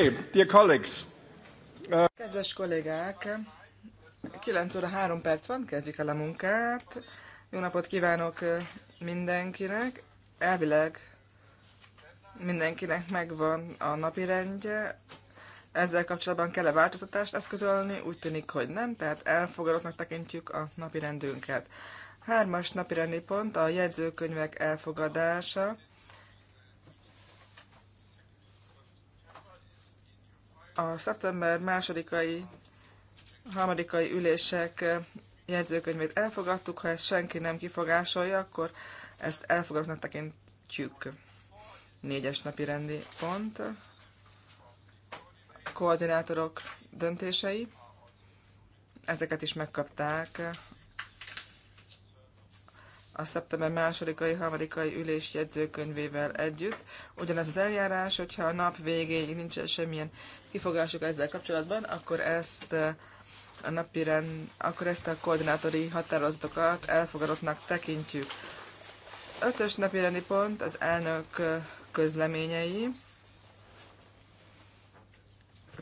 Okay, dear colleagues. Kedves kollégák, 9 óra 3 perc van, kezdjük el a munkát. Jó napot kívánok mindenkinek. Elvileg mindenkinek megvan a napi rendje. Ezzel kapcsolatban kell-e változtatást eszközölni? Úgy tűnik, hogy nem, tehát elfogadottnak tekintjük a napi rendünket. Hármas napi rendi pont a jegyzőkönyvek elfogadása. a szeptember másodikai, harmadikai ülések jegyzőkönyvét elfogadtuk, ha ezt senki nem kifogásolja, akkor ezt elfogadnak tekintjük. Négyes napi rendi pont. Koordinátorok döntései. Ezeket is megkapták a szeptember másodikai, harmadikai ülés jegyzőkönyvével együtt. Ugyanez az eljárás, hogyha a nap végéig nincs semmilyen kifogásuk ezzel kapcsolatban, akkor ezt eh, a napi rend, akkor ezt a koordinátori határozatokat elfogadottnak tekintjük. Ötös napi rendi pont az elnök eh, közleményei.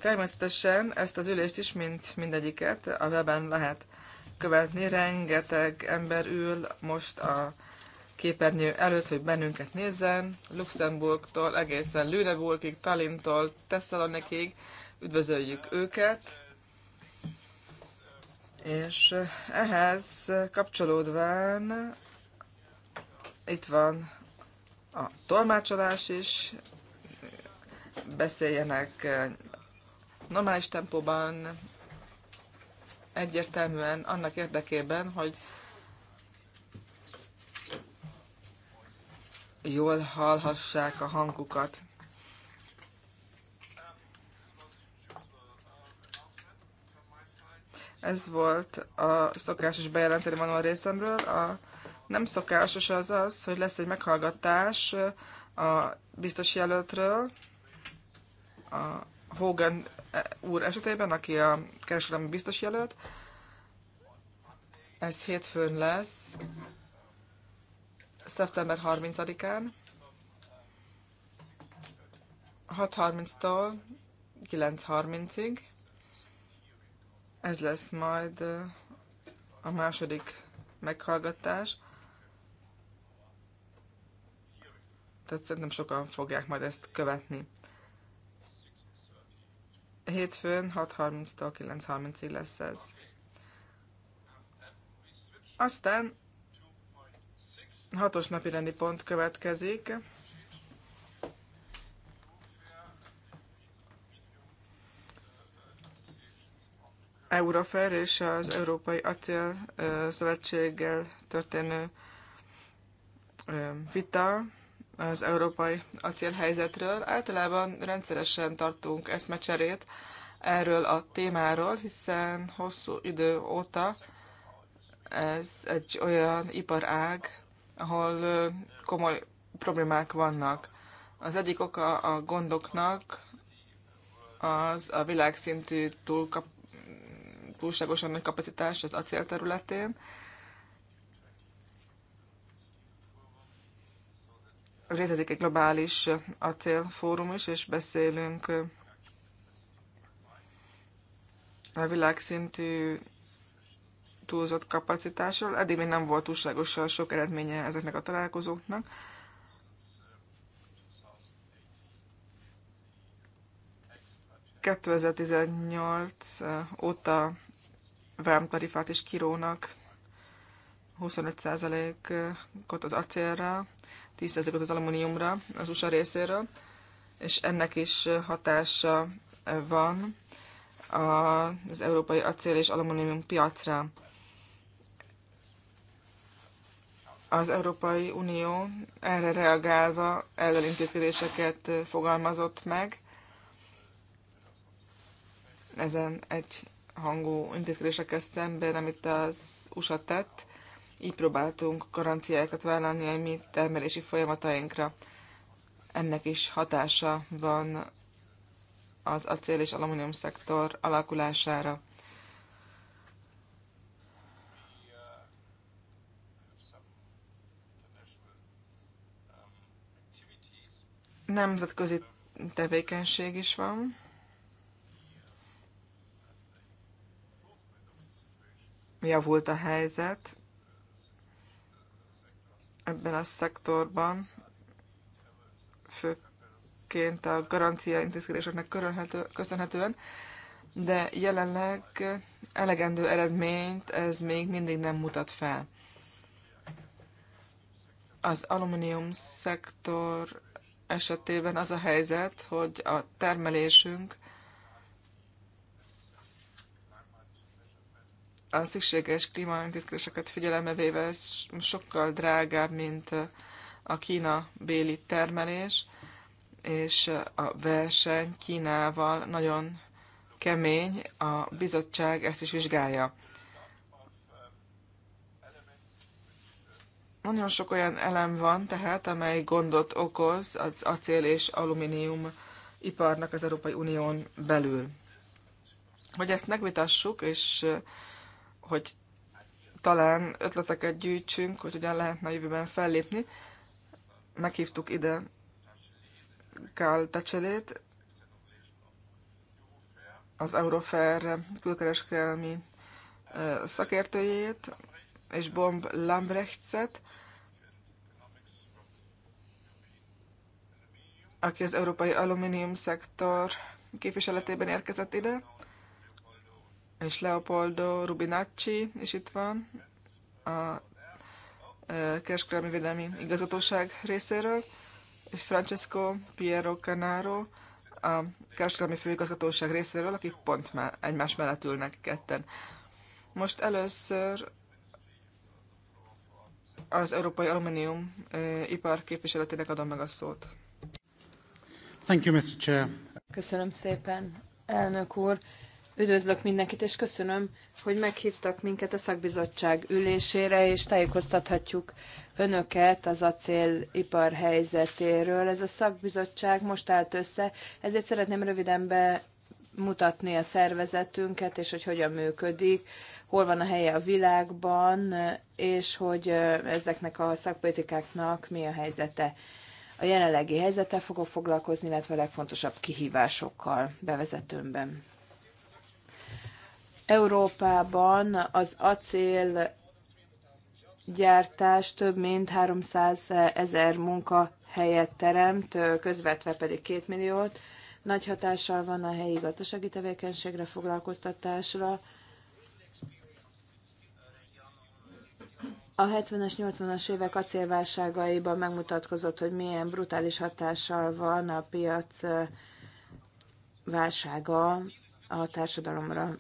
Természetesen ezt az ülést is, mint mindegyiket, a weben lehet követni. Rengeteg ember ül most a képernyő előtt, hogy bennünket nézzen. Luxemburgtól egészen Lüneburgig, Talintól, Tesszalonikig. Üdvözöljük őket. És ehhez kapcsolódván itt van a tolmácsolás is, beszéljenek normális tempóban, egyértelműen annak érdekében, hogy jól hallhassák a hangukat. Ez volt a szokásos bejelenteni manuál részemről. A nem szokásos az az, hogy lesz egy meghallgatás a biztos jelöltről, a Hogan eh, úr esetében, aki a kereskedelmi biztos jelölt. Ez hétfőn lesz, szeptember 30-án, 6.30-tól 9.30-ig. Ez lesz majd eh, a második meghallgatás. Tehát szerintem sokan fogják majd ezt követni. Hétfőn 6.30-tól 9.30-ig lesz ez. Aztán hatos napi rendi pont következik. Eurofer és az Európai Acél Szövetséggel történő vita az európai acélhelyzetről. Általában rendszeresen tartunk eszmecserét erről a témáról, hiszen hosszú idő óta ez egy olyan iparág, ahol komoly problémák vannak. Az egyik oka a gondoknak az a világszintű túlkap, túlságosan nagy kapacitás az acél területén, létezik egy globális acélfórum is, és beszélünk a világszintű túlzott kapacitásról. Eddig még nem volt túlságosan sok eredménye ezeknek a találkozóknak. ...2018 óta tarifát is kirónak 25%-ot az acélra, 10 az alumíniumra az USA részéről, és ennek is hatása van az európai acél és alumínium piacra. Az Európai Unió erre reagálva ellenintézkedéseket fogalmazott meg, ezen egy hangú intézkedésekkel szemben, amit az USA tett, így próbáltunk garanciákat vállalni a mi termelési folyamatainkra. Ennek is hatása van az acél és alumínium szektor alakulására. Nemzetközi tevékenység is van. Javult a helyzet ebben a szektorban, főként a garancia intézkedéseknek köszönhetően, de jelenleg elegendő eredményt ez még mindig nem mutat fel. Az alumínium szektor esetében az a helyzet, hogy a termelésünk a szükséges klímaintézkedéseket figyelembe véve ez sokkal drágább, mint a Kína béli termelés, és a verseny Kínával nagyon kemény, a bizottság ezt is vizsgálja. Nagyon sok olyan elem van tehát, amely gondot okoz az acél és alumínium iparnak az Európai Unión belül. Hogy ezt megvitassuk, és hogy talán ötleteket gyűjtsünk, hogy hogyan lehetne a jövőben fellépni. Meghívtuk ide Kál Tecselét, az Eurofair külkereskedelmi szakértőjét, és Bomb Lambrechtset, aki az európai alumínium szektor képviseletében érkezett ide és Leopoldo Rubinacci is itt van, a e, Kereskedelmi Védelmi Igazgatóság részéről, és Francesco Piero Canaro, a Kereskedelmi Főigazgatóság részéről, akik pont egymás mellett ülnek ketten. Most először az Európai Alumínium e, ipar képviseletének adom meg a szót. Thank you, Mr. Chair. Köszönöm szépen, elnök úr. Üdvözlök mindenkit, és köszönöm, hogy meghívtak minket a szakbizottság ülésére, és tájékoztathatjuk önöket az acélipar helyzetéről. Ez a szakbizottság most állt össze, ezért szeretném röviden bemutatni a szervezetünket, és hogy hogyan működik, hol van a helye a világban, és hogy ezeknek a szakpolitikáknak mi a helyzete. A jelenlegi helyzettel fogok foglalkozni, illetve a legfontosabb kihívásokkal bevezetőmben. Európában az acél gyártás több mint 300 ezer munkahelyet teremt, közvetve pedig 2 milliót. Nagy hatással van a helyi gazdasági tevékenységre, foglalkoztatásra. A 70-es, 80-as évek acélválságaiban megmutatkozott, hogy milyen brutális hatással van a piac eh, válsága a társadalomra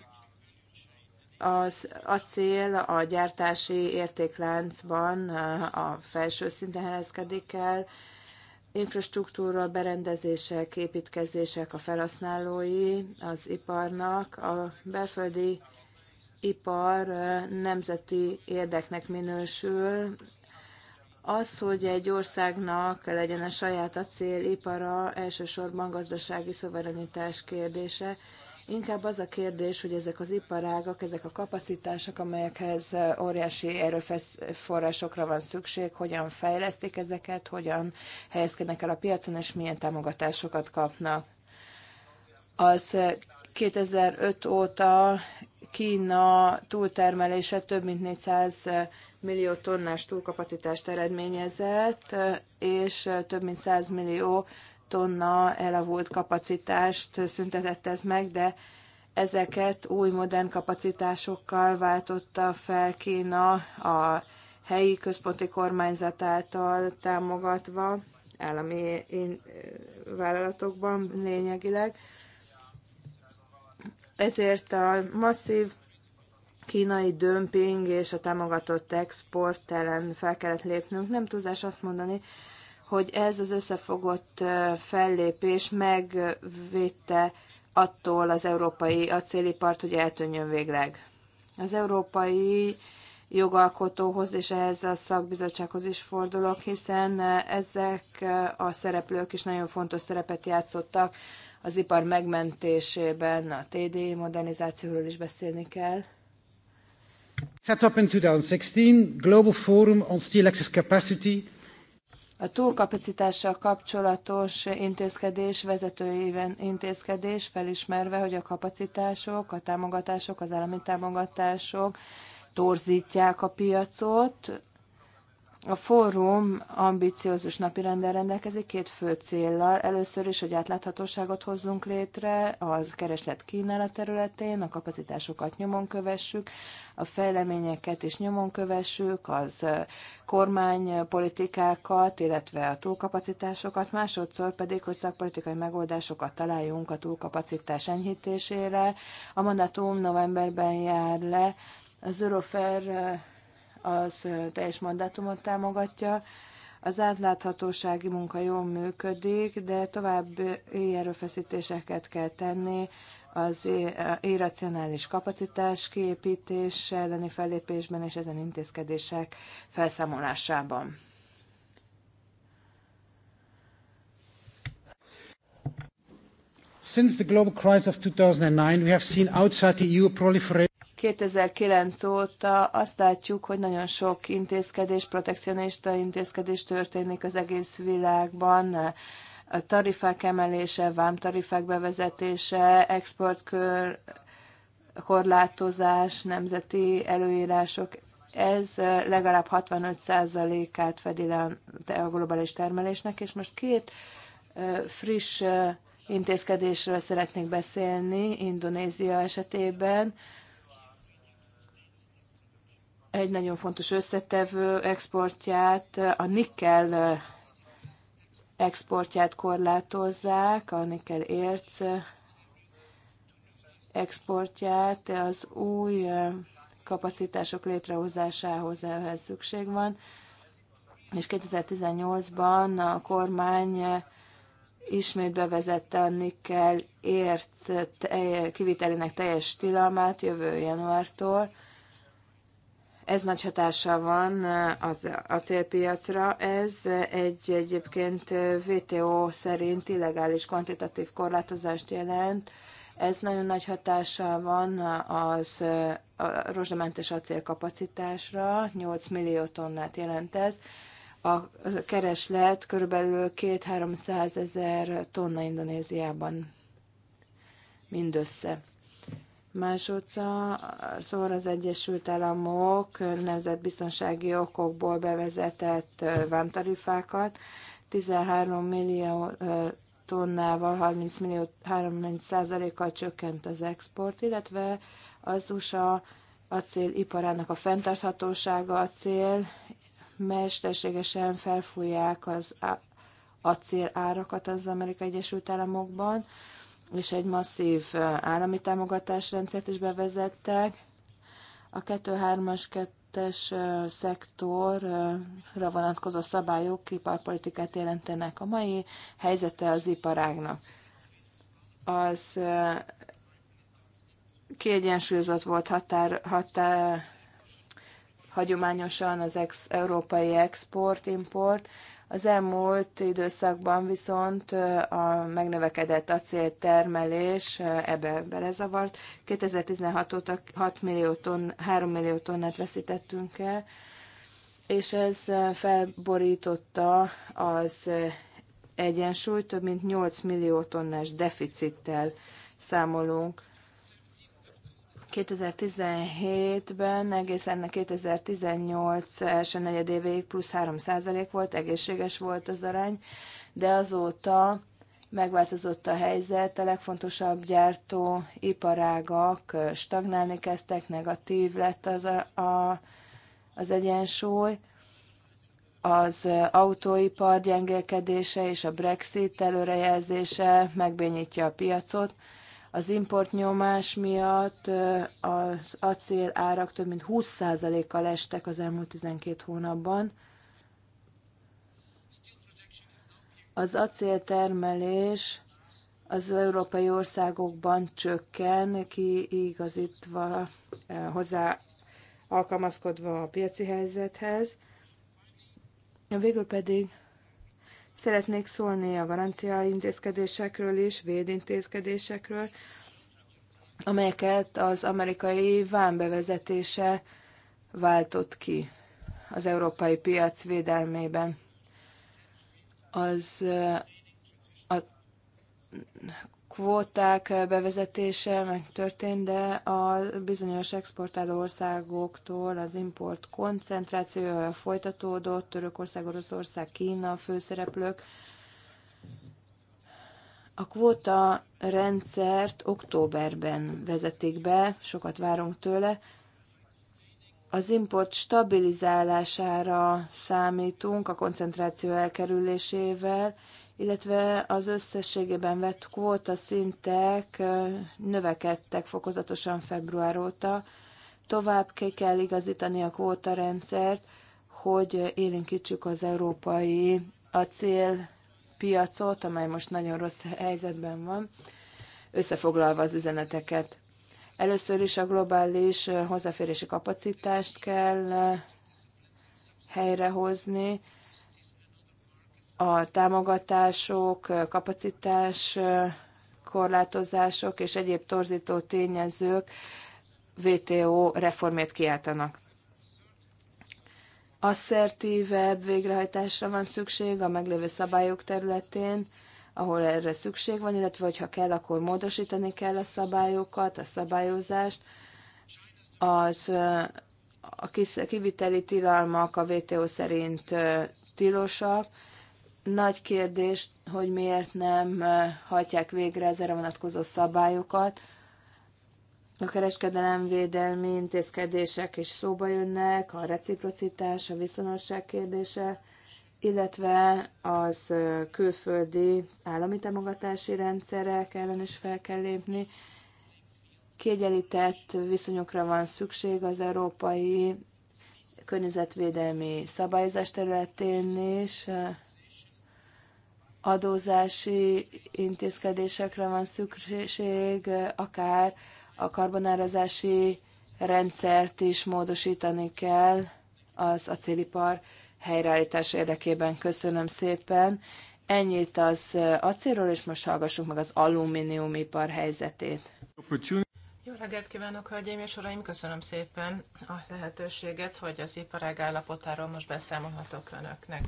az acél a gyártási értékláncban a felső szinten helyezkedik el, infrastruktúra, berendezések, építkezések a felhasználói az iparnak, a belföldi ipar nemzeti érdeknek minősül. Az, hogy egy országnak legyen a saját acélipara, elsősorban gazdasági szuverenitás kérdése, Inkább az a kérdés, hogy ezek az iparágak, ezek a kapacitások, amelyekhez óriási erőforrásokra van szükség, hogyan fejlesztik ezeket, hogyan helyezkednek el a piacon, és milyen támogatásokat kapnak. Az 2005 óta Kína túltermelése több mint 400 millió tonnás túlkapacitást eredményezett, és több mint 100 millió tonna elavult kapacitást szüntetett ez meg, de ezeket új modern kapacitásokkal váltotta fel Kína a helyi központi kormányzat által támogatva, állami vállalatokban lényegileg. Ezért a masszív kínai dömping és a támogatott export ellen fel kellett lépnünk. Nem túlzás azt mondani, hogy ez az összefogott fellépés megvédte attól az európai acélipart, hogy eltűnjön végleg. Az európai jogalkotóhoz és ehhez a szakbizottsághoz is fordulok, hiszen ezek a szereplők is nagyon fontos szerepet játszottak az ipar megmentésében, a TD modernizációról is beszélni kell. Set up in 2016, Global Forum on Steel Access Capacity a túlkapacitással kapcsolatos intézkedés, vezetőjében intézkedés felismerve, hogy a kapacitások, a támogatások, az állami támogatások torzítják a piacot, a fórum ambiciózus napirendel rendelkezik két fő céllal. Először is, hogy átláthatóságot hozzunk létre a kereslet kínálat területén, a kapacitásokat nyomon kövessük, a fejleményeket is nyomon kövessük, az kormánypolitikákat, illetve a túlkapacitásokat, másodszor pedig, hogy szakpolitikai megoldásokat találjunk a túlkapacitás enyhítésére. A mandátum novemberben jár le, az Eurofair az teljes mandátumot támogatja. Az átláthatósági munka jól működik, de további erőfeszítéseket kell tenni az irracionális kapacitás kiépítés elleni fellépésben és ezen intézkedések felszámolásában. Since the global crisis of 2009, we have seen outside the EU proliferation 2009 óta azt látjuk, hogy nagyon sok intézkedés, protekcionista intézkedés történik az egész világban. A tarifák emelése, vámtarifák bevezetése, exportkör korlátozás, nemzeti előírások, ez legalább 65%-át fedi le a globális termelésnek, és most két friss intézkedésről szeretnék beszélni Indonézia esetében egy nagyon fontos összetevő exportját, a nikkel exportját korlátozzák, a nikkel érc exportját, az új kapacitások létrehozásához ehhez szükség van, és 2018-ban a kormány ismét bevezette a nikkel érc kivitelének teljes tilalmát jövő januártól, ez nagy hatása van az acélpiacra. Ez egy egyébként VTO szerint illegális kvantitatív korlátozást jelent. Ez nagyon nagy hatása van az a rozsdamentes acélkapacitásra, 8 millió tonnát jelent ez. A kereslet körülbelül 2-300 ezer tonna Indonéziában mindössze. Másodszor szóval az Egyesült Államok nemzetbiztonsági okokból bevezetett vámtarifákat 13 millió tonnával 30 millió 30 százalékkal csökkent az export, illetve az USA acéliparának a fenntarthatósága a cél, mesterségesen felfújják az acél árakat az Amerikai Egyesült Államokban és egy masszív állami támogatásrendszert is bevezettek. A 2-3-as, 2-es szektorra vonatkozó szabályok iparpolitikát jelentenek. A mai helyzete az iparágnak az kiegyensúlyozott volt határ, határ hagyományosan az ex, európai export-import, az elmúlt időszakban viszont a megnövekedett acéltermelés ebbe belezavart. 2016 óta 6 millió tonn, 3 millió tonnát veszítettünk el, és ez felborította az egyensúlyt, több mint 8 millió tonnás deficittel számolunk. 2017-ben egészen 2018 első negyedévéig plusz 3% volt, egészséges volt az arány, de azóta megváltozott a helyzet, a legfontosabb gyártó iparágak stagnálni kezdtek, negatív lett az, a, a, az egyensúly, az autóipar gyengélkedése és a Brexit előrejelzése megbénítja a piacot, az importnyomás miatt az acél árak több mint 20%-kal estek az elmúlt 12 hónapban. Az acéltermelés az európai országokban csökken, kiigazítva hozzá alkalmazkodva a piaci helyzethez. Végül pedig Szeretnék szólni a garancia intézkedésekről is, védintézkedésekről, amelyeket az amerikai vám bevezetése váltott ki az európai piac védelmében. Az a kvóták bevezetése megtörtént, de a bizonyos exportáló országoktól az import koncentráció folytatódott, Törökország, Oroszország, Kína főszereplők. A kvóta rendszert októberben vezetik be, sokat várunk tőle. Az import stabilizálására számítunk a koncentráció elkerülésével, illetve az összességében vett kvóta szintek növekedtek fokozatosan február óta. Tovább ki kell igazítani a rendszert, hogy élénkítsük az európai acél piacot, amely most nagyon rossz helyzetben van, összefoglalva az üzeneteket. Először is a globális hozzáférési kapacitást kell helyrehozni, a támogatások, kapacitás korlátozások és egyéb torzító tényezők VTO reformét kiáltanak. Asszertívebb végrehajtásra van szükség a meglévő szabályok területén, ahol erre szükség van, illetve hogyha kell, akkor módosítani kell a szabályokat, a szabályozást. Az a kiviteli tilalmak a VTO szerint tilosak, nagy kérdés, hogy miért nem hajtják végre az erre vonatkozó szabályokat. A kereskedelemvédelmi intézkedések is szóba jönnek, a reciprocitás, a viszonosság kérdése, illetve az külföldi állami támogatási rendszerek ellen is fel kell lépni. Kiegyenlített viszonyokra van szükség az európai környezetvédelmi szabályozás területén is, adózási intézkedésekre van szükség, akár a karbonározási rendszert is módosítani kell az acélipar helyreállítás érdekében. Köszönöm szépen. Ennyit az acélról, és most hallgassuk meg az alumíniumipar helyzetét. Jó reggelt kívánok, hölgyeim és uraim! Köszönöm szépen a lehetőséget, hogy az iparág állapotáról most beszámolhatok önöknek.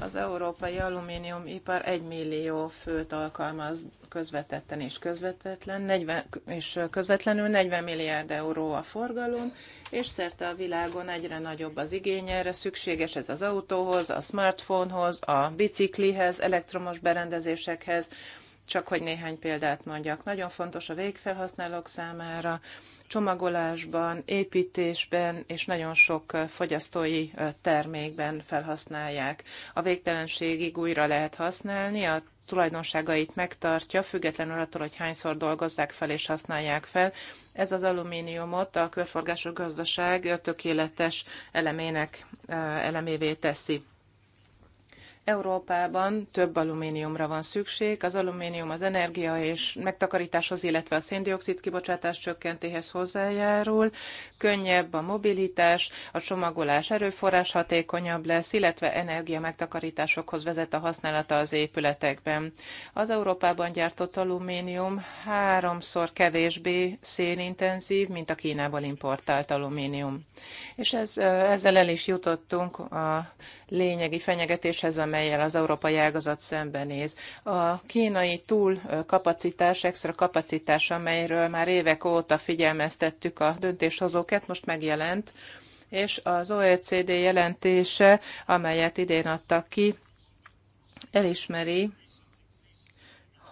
Az európai alumíniumipar 1 millió főt alkalmaz közvetetten és, közvetetlen, 40, és közvetlenül 40 milliárd euró a forgalom, és szerte a világon egyre nagyobb az igény erre, szükséges ez az autóhoz, a smartphonehoz, a biciklihez, elektromos berendezésekhez, csak hogy néhány példát mondjak. Nagyon fontos a végfelhasználók számára, csomagolásban, építésben és nagyon sok fogyasztói termékben felhasználják. A végtelenségig újra lehet használni, a tulajdonságait megtartja, függetlenül attól, hogy hányszor dolgozzák fel és használják fel. Ez az alumíniumot a körforgásos gazdaság tökéletes elemének elemévé teszi. Európában több alumíniumra van szükség. Az alumínium az energia és megtakarításhoz, illetve a széndiokszid kibocsátás csökkentéhez hozzájárul. Könnyebb a mobilitás, a csomagolás erőforrás hatékonyabb lesz, illetve energia megtakarításokhoz vezet a használata az épületekben. Az Európában gyártott alumínium háromszor kevésbé szénintenzív, mint a Kínából importált alumínium. És ez, ezzel el is jutottunk a lényegi fenyegetéshez, amely amelyel az európai ágazat szembenéz. A kínai túlkapacitás, extra kapacitás, amelyről már évek óta figyelmeztettük a döntéshozókat most megjelent, és az OECD jelentése, amelyet idén adtak ki, elismeri,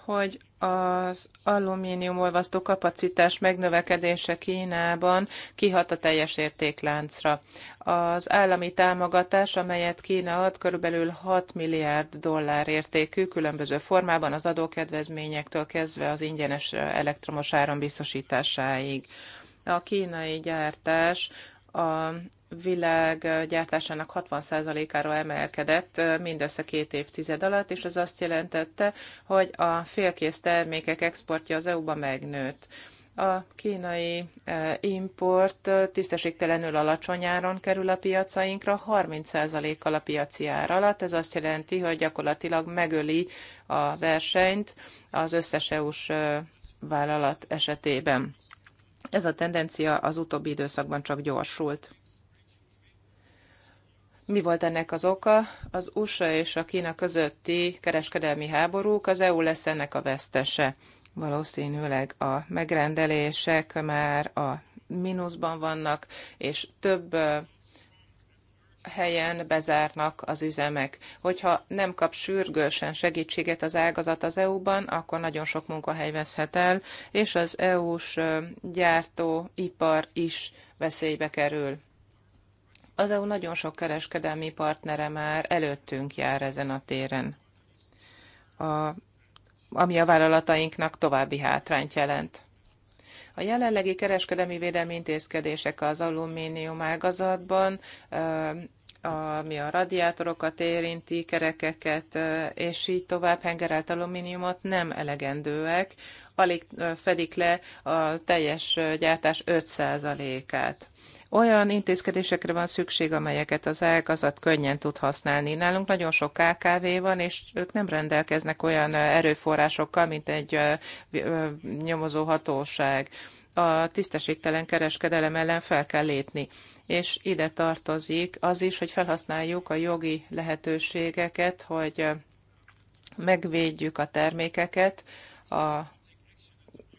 hogy az alumínium olvasztó kapacitás megnövekedése Kínában kihat a teljes értékláncra. Az állami támogatás, amelyet Kína ad, körülbelül 6 milliárd dollár értékű, különböző formában az adókedvezményektől kezdve az ingyenes elektromos áram biztosításáig. A kínai gyártás a világ gyártásának 60%-ára emelkedett mindössze két évtized alatt, és ez azt jelentette, hogy a félkész termékek exportja az EU-ba megnőtt. A kínai import tisztességtelenül alacsony áron kerül a piacainkra, 30%-kal a piaci ár alatt. Ez azt jelenti, hogy gyakorlatilag megöli a versenyt az összes EU-s vállalat esetében. Ez a tendencia az utóbbi időszakban csak gyorsult. Mi volt ennek az oka? Az USA és a Kína közötti kereskedelmi háborúk, az EU lesz ennek a vesztese. Valószínűleg a megrendelések már a mínuszban vannak, és több helyen bezárnak az üzemek. Hogyha nem kap sürgősen segítséget az ágazat az EU-ban, akkor nagyon sok munkahely veszhet el, és az EU-s gyártóipar is veszélybe kerül. Az EU nagyon sok kereskedelmi partnere már előttünk jár ezen a téren, a, ami a vállalatainknak további hátrányt jelent. A jelenlegi kereskedelmi védelmi intézkedések az alumínium ágazatban ami a radiátorokat érinti, kerekeket, és így tovább hengerelt alumíniumot nem elegendőek, alig fedik le a teljes gyártás 5%-át olyan intézkedésekre van szükség, amelyeket az ágazat könnyen tud használni. Nálunk nagyon sok KKV van, és ők nem rendelkeznek olyan erőforrásokkal, mint egy nyomozó hatóság. A tisztességtelen kereskedelem ellen fel kell lépni és ide tartozik az is, hogy felhasználjuk a jogi lehetőségeket, hogy megvédjük a termékeket a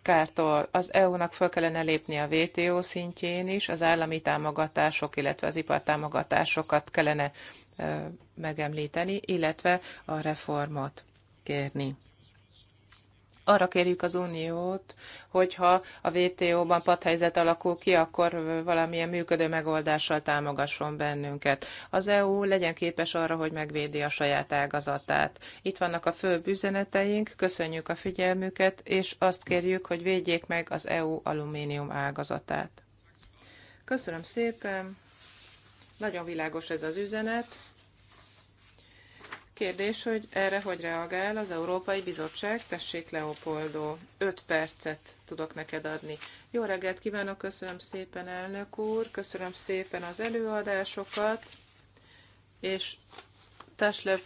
kártól. Az EU-nak föl kellene lépni a WTO szintjén is, az állami támogatások, illetve az ipartámogatásokat kellene megemlíteni, illetve a reformot kérni arra kérjük az Uniót, hogyha a WTO-ban padhelyzet alakul ki, akkor valamilyen működő megoldással támogasson bennünket. Az EU legyen képes arra, hogy megvédi a saját ágazatát. Itt vannak a fő üzeneteink, köszönjük a figyelmüket, és azt kérjük, hogy védjék meg az EU alumínium ágazatát. Köszönöm szépen! Nagyon világos ez az üzenet. Kérdés, hogy erre hogy reagál az Európai Bizottság? Tessék, Leopoldó, 5 percet tudok neked adni. Jó reggelt kívánok, köszönöm szépen, elnök úr, köszönöm szépen az előadásokat, és Teslev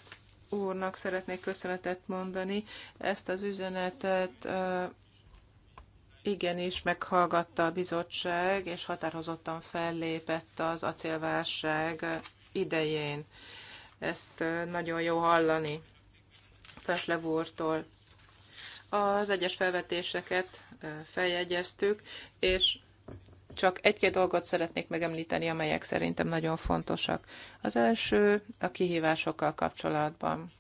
úrnak szeretnék köszönetet mondani. Ezt az üzenetet igenis meghallgatta a bizottság, és határozottan fellépett az acélválság idején. Ezt nagyon jó hallani Feslevúrtól. Az egyes felvetéseket feljegyeztük, és csak egy-két dolgot szeretnék megemlíteni, amelyek szerintem nagyon fontosak. Az első a kihívásokkal kapcsolatban.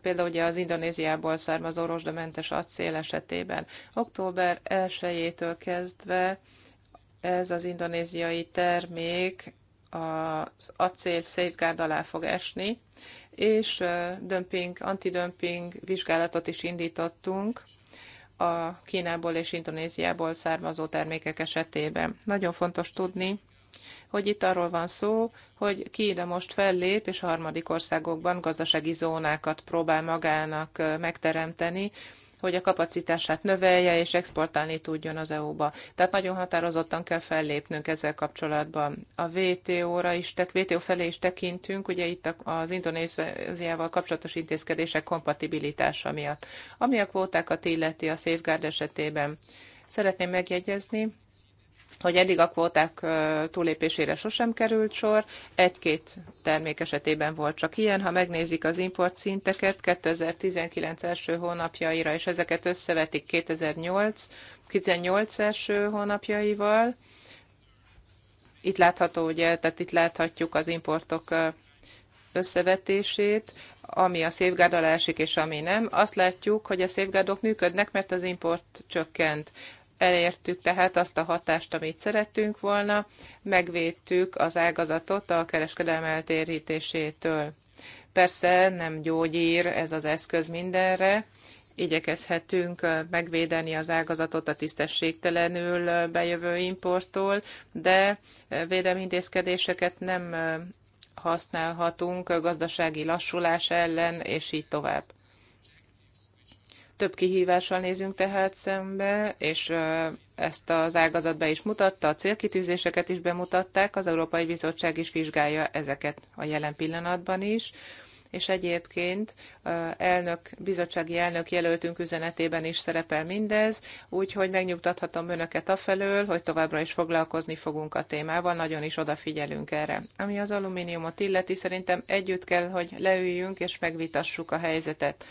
Például ugye az Indonéziából származó rozsdamentes acél esetében. Október 1-től kezdve ez az indonéziai termék az acél safeguard alá fog esni, és dömping, antidömping vizsgálatot is indítottunk a Kínából és Indonéziából származó termékek esetében. Nagyon fontos tudni, hogy itt arról van szó, hogy Kína most fellép, és a harmadik országokban gazdasági zónákat próbál magának megteremteni, hogy a kapacitását növelje és exportálni tudjon az EU-ba. Tehát nagyon határozottan kell fellépnünk ezzel kapcsolatban. A WTO-ra is, WTO felé is tekintünk, ugye itt az Indonéziával kapcsolatos intézkedések kompatibilitása miatt. Ami a kvótákat illeti a Safeguard esetében, szeretném megjegyezni, hogy eddig a kvóták túlépésére sosem került sor, egy-két termék esetében volt csak ilyen. Ha megnézik az import szinteket 2019 első hónapjaira, és ezeket összevetik 2008 18 első hónapjaival, itt látható, ugye, tehát itt láthatjuk az importok összevetését, ami a szépgárdalásik esik, és ami nem. Azt látjuk, hogy a szépgárdok működnek, mert az import csökkent. Elértük tehát azt a hatást, amit szerettünk volna, megvédtük az ágazatot a kereskedelem eltérítésétől. Persze nem gyógyír ez az eszköz mindenre, igyekezhetünk megvédeni az ágazatot a tisztességtelenül bejövő importtól, de védelmi intézkedéseket nem használhatunk gazdasági lassulás ellen, és így tovább. Több kihívással nézünk tehát szembe, és ezt az ágazat be is mutatta, a célkitűzéseket is bemutatták, az Európai Bizottság is vizsgálja ezeket a jelen pillanatban is és egyébként elnök, bizottsági elnök jelöltünk üzenetében is szerepel mindez, úgyhogy megnyugtathatom önöket afelől, hogy továbbra is foglalkozni fogunk a témával, nagyon is odafigyelünk erre. Ami az alumíniumot illeti, szerintem együtt kell, hogy leüljünk és megvitassuk a helyzetet.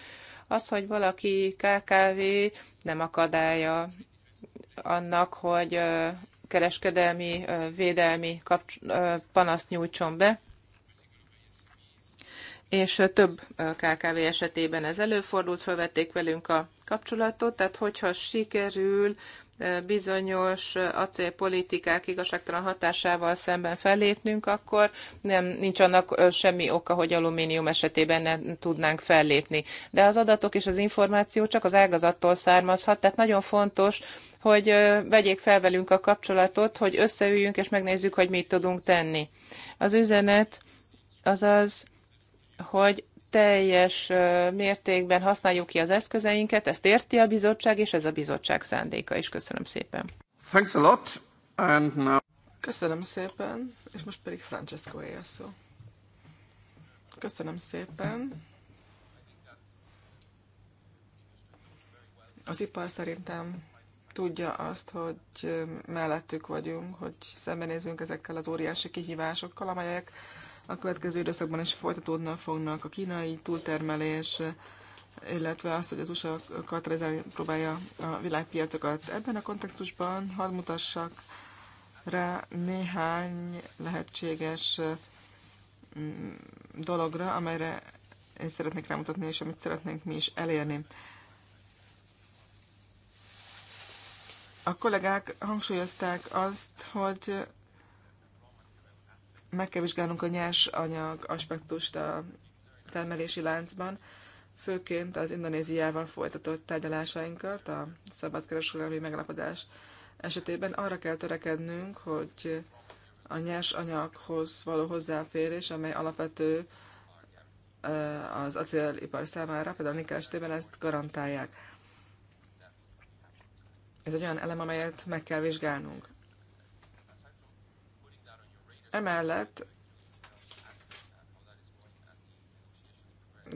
Az, hogy valaki KKV nem akadálya annak, hogy kereskedelmi, védelmi panaszt nyújtson be, és több KKV esetében ez előfordult, felvették velünk a kapcsolatot, tehát hogyha sikerül bizonyos acélpolitikák igazságtalan hatásával szemben fellépnünk, akkor nem, nincs annak semmi oka, hogy alumínium esetében nem tudnánk fellépni. De az adatok és az információ csak az ágazattól származhat, tehát nagyon fontos, hogy vegyék fel velünk a kapcsolatot, hogy összeüljünk és megnézzük, hogy mit tudunk tenni. Az üzenet az az, hogy teljes mértékben használjuk ki az eszközeinket, ezt érti a bizottság, és ez a bizottság szándéka is. Köszönöm szépen. Thanks a lot. And now... Köszönöm szépen, és most pedig Francesco él szó. Köszönöm szépen. Az ipar szerintem tudja azt, hogy mellettük vagyunk, hogy szembenézünk ezekkel az óriási kihívásokkal, amelyek a következő időszakban is folytatódna fognak a kínai túltermelés, illetve az, hogy az USA katalizálni próbálja a világpiacokat. Ebben a kontextusban hadd mutassak rá néhány lehetséges mm, dologra, amelyre én szeretnék rámutatni, és amit szeretnénk mi is elérni. A kollégák hangsúlyozták azt, hogy meg kell vizsgálnunk a nyers anyag aspektust a termelési láncban, főként az Indonéziával folytatott tárgyalásainkat a szabadkereskedelmi megalapodás esetében arra kell törekednünk, hogy a nyers anyaghoz való hozzáférés, amely alapvető az acélipar számára, például a nikkel esetében ezt garantálják. Ez egy olyan elem, amelyet meg kell vizsgálnunk. Emellett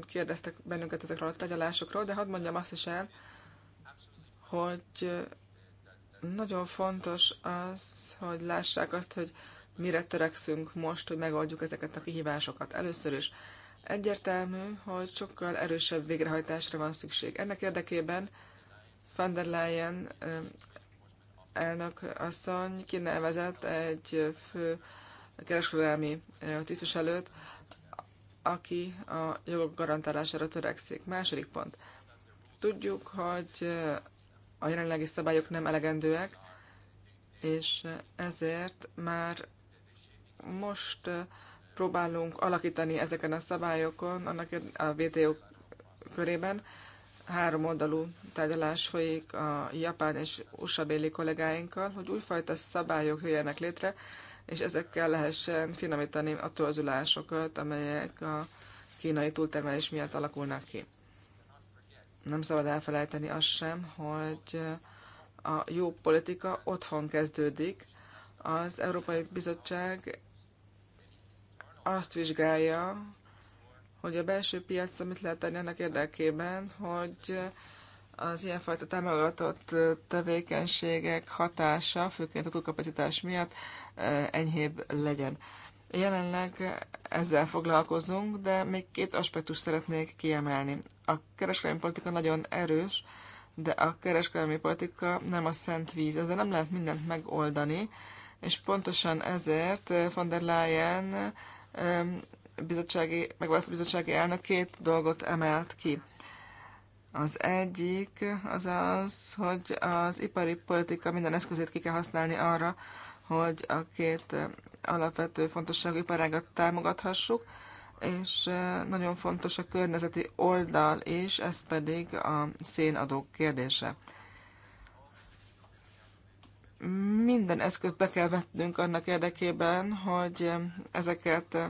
kérdeztek bennünket ezekről a tegyalásokról, de hadd mondjam azt is el, hogy nagyon fontos az, hogy lássák azt, hogy mire törekszünk most, hogy megoldjuk ezeket a kihívásokat. Először is egyértelmű, hogy sokkal erősebb végrehajtásra van szükség. Ennek érdekében van der Leyen elnök asszony kinevezett egy fő kereskedelmi tisztviselőt, aki a jogok garantálására törekszik. Második pont. Tudjuk, hogy a jelenlegi szabályok nem elegendőek, és ezért már most próbálunk alakítani ezeken a szabályokon, annak a WTO körében három oldalú tárgyalás folyik a japán és USA béli kollégáinkkal, hogy újfajta szabályok jöjjenek létre, és ezekkel lehessen finomítani a torzulásokat, amelyek a kínai túltermelés miatt alakulnak ki. Nem szabad elfelejteni azt sem, hogy a jó politika otthon kezdődik. Az Európai Bizottság azt vizsgálja, hogy a belső piac mit lehet tenni annak érdekében, hogy az ilyenfajta támogatott tevékenységek hatása, főként a túlkapacitás miatt enyhébb legyen. Jelenleg ezzel foglalkozunk, de még két aspektus szeretnék kiemelni. A kereskedelmi politika nagyon erős, de a kereskedelmi politika nem a szent víz. Ezzel nem lehet mindent megoldani, és pontosan ezért von der Leyen bizottsági, megválasztott bizottsági elnök két dolgot emelt ki. Az egyik az az, hogy az ipari politika minden eszközét ki kell használni arra, hogy a két alapvető fontosságú iparágat támogathassuk, és eh, nagyon fontos a környezeti oldal is, ez pedig a szénadók kérdése. Minden eszközt be kell vetnünk annak érdekében, hogy eh, ezeket eh,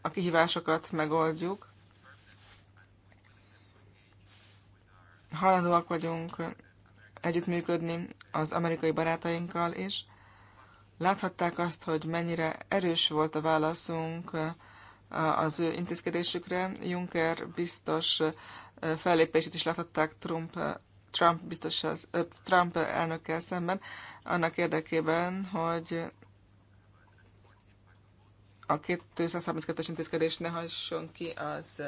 a kihívásokat megoldjuk, hajlandóak vagyunk együttműködni az amerikai barátainkkal és Láthatták azt, hogy mennyire erős volt a válaszunk az ő intézkedésükre. Juncker biztos fellépését is láthatták Trump, Trump, biztos az, Trump elnökkel szemben, annak érdekében, hogy a 232-es intézkedés ne hasson ki az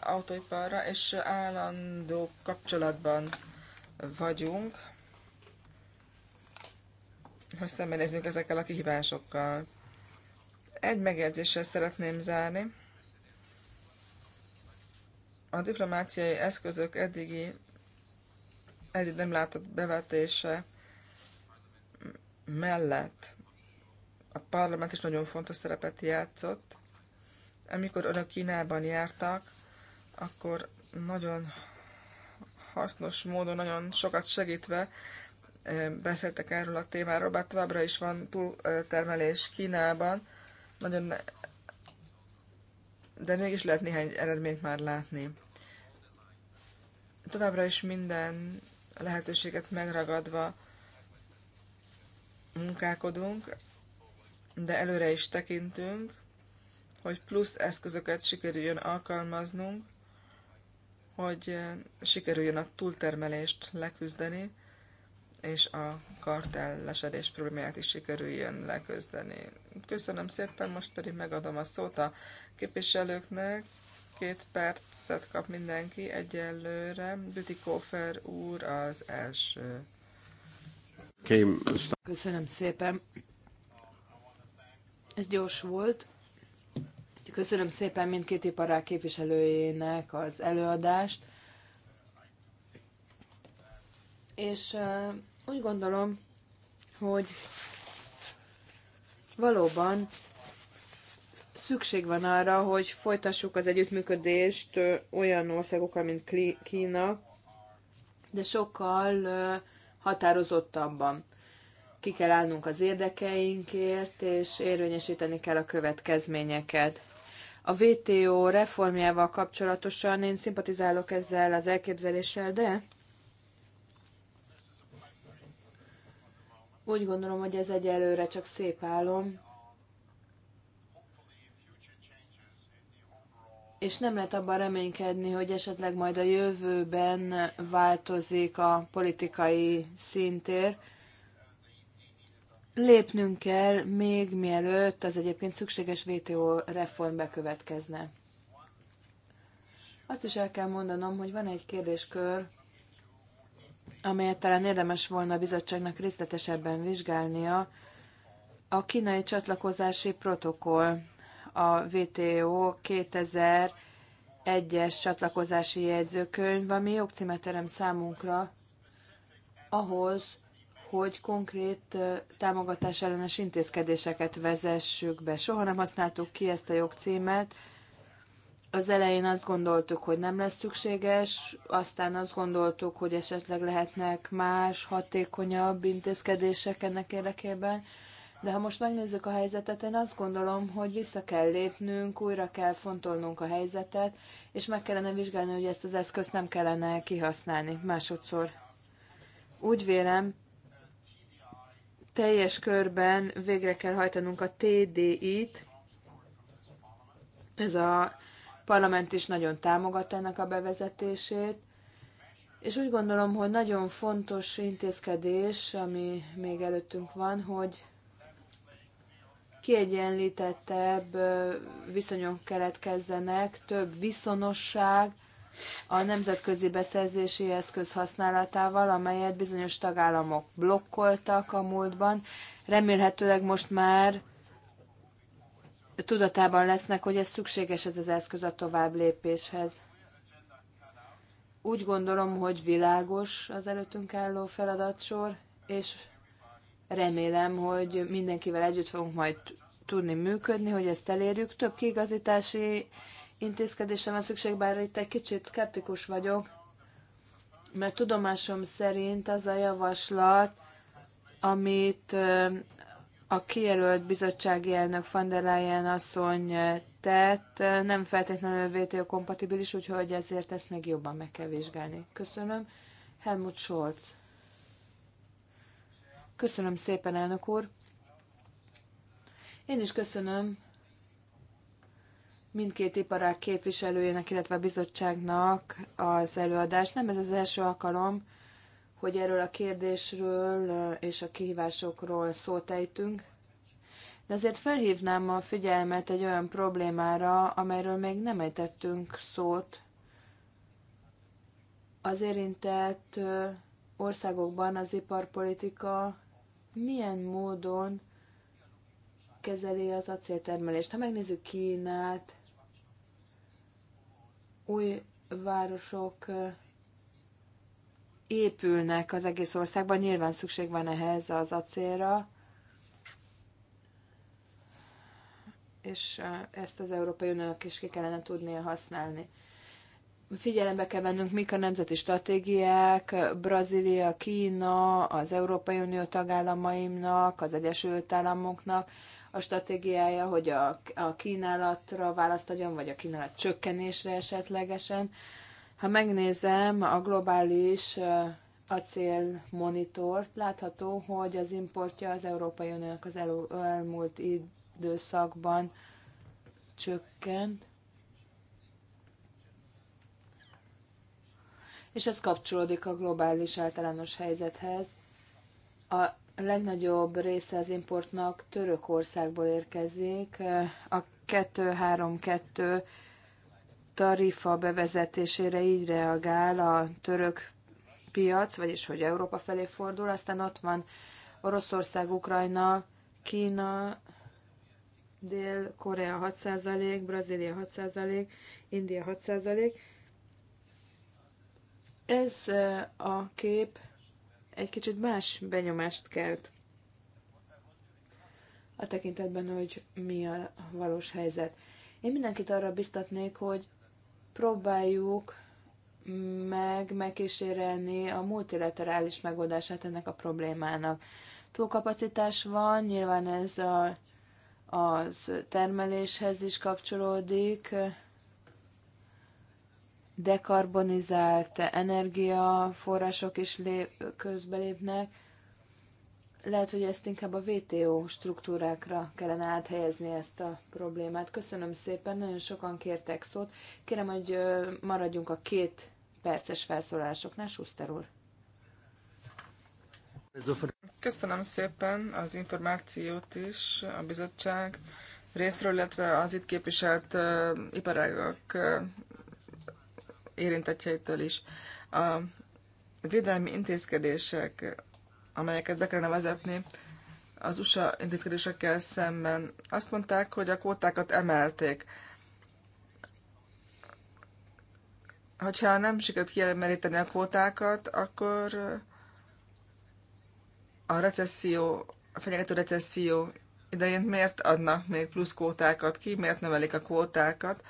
autóiparra, és állandó kapcsolatban vagyunk, hogy szembenézzünk ezekkel a kihívásokkal. Egy megjegyzéssel szeretném zárni. A diplomáciai eszközök eddigi egy nem látott bevetése mellett a parlament is nagyon fontos szerepet játszott. Amikor oda Kínában jártak, akkor nagyon hasznos módon, nagyon sokat segítve beszéltek erről a témáról, bár továbbra is van túltermelés Kínában, nagyon de mégis lehet néhány eredményt már látni. Továbbra is minden lehetőséget megragadva munkálkodunk, de előre is tekintünk, hogy plusz eszközöket sikerüljön alkalmaznunk, hogy eh, sikerüljön a túltermelést leküzdeni, és a kartellesedés problémáját is sikerüljön leküzdeni. Köszönöm szépen, most pedig megadom a szót a képviselőknek. Két percet kap mindenki egyelőre. Bütikófer úr az első. Köszönöm szépen. Ez gyors volt. Köszönöm szépen mindkét iparág képviselőjének az előadást. És úgy gondolom, hogy valóban szükség van arra, hogy folytassuk az együttműködést olyan országokkal, mint Kína, de sokkal határozottabban. Ki kell állnunk az érdekeinkért, és érvényesíteni kell a következményeket. A WTO reformjával kapcsolatosan én szimpatizálok ezzel az elképzeléssel, de úgy gondolom, hogy ez egyelőre csak szép álom, és nem lehet abban reménykedni, hogy esetleg majd a jövőben változik a politikai szintér lépnünk kell még mielőtt az egyébként szükséges VTO reform bekövetkezne. Azt is el kell mondanom, hogy van egy kérdéskör, amelyet talán érdemes volna a bizottságnak részletesebben vizsgálnia, a kínai csatlakozási protokoll, a WTO 2001-es csatlakozási jegyzőkönyv, ami jogcímet terem számunkra ahhoz, hogy konkrét támogatás ellenes intézkedéseket vezessük be. Soha nem használtuk ki ezt a jogcímet. Az elején azt gondoltuk, hogy nem lesz szükséges, aztán azt gondoltuk, hogy esetleg lehetnek más, hatékonyabb intézkedések ennek érdekében. De ha most megnézzük a helyzetet, én azt gondolom, hogy vissza kell lépnünk, újra kell fontolnunk a helyzetet, és meg kellene vizsgálni, hogy ezt az eszközt nem kellene kihasználni másodszor. Úgy vélem, teljes körben végre kell hajtanunk a TDI-t. Ez a parlament is nagyon támogat ennek a bevezetését. És úgy gondolom, hogy nagyon fontos intézkedés, ami még előttünk van, hogy kiegyenlítettebb viszonyok keletkezzenek, több viszonosság, a nemzetközi beszerzési eszköz használatával, amelyet bizonyos tagállamok blokkoltak a múltban. Remélhetőleg most már tudatában lesznek, hogy ez szükséges ez az eszköz a tovább lépéshez. Úgy gondolom, hogy világos az előttünk álló feladatsor, és remélem, hogy mindenkivel együtt fogunk majd tudni működni, hogy ezt elérjük. Több kiigazítási intézkedésre van szükség, bár itt egy kicsit skeptikus vagyok, mert tudomásom szerint az a javaslat, amit a kijelölt bizottsági elnök van der Leyen asszony tett, nem feltétlenül VTO kompatibilis, úgyhogy ezért ezt még jobban meg kell vizsgálni. Köszönöm. Helmut Scholz. Köszönöm szépen, elnök úr. Én is köszönöm mindkét iparág képviselőjének, illetve a bizottságnak az előadás. Nem ez az első alkalom, hogy erről a kérdésről és a kihívásokról szót ejtünk, de azért felhívnám a figyelmet egy olyan problémára, amelyről még nem ejtettünk szót. Az érintett országokban az iparpolitika milyen módon kezeli az acéltermelést. Ha megnézzük Kínát, új városok épülnek az egész országban, nyilván szükség van ehhez az acélra, és ezt az Európai Uniónak is ki kellene tudnia használni. Figyelembe kell vennünk, mik a nemzeti stratégiák, Brazília, Kína, az Európai Unió tagállamaimnak, az Egyesült Államoknak, a stratégiája, hogy a, a kínálatra választ adjon, vagy a kínálat csökkenésre esetlegesen. Ha megnézem a globális acél monitort, látható, hogy az importja az Európai Uniónak az el, elmúlt időszakban csökkent. És ez kapcsolódik a globális általános helyzethez. A legnagyobb része az importnak Törökországból érkezik. A 232 tarifa bevezetésére így reagál a török piac, vagyis hogy Európa felé fordul, aztán ott van Oroszország, Ukrajna, Kína, Dél-Korea 6%, Brazília 6%, India 6%. Ez eh, a kép egy kicsit más benyomást kelt a tekintetben, hogy mi a valós helyzet. Én mindenkit arra biztatnék, hogy próbáljuk meg megkísérelni a multilaterális megoldását ennek a problémának. Túlkapacitás van, nyilván ez a, az termeléshez is kapcsolódik, dekarbonizált energiaforrások is lép, közbelépnek. Lehet, hogy ezt inkább a VTO struktúrákra kellene áthelyezni ezt a problémát. Köszönöm szépen, nagyon sokan kértek szót. Kérem, hogy maradjunk a két perces felszólásoknál. Schuster úr. Köszönöm szépen az információt is a bizottság részről, illetve az itt képviselt iparágak érintettjeitől is. A védelmi intézkedések, amelyeket be kellene vezetni, az USA intézkedésekkel szemben azt mondták, hogy a kvótákat emelték. Hogyha nem sikerült kielemeríteni a kvótákat, akkor a recesszió, a fenyegető recesszió idején miért adnak még plusz kvótákat ki, miért növelik a kvótákat,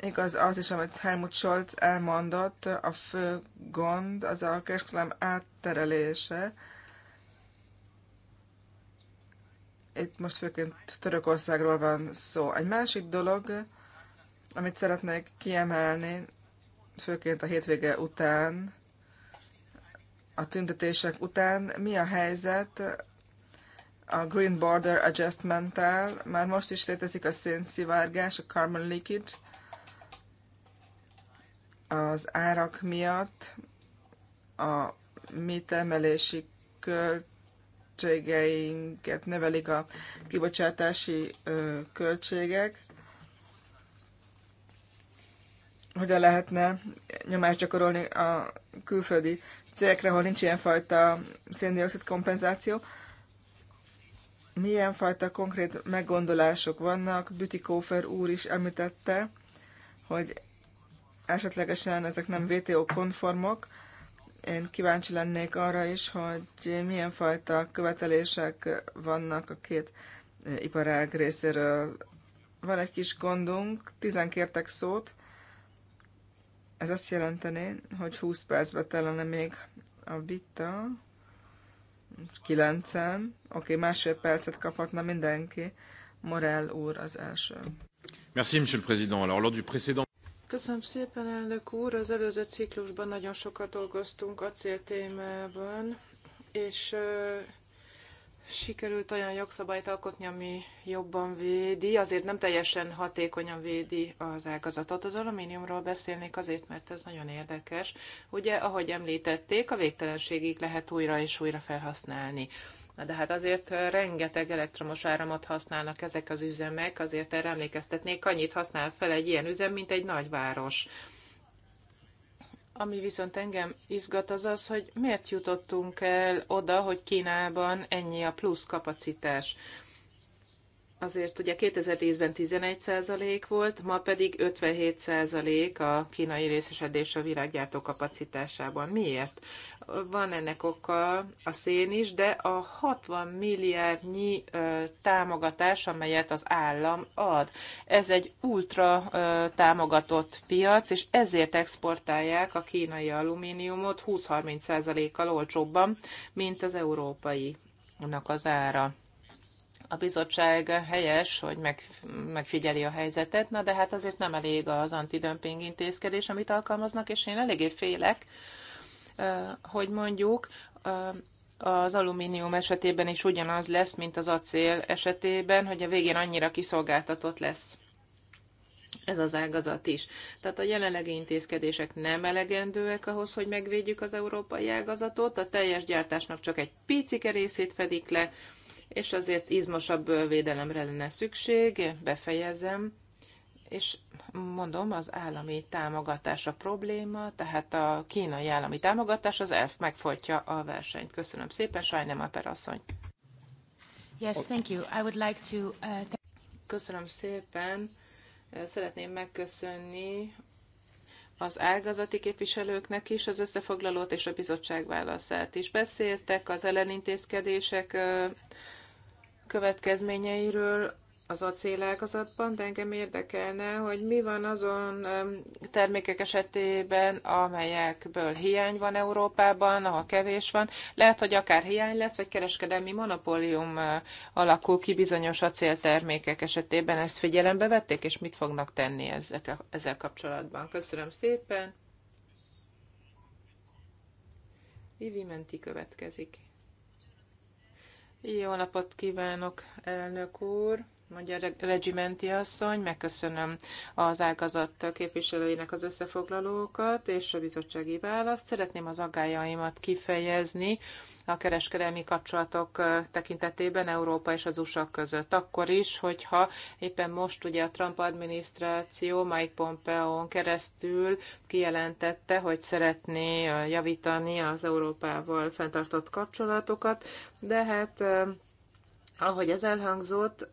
Igaz az is, amit Helmut Scholz elmondott, a fő gond az a kereskedelem átterelése. Itt most főként Törökországról van szó. Egy másik dolog, amit szeretnék kiemelni, főként a hétvége után, a tüntetések után, mi a helyzet a Green Border Adjustment-tel? Már most is létezik a szénszivárgás, a carbon leakage, az árak miatt a mi termelési költségeinket növelik a kibocsátási költségek. Hogyan lehetne nyomást gyakorolni a külföldi cégekre, ahol nincs ilyenfajta széndiokszid kompenzáció? milyen fajta konkrét meggondolások vannak. Bütikófer úr is említette, hogy esetlegesen ezek nem VTO-konformok. Én kíváncsi lennék arra is, hogy milyen fajta követelések vannak a két eh, iparág részéről. Van egy kis gondunk, tizen kértek szót. Ez azt jelenteni, hogy 20 percbe telene még a vita. 9-en. Oké, okay, másfél percet kaphatna mindenki. Morel úr az első. Merci, monsieur le président. Alors, lors du précédent... Köszönöm szépen, elnök úr! Az előző ciklusban nagyon sokat dolgoztunk a céltémában, és sikerült olyan jogszabályt alkotni, ami jobban védi, azért nem teljesen hatékonyan védi az ágazatot. Az alumíniumról beszélnék azért, mert ez nagyon érdekes. Ugye, ahogy említették, a végtelenségig lehet újra és újra felhasználni. Na de hát azért rengeteg elektromos áramot használnak ezek az üzemek, azért erre emlékeztetnék, annyit használ fel egy ilyen üzem, mint egy nagyváros. Ami viszont engem izgat az az, hogy miért jutottunk el oda, hogy Kínában ennyi a plusz kapacitás. Azért ugye 2010-ben 11% volt, ma pedig 57% a kínai részesedés a világgyártó kapacitásában. Miért? van ennek oka a szén is, de a 60 milliárdnyi támogatás, amelyet az állam ad, ez egy ultra támogatott piac, és ezért exportálják a kínai alumíniumot 20-30%-kal olcsóbban, mint az európai az ára a bizottság helyes, hogy meg, megfigyeli a helyzetet, na de hát azért nem elég az antidömping intézkedés, amit alkalmaznak, és én eléggé félek, Eh, hogy mondjuk eh, az alumínium esetében is ugyanaz lesz, mint az acél esetében, hogy a végén annyira kiszolgáltatott lesz ez az ágazat is. Tehát a jelenlegi intézkedések nem elegendőek ahhoz, hogy megvédjük az európai ágazatot, a teljes gyártásnak csak egy picike részét fedik le, és azért izmosabb védelemre lenne szükség, befejezem és mondom, az állami támogatás a probléma, tehát a kínai állami támogatás az elf megfolytja a versenyt. Köszönöm szépen, sajnálom a perasszony. Yes, thank you. I would like to, uh, Köszönöm szépen. Szeretném megköszönni az ágazati képviselőknek is az összefoglalót és a bizottság válaszát is. Beszéltek az ellenintézkedések következményeiről, az acélágazatban, de engem érdekelne, hogy mi van azon termékek esetében, amelyekből hiány van Európában, ahol kevés van. Lehet, hogy akár hiány lesz, vagy kereskedelmi monopólium alakul ki bizonyos acéltermékek esetében. Ezt figyelembe vették, és mit fognak tenni ezzel, ezzel kapcsolatban? Köszönöm szépen. Ivi Menti következik. Jó napot kívánok, elnök úr! mondja Regimenti asszony, megköszönöm az ágazat képviselőinek az összefoglalókat és a bizottsági választ. Szeretném az aggájaimat kifejezni a kereskedelmi kapcsolatok tekintetében Európa és az USA között. Akkor is, hogyha éppen most ugye a Trump adminisztráció Mike Pompeo-n keresztül kijelentette, hogy szeretné javítani az Európával fenntartott kapcsolatokat, de hát ahogy ez elhangzott,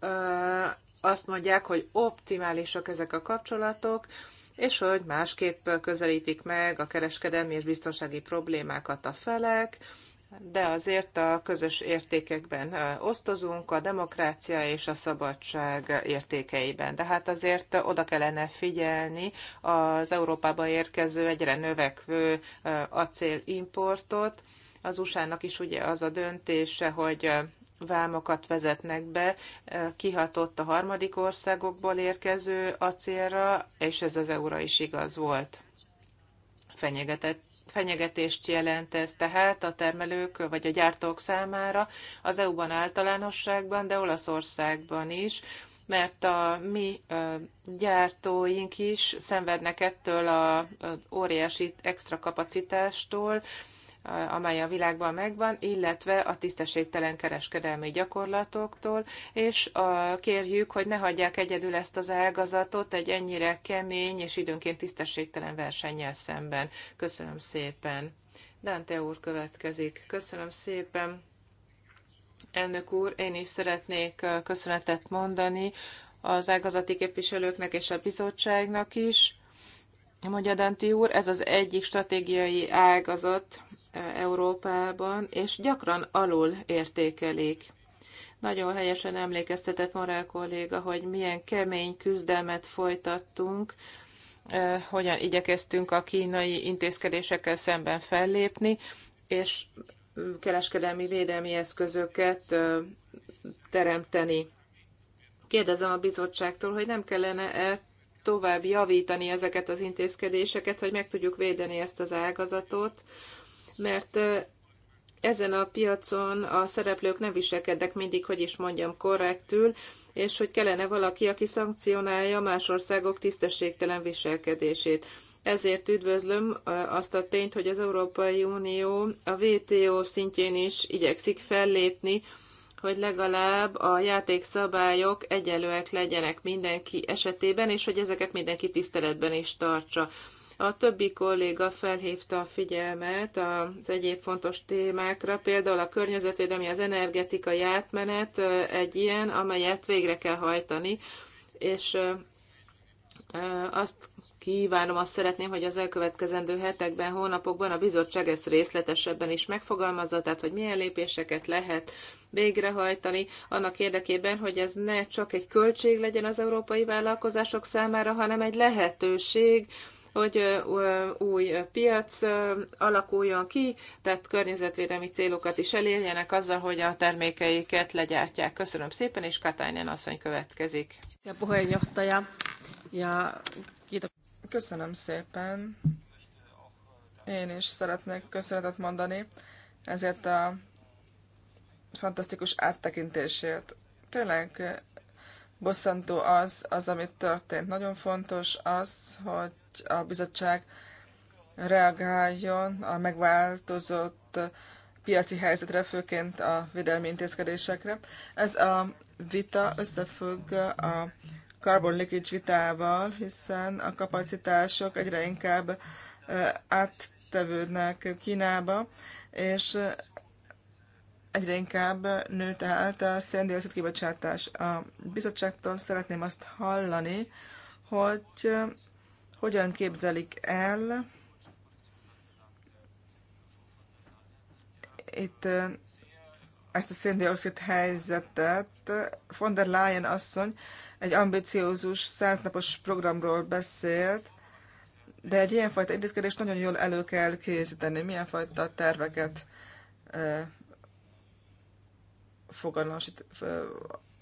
azt mondják, hogy optimálisak ezek a kapcsolatok, és hogy másképp közelítik meg a kereskedelmi és biztonsági problémákat a felek, de azért a közös értékekben osztozunk, a demokrácia és a szabadság értékeiben. De hát azért oda kellene figyelni az Európába érkező egyre növekvő acélimportot. Az USA-nak is ugye az a döntése, hogy vámokat vezetnek be, eh, kihatott a harmadik országokból érkező acélra, és ez az eura is igaz volt. Fenyegetett fenyegetést jelent ez tehát a termelők vagy a gyártók számára az EU-ban általánosságban, de Olaszországban is, mert a mi eh, gyártóink is szenvednek ettől a óriási extra kapacitástól, amely a világban megvan, illetve a tisztességtelen kereskedelmi gyakorlatoktól, és kérjük, hogy ne hagyják egyedül ezt az ágazatot egy ennyire kemény és időnként tisztességtelen versennyel szemben. Köszönöm szépen. Dante úr következik. Köszönöm szépen. Elnök úr, én is szeretnék köszönetet mondani az ágazati képviselőknek és a bizottságnak is. Mondja Danti úr, ez az egyik stratégiai ágazat, Európában, és gyakran alul értékelik. Nagyon helyesen emlékeztetett Morál kolléga, hogy milyen kemény küzdelmet folytattunk, hogyan igyekeztünk a kínai intézkedésekkel szemben fellépni, és kereskedelmi védelmi eszközöket teremteni. Kérdezem a bizottságtól, hogy nem kellene-e tovább javítani ezeket az intézkedéseket, hogy meg tudjuk védeni ezt az ágazatot, mert ezen a piacon a szereplők nem viselkednek mindig, hogy is mondjam, korrektül, és hogy kellene valaki, aki szankcionálja más országok tisztességtelen viselkedését. Ezért üdvözlöm azt a tényt, hogy az Európai Unió a WTO szintjén is igyekszik fellépni, hogy legalább a játékszabályok egyenlőek legyenek mindenki esetében, és hogy ezeket mindenki tiszteletben is tartsa. A többi kolléga felhívta a figyelmet az egyéb fontos témákra, például a környezetvédelmi, az energetikai átmenet egy ilyen, amelyet végre kell hajtani, és azt kívánom, azt szeretném, hogy az elkövetkezendő hetekben, hónapokban a bizottság ezt részletesebben is megfogalmazza, tehát hogy milyen lépéseket lehet végrehajtani, annak érdekében, hogy ez ne csak egy költség legyen az európai vállalkozások számára, hanem egy lehetőség, hogy új piac alakuljon ki, tehát környezetvédelmi célokat is elérjenek azzal, hogy a termékeiket legyártják. Köszönöm szépen, és Katányan asszony következik. Ja, Köszönöm szépen. Én is szeretnék köszönetet mondani ezért a fantasztikus áttekintésért. Tényleg bosszantó az, az, amit történt. Nagyon fontos az, hogy a bizottság reagáljon a megváltozott piaci helyzetre, főként a védelmi intézkedésekre. Ez a vita összefügg a carbon leakage vitával, hiszen a kapacitások egyre inkább áttevődnek Kínába, és egyre inkább nő tehát a széndiokszid kibocsátás. A bizottságtól szeretném azt hallani, hogy hogyan képzelik el itt ezt a széndiokszid helyzetet. Von der Leyen asszony egy ambiciózus, száznapos programról beszélt, de egy ilyenfajta intézkedést nagyon jól elő kell készíteni. Milyen fajta terveket eh, fogalmasít,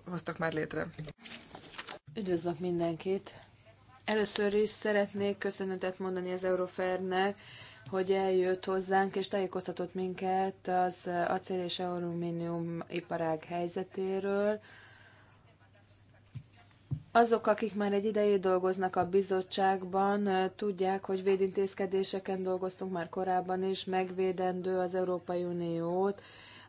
hoztak már létre? Üdvözlök mindenkit! Először is szeretnék köszönetet mondani az Eurofernek, hogy eljött hozzánk és tájékoztatott minket az acél és alumínium iparág helyzetéről. Azok, akik már egy idejét dolgoznak a bizottságban, tudják, hogy védintézkedéseken dolgoztunk már korábban is, megvédendő az Európai Uniót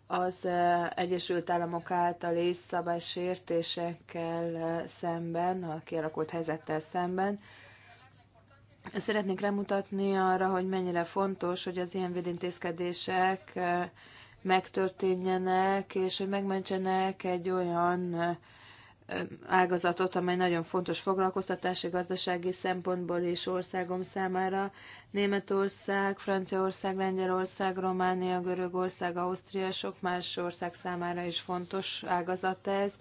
az Egyesült Államok általi szabálysértésekkel szemben, a kialakult helyzettel szemben. Szeretnék remutatni arra, hogy mennyire fontos, hogy az ilyen védintézkedések megtörténjenek, és hogy megmentsenek egy olyan ágazatot, amely nagyon fontos foglalkoztatási, gazdasági szempontból is országom számára. Németország, Franciaország, Lengyelország, Románia, Görögország, Ausztria, sok más ország számára is fontos ágazat ez.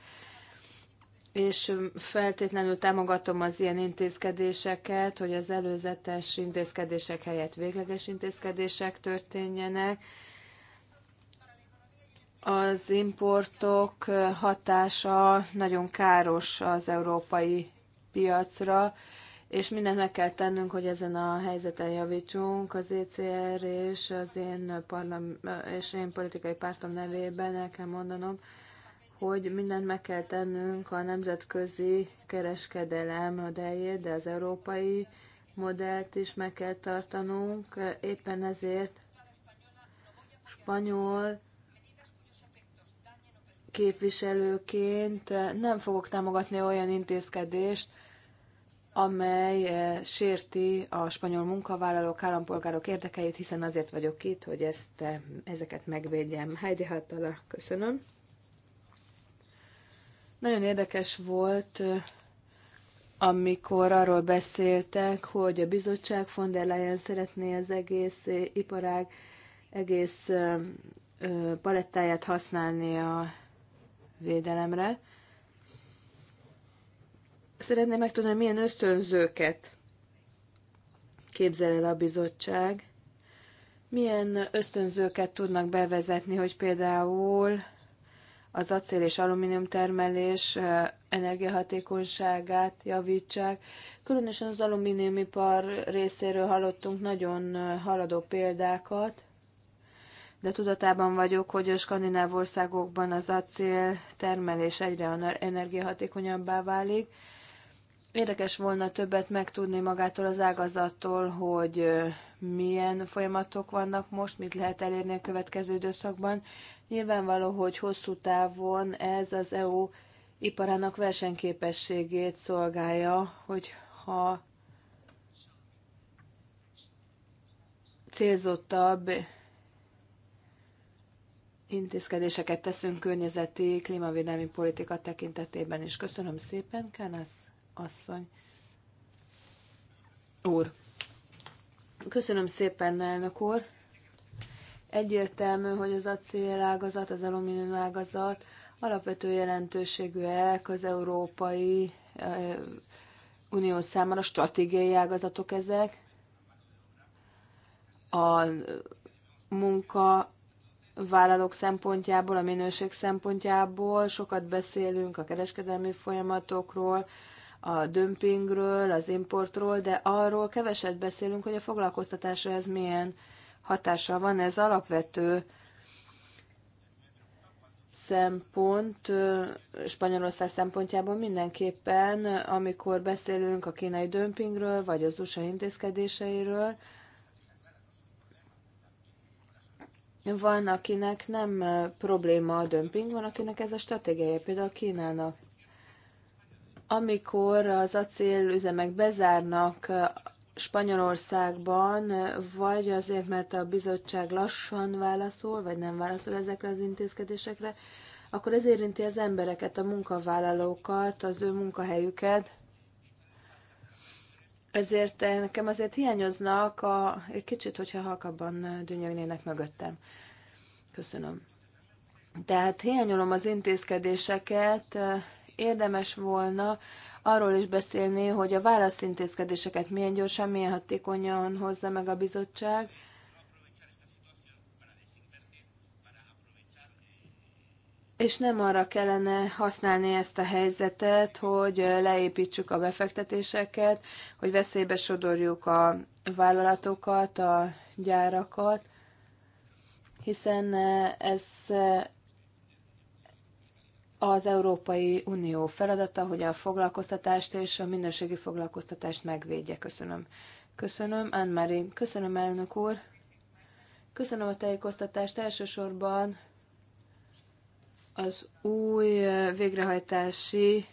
És feltétlenül támogatom az ilyen intézkedéseket, hogy az előzetes intézkedések helyett végleges intézkedések történjenek az importok hatása nagyon káros az európai piacra, és mindent meg kell tennünk, hogy ezen a helyzeten javítsunk. Az ECR és az én, parlam, és én politikai pártom nevében el kell mondanom, hogy mindent meg kell tennünk a nemzetközi kereskedelem modelljét, de az európai modellt is meg kell tartanunk. Éppen ezért spanyol képviselőként nem fogok támogatni olyan intézkedést, amely eh, sérti a spanyol munkavállalók, állampolgárok érdekeit, hiszen azért vagyok itt, hogy ezt, eh, ezeket megvédjem. Heidi Hattala, köszönöm. Nagyon érdekes volt, eh, amikor arról beszéltek, hogy a bizottság von der Leyen szeretné az egész iparág, egész palettáját használni a védelemre. Szeretném megtudni, milyen ösztönzőket képzel el a bizottság, milyen ösztönzőket tudnak bevezetni, hogy például az acél és alumínium termelés energiahatékonyságát javítsák. Különösen az alumíniumipar részéről hallottunk nagyon haladó példákat, de tudatában vagyok, hogy a skandináv országokban az acél termelés egyre energiahatékonyabbá válik. Érdekes volna többet megtudni magától az ágazattól, hogy milyen folyamatok vannak most, mit lehet elérni a következő időszakban. Nyilvánvaló, hogy hosszú távon ez az EU iparának versenyképességét szolgálja, hogyha célzottabb intézkedéseket teszünk környezeti, klímavédelmi politika tekintetében is. Köszönöm szépen, Kánász asszony. Úr. Köszönöm szépen, elnök úr. Egyértelmű, hogy az acélágazat, az alumínium ágazat alapvető jelentőségűek az Európai Unió számára, stratégiai ágazatok ezek. A munka vállalók szempontjából, a minőség szempontjából. Sokat beszélünk a kereskedelmi folyamatokról, a dömpingről, az importról, de arról keveset beszélünk, hogy a foglalkoztatásra ez milyen hatással van. Ez alapvető szempont Spanyolország szempontjából mindenképpen, amikor beszélünk a kínai dömpingről, vagy az USA intézkedéseiről, Van, akinek nem probléma a dömping, van, akinek ez a stratégiája, például Kínának. Amikor az acélüzemek bezárnak Spanyolországban, vagy azért, mert a bizottság lassan válaszol, vagy nem válaszol ezekre az intézkedésekre, akkor ez érinti az embereket, a munkavállalókat, az ő munkahelyüket, ezért eh, nekem azért hiányoznak a, egy kicsit, hogyha halkabban eh, dünyögnének mögöttem. Köszönöm. Tehát hiányolom az intézkedéseket, eh, érdemes volna arról is beszélni, hogy a válaszintézkedéseket milyen gyorsan, milyen hatékonyan hozza meg a bizottság, és nem arra kellene használni ezt a helyzetet, hogy leépítsük a befektetéseket, hogy veszélybe sodorjuk a vállalatokat, a gyárakat, hiszen ez az Európai Unió feladata, hogy a foglalkoztatást és a minőségi foglalkoztatást megvédje. Köszönöm. Köszönöm, Anne-Marie. Köszönöm, elnök úr. Köszönöm a tájékoztatást elsősorban az új eh, végrehajtási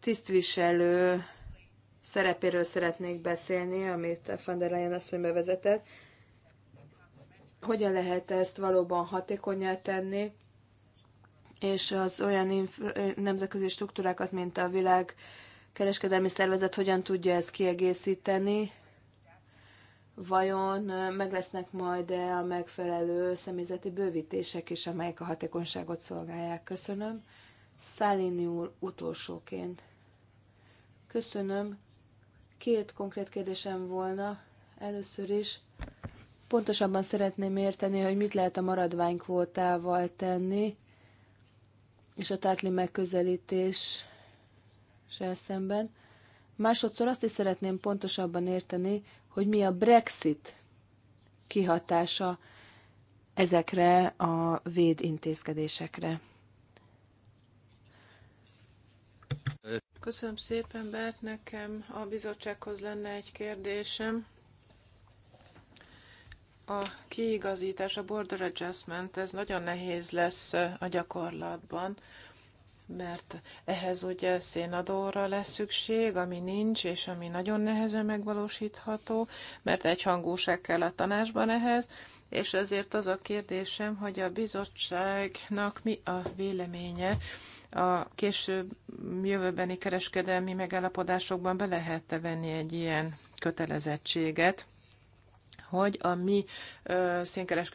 tisztviselő szerepéről szeretnék beszélni, amit van der Leyen asszony bevezetett. Hogyan lehet ezt valóban hatékonyá tenni, és az olyan eh, nemzetközi struktúrákat, mint a világ kereskedelmi szervezet, hogyan tudja ezt kiegészíteni, vajon meg lesznek majd -e a megfelelő személyzeti bővítések is, amelyek a hatékonyságot szolgálják. Köszönöm. Szálini úr utolsóként. Köszönöm. Két konkrét kérdésem volna. Először is pontosabban szeretném érteni, hogy mit lehet a maradványkvótával tenni, és a tátli megközelítés szemben. Másodszor azt is szeretném pontosabban érteni, hogy mi a Brexit kihatása ezekre a védintézkedésekre. Köszönöm szépen, Bert. Nekem a bizottsághoz lenne egy kérdésem. A kiigazítás, a border adjustment, ez nagyon nehéz lesz a gyakorlatban mert ehhez ugye szénadóra lesz szükség, ami nincs, és ami nagyon nehezen megvalósítható, mert egy hangúság kell a tanásban ehhez, és ezért az a kérdésem, hogy a bizottságnak mi a véleménye, a később jövőbeni kereskedelmi megállapodásokban be lehet -e venni egy ilyen kötelezettséget, hogy a mi ö,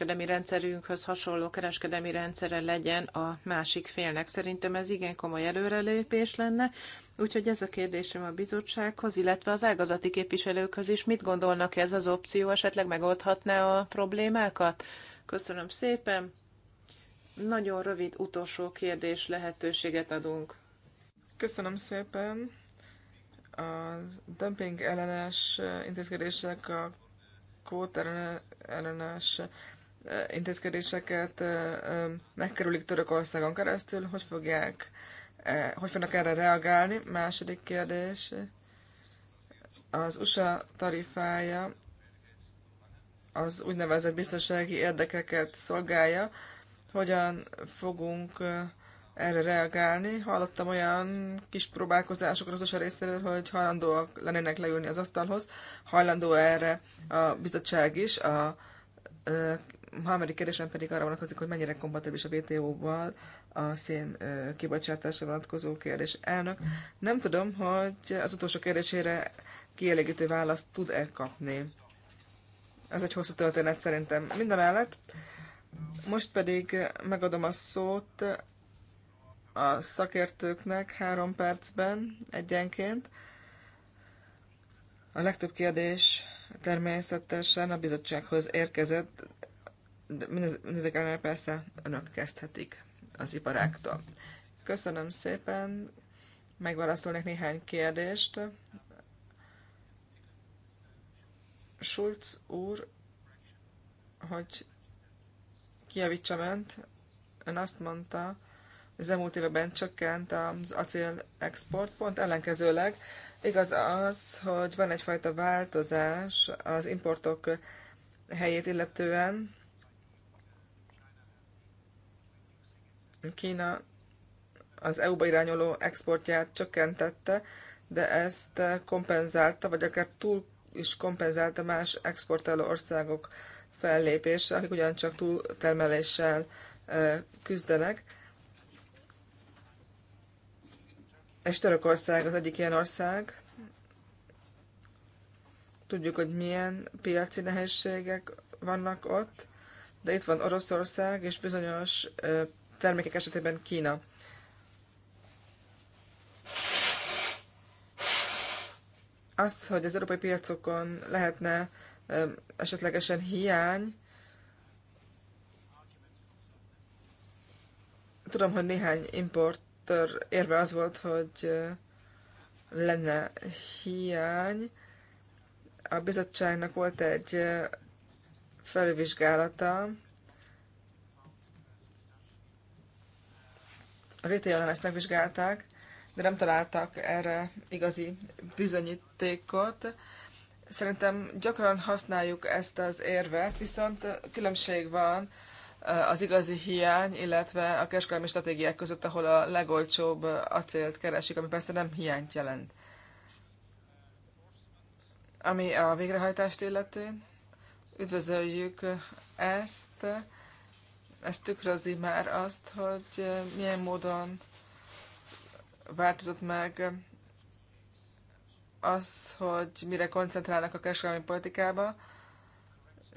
rendszerünkhöz hasonló kereskedemi rendszere legyen a másik félnek. Szerintem ez igen komoly előrelépés lenne, úgyhogy ez a kérdésem a bizottsághoz, illetve az ágazati képviselőkhöz is. Mit gondolnak ez az opció, esetleg megoldhatná a problémákat? Köszönöm szépen. Nagyon rövid utolsó kérdés lehetőséget adunk. Köszönöm szépen. A dumping ellenes intézkedések a kót ellenes eh, intézkedéseket eh, eh, megkerülik Törökországon keresztül, hogy fogják, hogy fognak erre reagálni? Második kérdés, az USA tarifája az úgynevezett biztonsági érdekeket szolgálja, hogyan fogunk erre reagálni. Hallottam olyan kis próbálkozásokra az OSA részéről, hogy hajlandóak lennének leülni az asztalhoz. Hajlandó erre a bizottság is. A, a harmadik kérdésem pedig arra vonatkozik, hogy mennyire kompatibilis a WTO-val a szén kibocsátásra vonatkozó kérdés. Elnök, nem tudom, hogy az utolsó kérdésére kielégítő választ tud-e kapni. Ez egy hosszú történet szerintem. Mindemellett most pedig megadom a szót a szakértőknek három percben egyenként. A legtöbb kérdés természetesen a bizottsághoz érkezett, de mindez, mindezek ellenére persze önök kezdhetik az iparáktól. Köszönöm szépen, megválaszolnék néhány kérdést. Schulz úr, hogy kijavítsam önt, ön azt mondta, az elmúlt években csökkent az acél export, pont ellenkezőleg igaz az, hogy van egyfajta változás az importok helyét illetően. Kína az EU-ba irányoló exportját csökkentette, de ezt kompenzálta, vagy akár túl is kompenzálta más exportáló országok fellépése, akik ugyancsak túltermeléssel küzdenek és Törökország az egyik ilyen ország. Tudjuk, hogy milyen piaci nehézségek vannak ott, de itt van Oroszország és bizonyos termékek esetében Kína. Az, hogy az európai piacokon lehetne esetlegesen hiány, tudom, hogy néhány import tör érve az volt, hogy lenne hiány. A bizottságnak volt egy felülvizsgálata. A VT ellen ezt megvizsgálták, de nem találtak erre igazi bizonyítékot. Szerintem gyakran használjuk ezt az érvet, viszont különbség van Eh, az igazi hiány, illetve a kereskedelmi stratégiák között, ahol a legolcsóbb acélt keresik, ami persze nem hiányt jelent. Ami a végrehajtást illeti, üdvözöljük ezt, ez tükrözi már azt, hogy milyen módon változott meg az, hogy mire koncentrálnak a kereskedelmi politikába,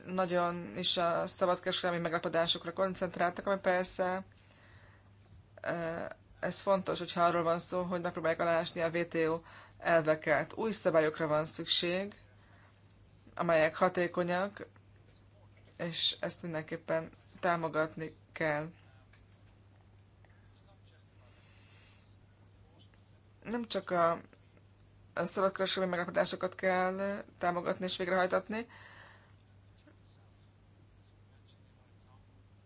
nagyon is a szabadkereskedelmi megállapodásokra koncentráltak, ami persze ez fontos, hogyha arról van szó, hogy megpróbálják alásni a WTO elveket. Új szabályokra van szükség, amelyek hatékonyak, és ezt mindenképpen támogatni kell. Nem csak a szabadkereskedelmi megállapodásokat kell támogatni és végrehajtatni,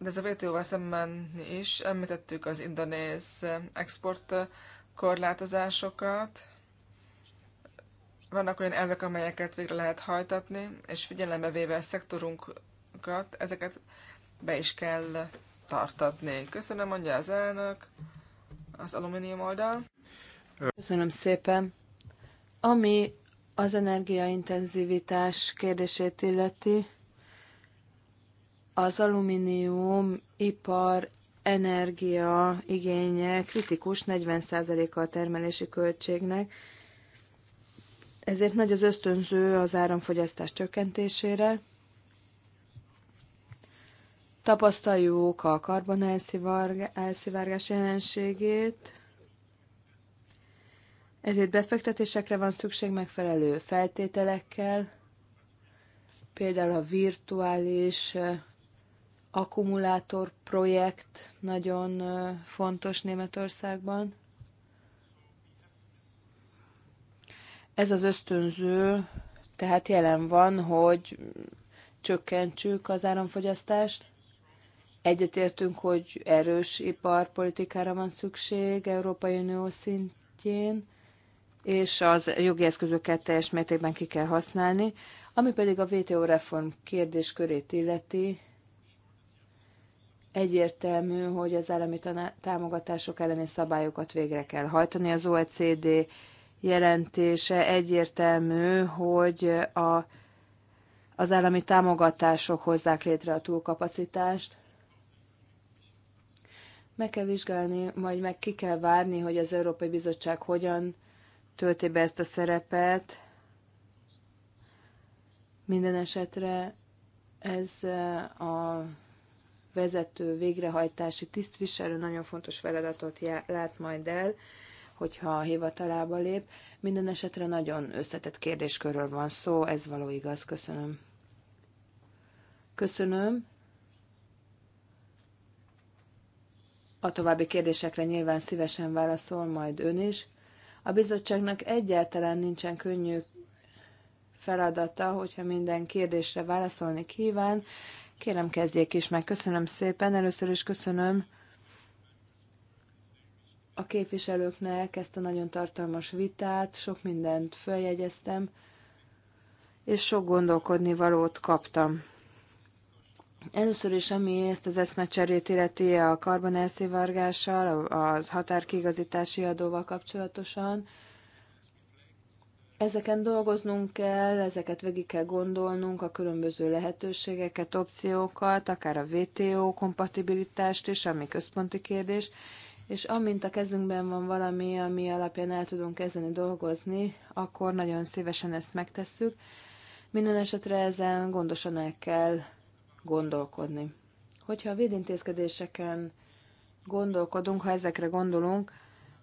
de ez a WTO-val szemben is említettük az indonéz export korlátozásokat. Vannak olyan elvek, amelyeket végre lehet hajtatni, és figyelembe véve a szektorunkat, ezeket be is kell tartatni. Köszönöm, mondja az elnök, az alumínium oldal. Köszönöm szépen. Ami az energiaintenzivitás kérdését illeti, az alumínium ipar energia igénye kritikus 40%-a a termelési költségnek, ezért nagy az ösztönző az áramfogyasztás csökkentésére. Tapasztaljuk a karbon elszivárgás jelenségét, ezért befektetésekre van szükség megfelelő feltételekkel, például a virtuális akkumulátor projekt nagyon fontos Németországban. Ez az ösztönző, tehát jelen van, hogy csökkentsük az áramfogyasztást. Egyetértünk, hogy erős iparpolitikára van szükség Európai Unió szintjén, és az jogi eszközöket teljes mértékben ki kell használni. Ami pedig a VTO reform kérdéskörét illeti, Egyértelmű, hogy az állami támogatások elleni szabályokat végre kell hajtani. Az OECD jelentése egyértelmű, hogy a, az állami támogatások hozzák létre a túlkapacitást. Meg kell vizsgálni, majd meg ki kell várni, hogy az Európai Bizottság hogyan tölti be ezt a szerepet. Minden esetre ez eh, a vezető, végrehajtási tisztviselő nagyon fontos feladatot lát majd el, hogyha a hivatalába lép. Minden esetre nagyon összetett kérdéskörről van szó, ez való igaz, köszönöm. Köszönöm. A további kérdésekre nyilván szívesen válaszol majd ön is. A bizottságnak egyáltalán nincsen könnyű feladata, hogyha minden kérdésre válaszolni kíván, Kérem, kezdjék is meg. Köszönöm szépen. Először is köszönöm a képviselőknek ezt a nagyon tartalmas vitát, sok mindent feljegyeztem, és sok gondolkodni valót kaptam. Először is, ami ezt az eszmecserét illeti a karbon elszivárgással, az határkigazítási adóval kapcsolatosan, Ezeken dolgoznunk kell, ezeket végig kell gondolnunk, a különböző lehetőségeket, opciókat, akár a VTO kompatibilitást is, ami központi kérdés, és amint a kezünkben van valami, ami alapján el tudunk kezdeni dolgozni, akkor nagyon szívesen ezt megtesszük. Minden esetre ezen gondosan el kell gondolkodni. Hogyha a védintézkedéseken gondolkodunk, ha ezekre gondolunk,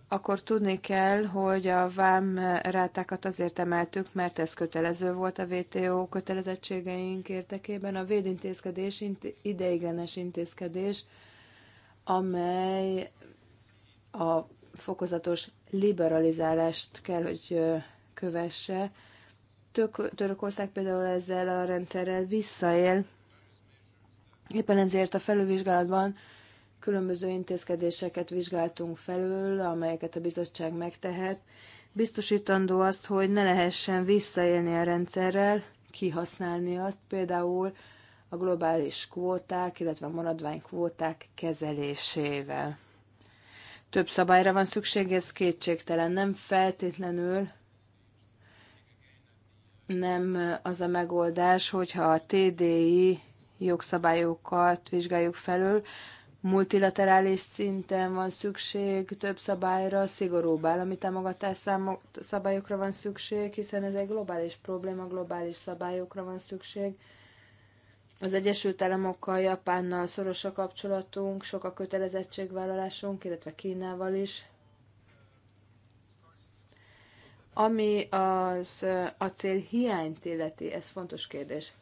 akkor tudni kell, hogy a vám rátákat azért emeltük, mert ez kötelező volt a VTO kötelezettségeink érdekében. A védintézkedés ideiglenes intézkedés, amely a fokozatos liberalizálást kell, hogy kövesse. Tök, Törökország például ezzel a rendszerrel visszaél. Éppen ezért a felülvizsgálatban Különböző intézkedéseket vizsgáltunk felül, amelyeket a bizottság megtehet. Biztosítandó azt, hogy ne lehessen visszaélni a rendszerrel, kihasználni azt, például a globális kvóták, illetve a maradványkvóták kezelésével. Több szabályra van szükség, ez kétségtelen. Nem feltétlenül nem az a megoldás, hogyha a TDI jogszabályokat vizsgáljuk felül, Multilaterális szinten van szükség több szabályra, szigorúbb állami támogatás szabályokra van szükség, hiszen ez egy globális probléma, globális szabályokra van szükség. Az Egyesült Államokkal, Japánnal szoros a kapcsolatunk, sok a kötelezettségvállalásunk, illetve Kínával is. Ami az acél hiányt illeti, ez fontos kérdés.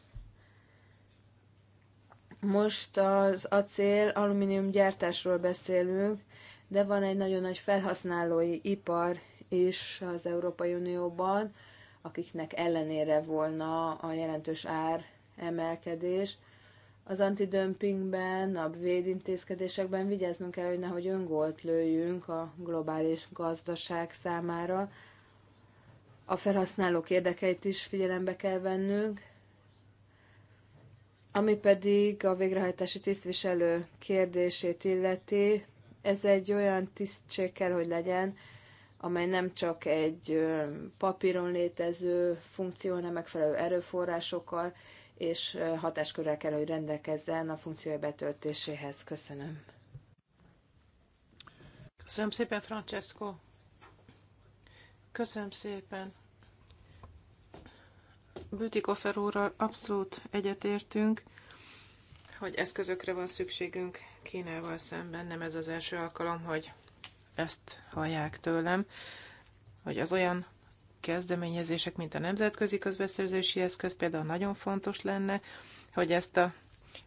Most az acél, alumínium gyártásról beszélünk, de van egy nagyon nagy felhasználói ipar is az Európai Unióban, akiknek ellenére volna a jelentős ár emelkedés. Az antidömpingben, a védintézkedésekben vigyáznunk kell, hogy nehogy öngolt lőjünk a globális gazdaság számára. A felhasználók érdekeit is figyelembe kell vennünk, ami pedig a végrehajtási tisztviselő kérdését illeti, ez egy olyan tisztség kell, hogy legyen, amely nem csak egy papíron létező funkció, hanem megfelelő erőforrásokkal és hatáskörrel kell, hogy rendelkezzen a funkciója betöltéséhez. Köszönöm. Köszönöm szépen, Francesco. Köszönöm szépen Bütikofer úrral abszolút egyetértünk, hogy eszközökre van szükségünk Kínával szemben. Nem ez az első alkalom, hogy ezt hallják tőlem, hogy az olyan kezdeményezések, mint a nemzetközi közbeszerzési eszköz például nagyon fontos lenne, hogy ezt a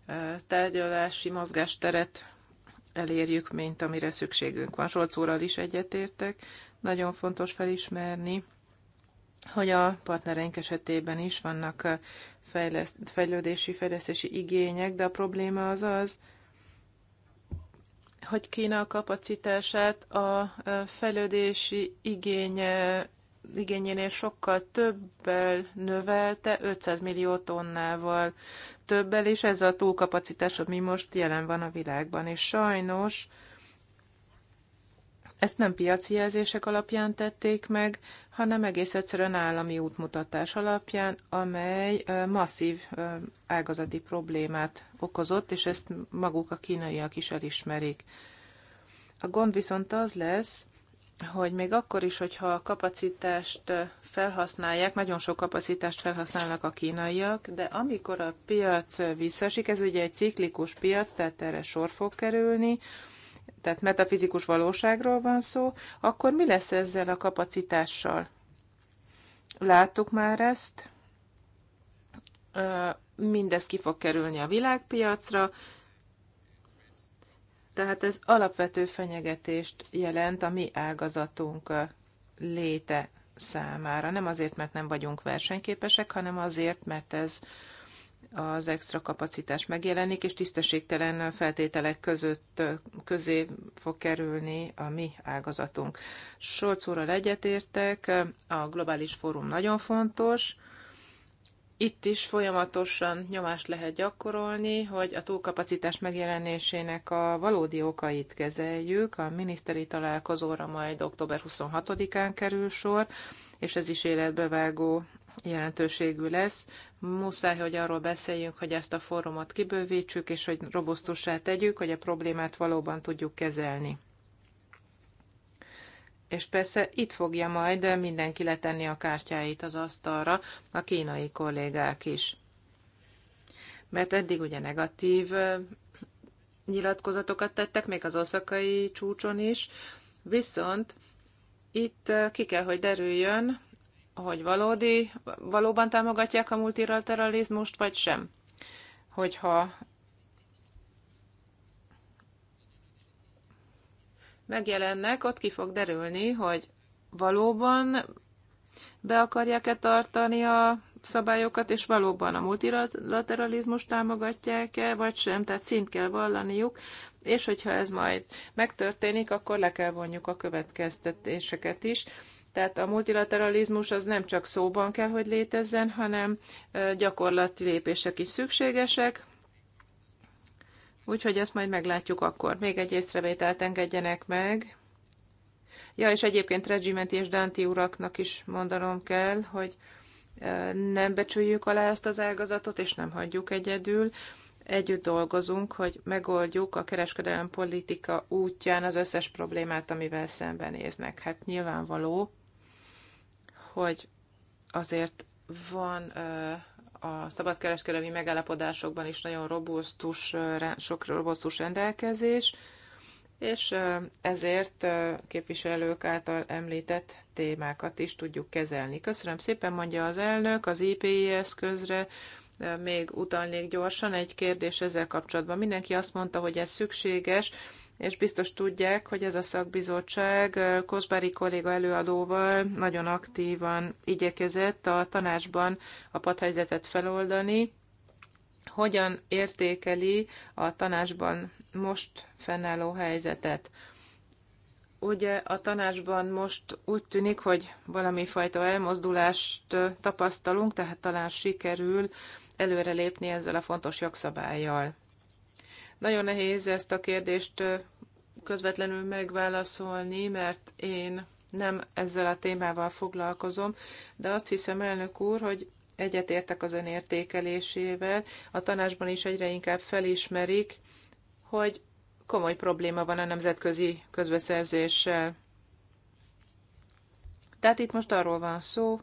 e, tárgyalási mozgásteret elérjük, mint amire szükségünk van. Solc úrral is egyetértek, nagyon fontos felismerni, hogy a partnereink esetében is vannak fejleszt, fejlődési, fejlesztési igények, de a probléma az az, hogy Kína a kapacitását a fejlődési igénye, igényénél sokkal többel növelte, 500 millió tonnával többel, és ez a túlkapacitás, ami most jelen van a világban. És sajnos ezt nem piaci jelzések alapján tették meg, hanem egész egyszerűen állami útmutatás alapján, amely masszív ágazati problémát okozott, és ezt maguk a kínaiak is elismerik. A gond viszont az lesz, hogy még akkor is, hogyha a kapacitást felhasználják, nagyon sok kapacitást felhasználnak a kínaiak, de amikor a piac visszaesik, ez ugye egy ciklikus piac, tehát erre sor fog kerülni, tehát metafizikus valóságról van szó, akkor mi lesz ezzel a kapacitással? Láttuk már ezt, mindez ki fog kerülni a világpiacra, tehát ez alapvető fenyegetést jelent a mi ágazatunk léte számára. Nem azért, mert nem vagyunk versenyképesek, hanem azért, mert ez az extra kapacitás megjelenik, és tisztességtelen feltételek között közé fog kerülni a mi ágazatunk. Solc úrral egyetértek, a globális fórum nagyon fontos, itt is folyamatosan nyomást lehet gyakorolni, hogy a túlkapacitás megjelenésének a valódi okait kezeljük. A miniszteri találkozóra majd október 26-án kerül sor, és ez is életbevágó jelentőségű lesz. Muszáj, hogy arról beszéljünk, hogy ezt a fórumot kibővítsük, és hogy robusztussá tegyük, hogy a problémát valóban tudjuk kezelni. És persze itt fogja majd mindenki letenni a kártyáit az asztalra, a kínai kollégák is. Mert eddig ugye negatív nyilatkozatokat tettek, még az oszakai csúcson is, viszont itt ki kell, hogy derüljön, hogy valódi, valóban támogatják a multilateralizmust, vagy sem. Hogyha megjelennek, ott ki fog derülni, hogy valóban be akarják-e tartani a szabályokat, és valóban a multilateralizmus támogatják-e, vagy sem, tehát szint kell vallaniuk, és hogyha ez majd megtörténik, akkor le kell vonjuk a következtetéseket is, tehát a multilateralizmus az nem csak szóban kell, hogy létezzen, hanem gyakorlati lépések is szükségesek, úgyhogy ezt majd meglátjuk akkor. Még egy észrevételt engedjenek meg. Ja, és egyébként Regimenti és Danti uraknak is mondanom kell, hogy nem becsüljük alá ezt az ágazatot, és nem hagyjuk egyedül. Együtt dolgozunk, hogy megoldjuk a kereskedelem politika útján az összes problémát, amivel szembenéznek. Hát nyilvánvaló, hogy azért van a szabadkereskedelmi megállapodásokban is nagyon robusztus, sok robusztus rendelkezés, és ezért képviselők által említett témákat is tudjuk kezelni. Köszönöm szépen, mondja az elnök, az IPI eszközre még utalnék gyorsan egy kérdés ezzel kapcsolatban. Mindenki azt mondta, hogy ez szükséges, és biztos tudják, hogy ez a szakbizottság Kosbári kolléga előadóval nagyon aktívan igyekezett a tanácsban a padhelyzetet feloldani. Hogyan értékeli a tanácsban most fennálló helyzetet? Ugye a tanácsban most úgy tűnik, hogy valami fajta elmozdulást tapasztalunk, tehát talán sikerül előrelépni ezzel a fontos jogszabályjal. Nagyon nehéz ezt a kérdést közvetlenül megválaszolni, mert én nem ezzel a témával foglalkozom, de azt hiszem, elnök úr, hogy egyetértek az értékelésével. a tanácsban is egyre inkább felismerik, hogy komoly probléma van a nemzetközi közbeszerzéssel. Tehát itt most arról van szó,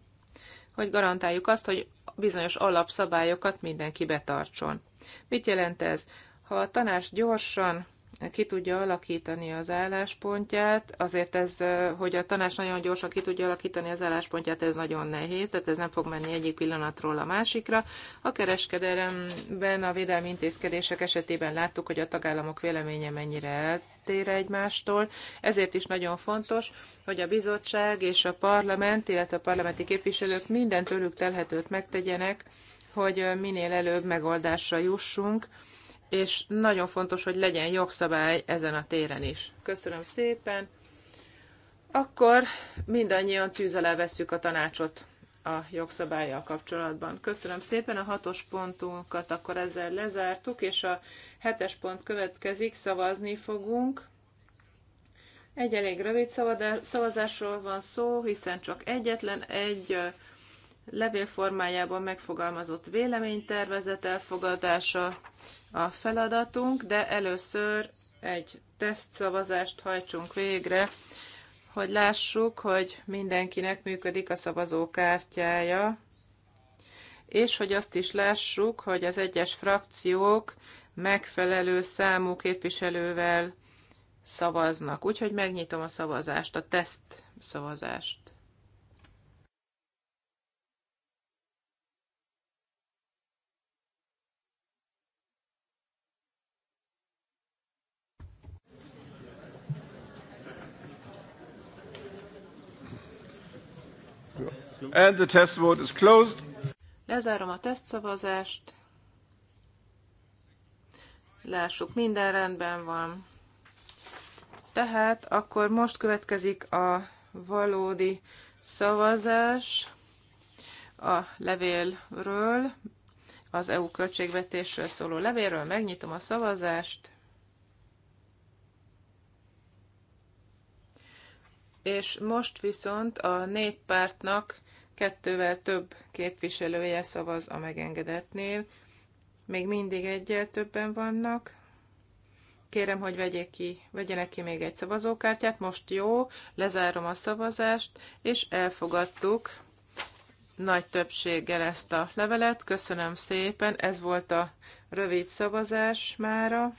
hogy garantáljuk azt, hogy bizonyos alapszabályokat mindenki betartson. Mit jelent ez? Ha a tanács gyorsan ki tudja alakítani az álláspontját, azért ez, hogy a tanács nagyon gyorsan ki tudja alakítani az álláspontját, ez nagyon nehéz, tehát ez nem fog menni egyik pillanatról a másikra. A kereskedelemben a védelmi intézkedések esetében láttuk, hogy a tagállamok véleménye mennyire eltér egymástól, ezért is nagyon fontos, hogy a bizottság és a parlament, illetve a parlamenti képviselők minden tőlük telhetőt megtegyenek, hogy minél előbb megoldásra jussunk, és nagyon fontos, hogy legyen jogszabály ezen a téren is. Köszönöm szépen. Akkor mindannyian tűz alá vesszük a tanácsot a jogszabályjal kapcsolatban. Köszönöm szépen, a hatos pontunkat akkor ezzel lezártuk, és a hetes pont következik, szavazni fogunk. Egy elég rövid szavazásról van szó, hiszen csak egyetlen egy levélformájában megfogalmazott véleménytervezet elfogadása a feladatunk, de először egy tesztszavazást hajtsunk végre, hogy lássuk, hogy mindenkinek működik a szavazókártyája, és hogy azt is lássuk, hogy az egyes frakciók megfelelő számú képviselővel szavaznak. Úgyhogy megnyitom a szavazást, a teszt szavazást. And the test vote is closed. Lezárom a tesztszavazást. Lássuk, minden rendben van. Tehát akkor most következik a valódi szavazás a levélről, az EU költségvetésről szóló levélről. Megnyitom a szavazást. És most viszont a néppártnak kettővel több képviselője szavaz a megengedetnél, még mindig egyel többen vannak. Kérem, hogy vegyék ki, vegyenek ki még egy szavazókártyát, most jó, lezárom a szavazást, és elfogadtuk nagy többséggel ezt a levelet. Köszönöm szépen, ez volt a rövid szavazás mára,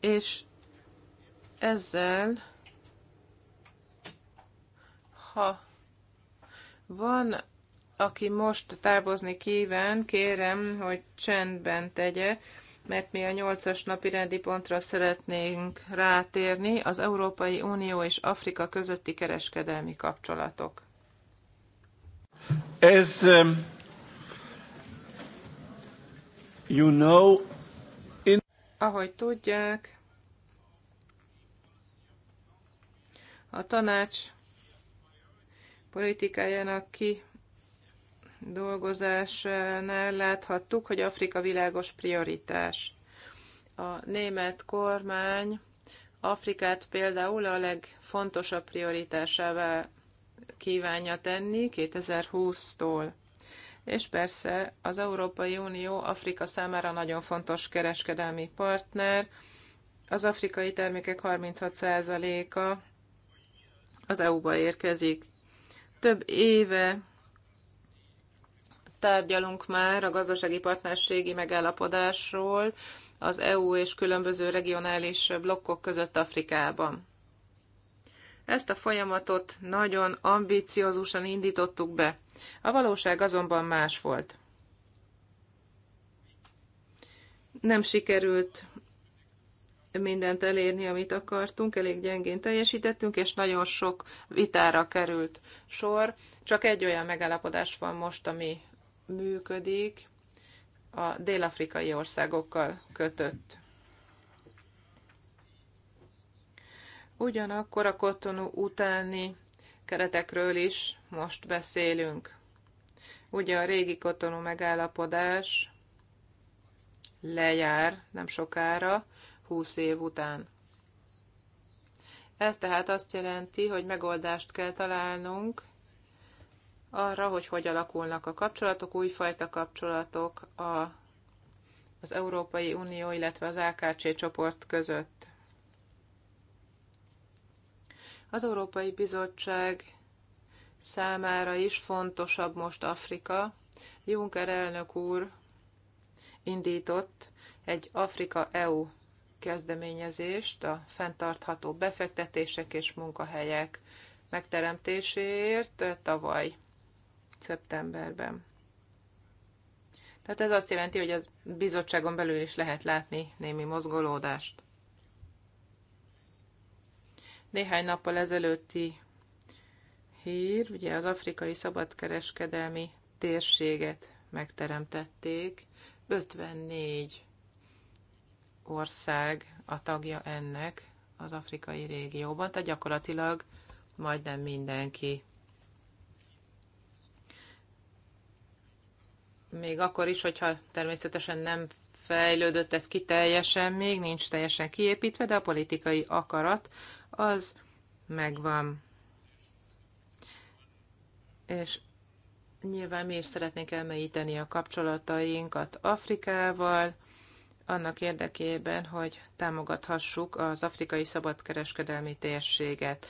és ezzel, ha van, aki most távozni kíván, kérem, hogy csendben tegye, mert mi a nyolcas napi rendi pontra szeretnénk rátérni, az Európai Unió és Afrika közötti kereskedelmi kapcsolatok. As um, you know, in... Ahogy tudják, a tanács politikájának ki dolgozásnál láthattuk, hogy Afrika világos prioritás. A német kormány Afrikát például a legfontosabb prioritásává kívánja tenni 2020-tól. És persze az Európai Unió Afrika számára nagyon fontos kereskedelmi partner. Az afrikai termékek 36%-a az EU-ba érkezik. Több éve tárgyalunk már a gazdasági partnerségi megállapodásról az EU és különböző regionális blokkok között Afrikában. Ezt a folyamatot nagyon ambiciózusan indítottuk be. A valóság azonban más volt. Nem sikerült mindent elérni, amit akartunk, elég gyengén teljesítettünk, és nagyon sok vitára került sor. Csak egy olyan megállapodás van most, ami működik, a dél-afrikai országokkal kötött. Ugyanakkor a kotonú utáni keretekről is most beszélünk. Ugye a régi kotonú megállapodás lejár nem sokára, húsz év után. Ez tehát azt jelenti, hogy megoldást kell találnunk arra, hogy hogy alakulnak a kapcsolatok, újfajta kapcsolatok a, az Európai Unió, illetve az AKC csoport között. Az Európai Bizottság számára is fontosabb most Afrika. Juncker elnök úr indított egy Afrika-EU kezdeményezést a fenntartható befektetések és munkahelyek megteremtéséért eh, tavaly szeptemberben. Tehát ez azt jelenti, hogy az bizottságon belül is lehet látni némi mozgolódást. Néhány nappal ezelőtti hír, ugye az afrikai szabadkereskedelmi térséget megteremtették, 54 ország a tagja ennek az afrikai régióban, tehát gyakorlatilag majdnem mindenki. Még akkor is, hogyha természetesen nem fejlődött ez ki teljesen, még nincs teljesen kiépítve, de a politikai akarat az megvan. És nyilván mi is szeretnénk elmélyíteni a kapcsolatainkat Afrikával, annak érdekében, hogy támogathassuk az afrikai szabadkereskedelmi térséget.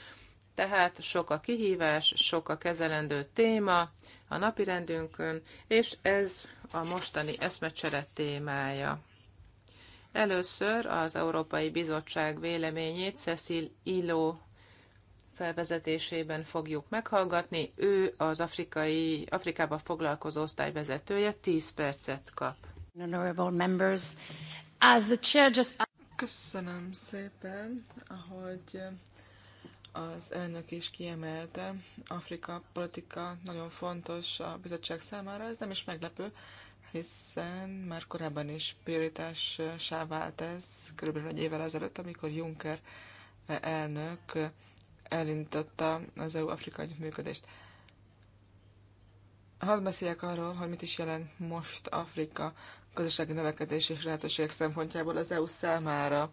Tehát sok a kihívás, sok a kezelendő téma a napirendünkön, és ez a mostani eszmecsere témája. Először az Európai Bizottság véleményét Cecil Illó felvezetésében fogjuk meghallgatni. Ő az afrikai, Afrikába foglalkozó osztályvezetője 10 percet kap members, Köszönöm szépen, ahogy az elnök is kiemelte, Afrika politika nagyon fontos a bizottság számára, ez nem is meglepő, hiszen már korábban is prioritássá vált ez, körülbelül egy évvel ezelőtt, amikor Juncker elnök elindította az eu afrikai működést. Hadd beszéljek arról, hogy mit is jelent most Afrika gazdasági növekedés és lehetőségek szempontjából az EU számára.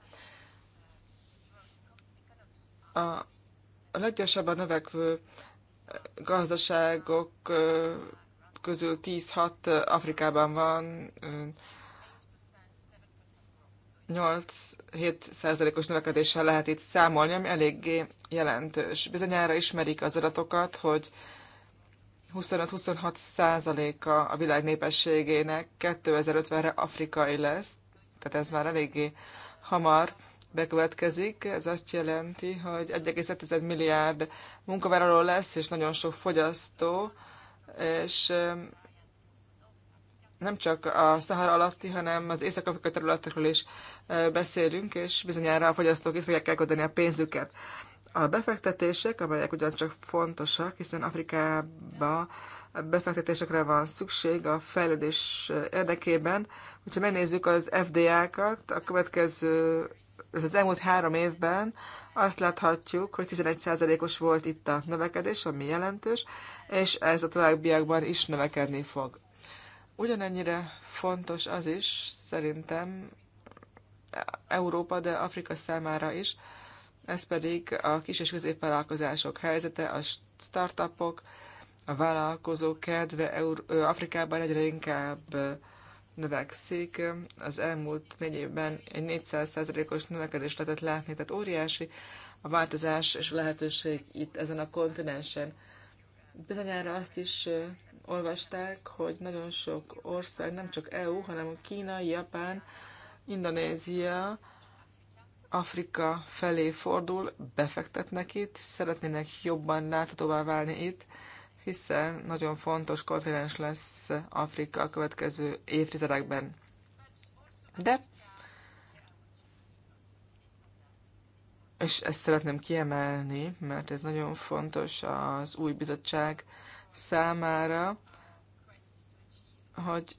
A leggyorsabban növekvő gazdaságok közül 10-6 Afrikában van, 8-7 százalékos növekedéssel lehet itt számolni, ami eléggé jelentős. Bizonyára ismerik az adatokat, hogy 25-26 százaléka a világ népességének 2050-re afrikai lesz, tehát ez már eléggé hamar bekövetkezik. Ez azt jelenti, hogy 1,7 milliárd munkavállaló lesz, és nagyon sok fogyasztó, és nem csak a Szahara alatti, hanem az észak-afrikai területekről is beszélünk, és bizonyára a fogyasztók itt fogják elkodani a pénzüket. A befektetések, amelyek ugyancsak fontosak, hiszen Afrikába befektetésekre van szükség a fejlődés érdekében. Hogyha megnézzük az FDA-kat, a következő, az elmúlt három évben azt láthatjuk, hogy 11%-os volt itt a növekedés, ami jelentős, és ez a továbbiakban is növekedni fog. Ugyanennyire fontos az is, szerintem Európa, de Afrika számára is, ez pedig a kis és középvállalkozások helyzete, a startupok, a vállalkozók kedve Euró- Afrikában egyre inkább növekszik. Az elmúlt négy évben egy 400%-os növekedést lehetett látni, tehát óriási a változás és a lehetőség itt ezen a kontinensen. Bizonyára azt is olvasták, hogy nagyon sok ország, nem csak EU, hanem Kína, Japán, Indonézia, Afrika felé fordul, befektetnek itt, szeretnének jobban láthatóvá válni itt, hiszen nagyon fontos kontinens lesz Afrika a következő évtizedekben. De, és ezt szeretném kiemelni, mert ez nagyon fontos az új bizottság számára, hogy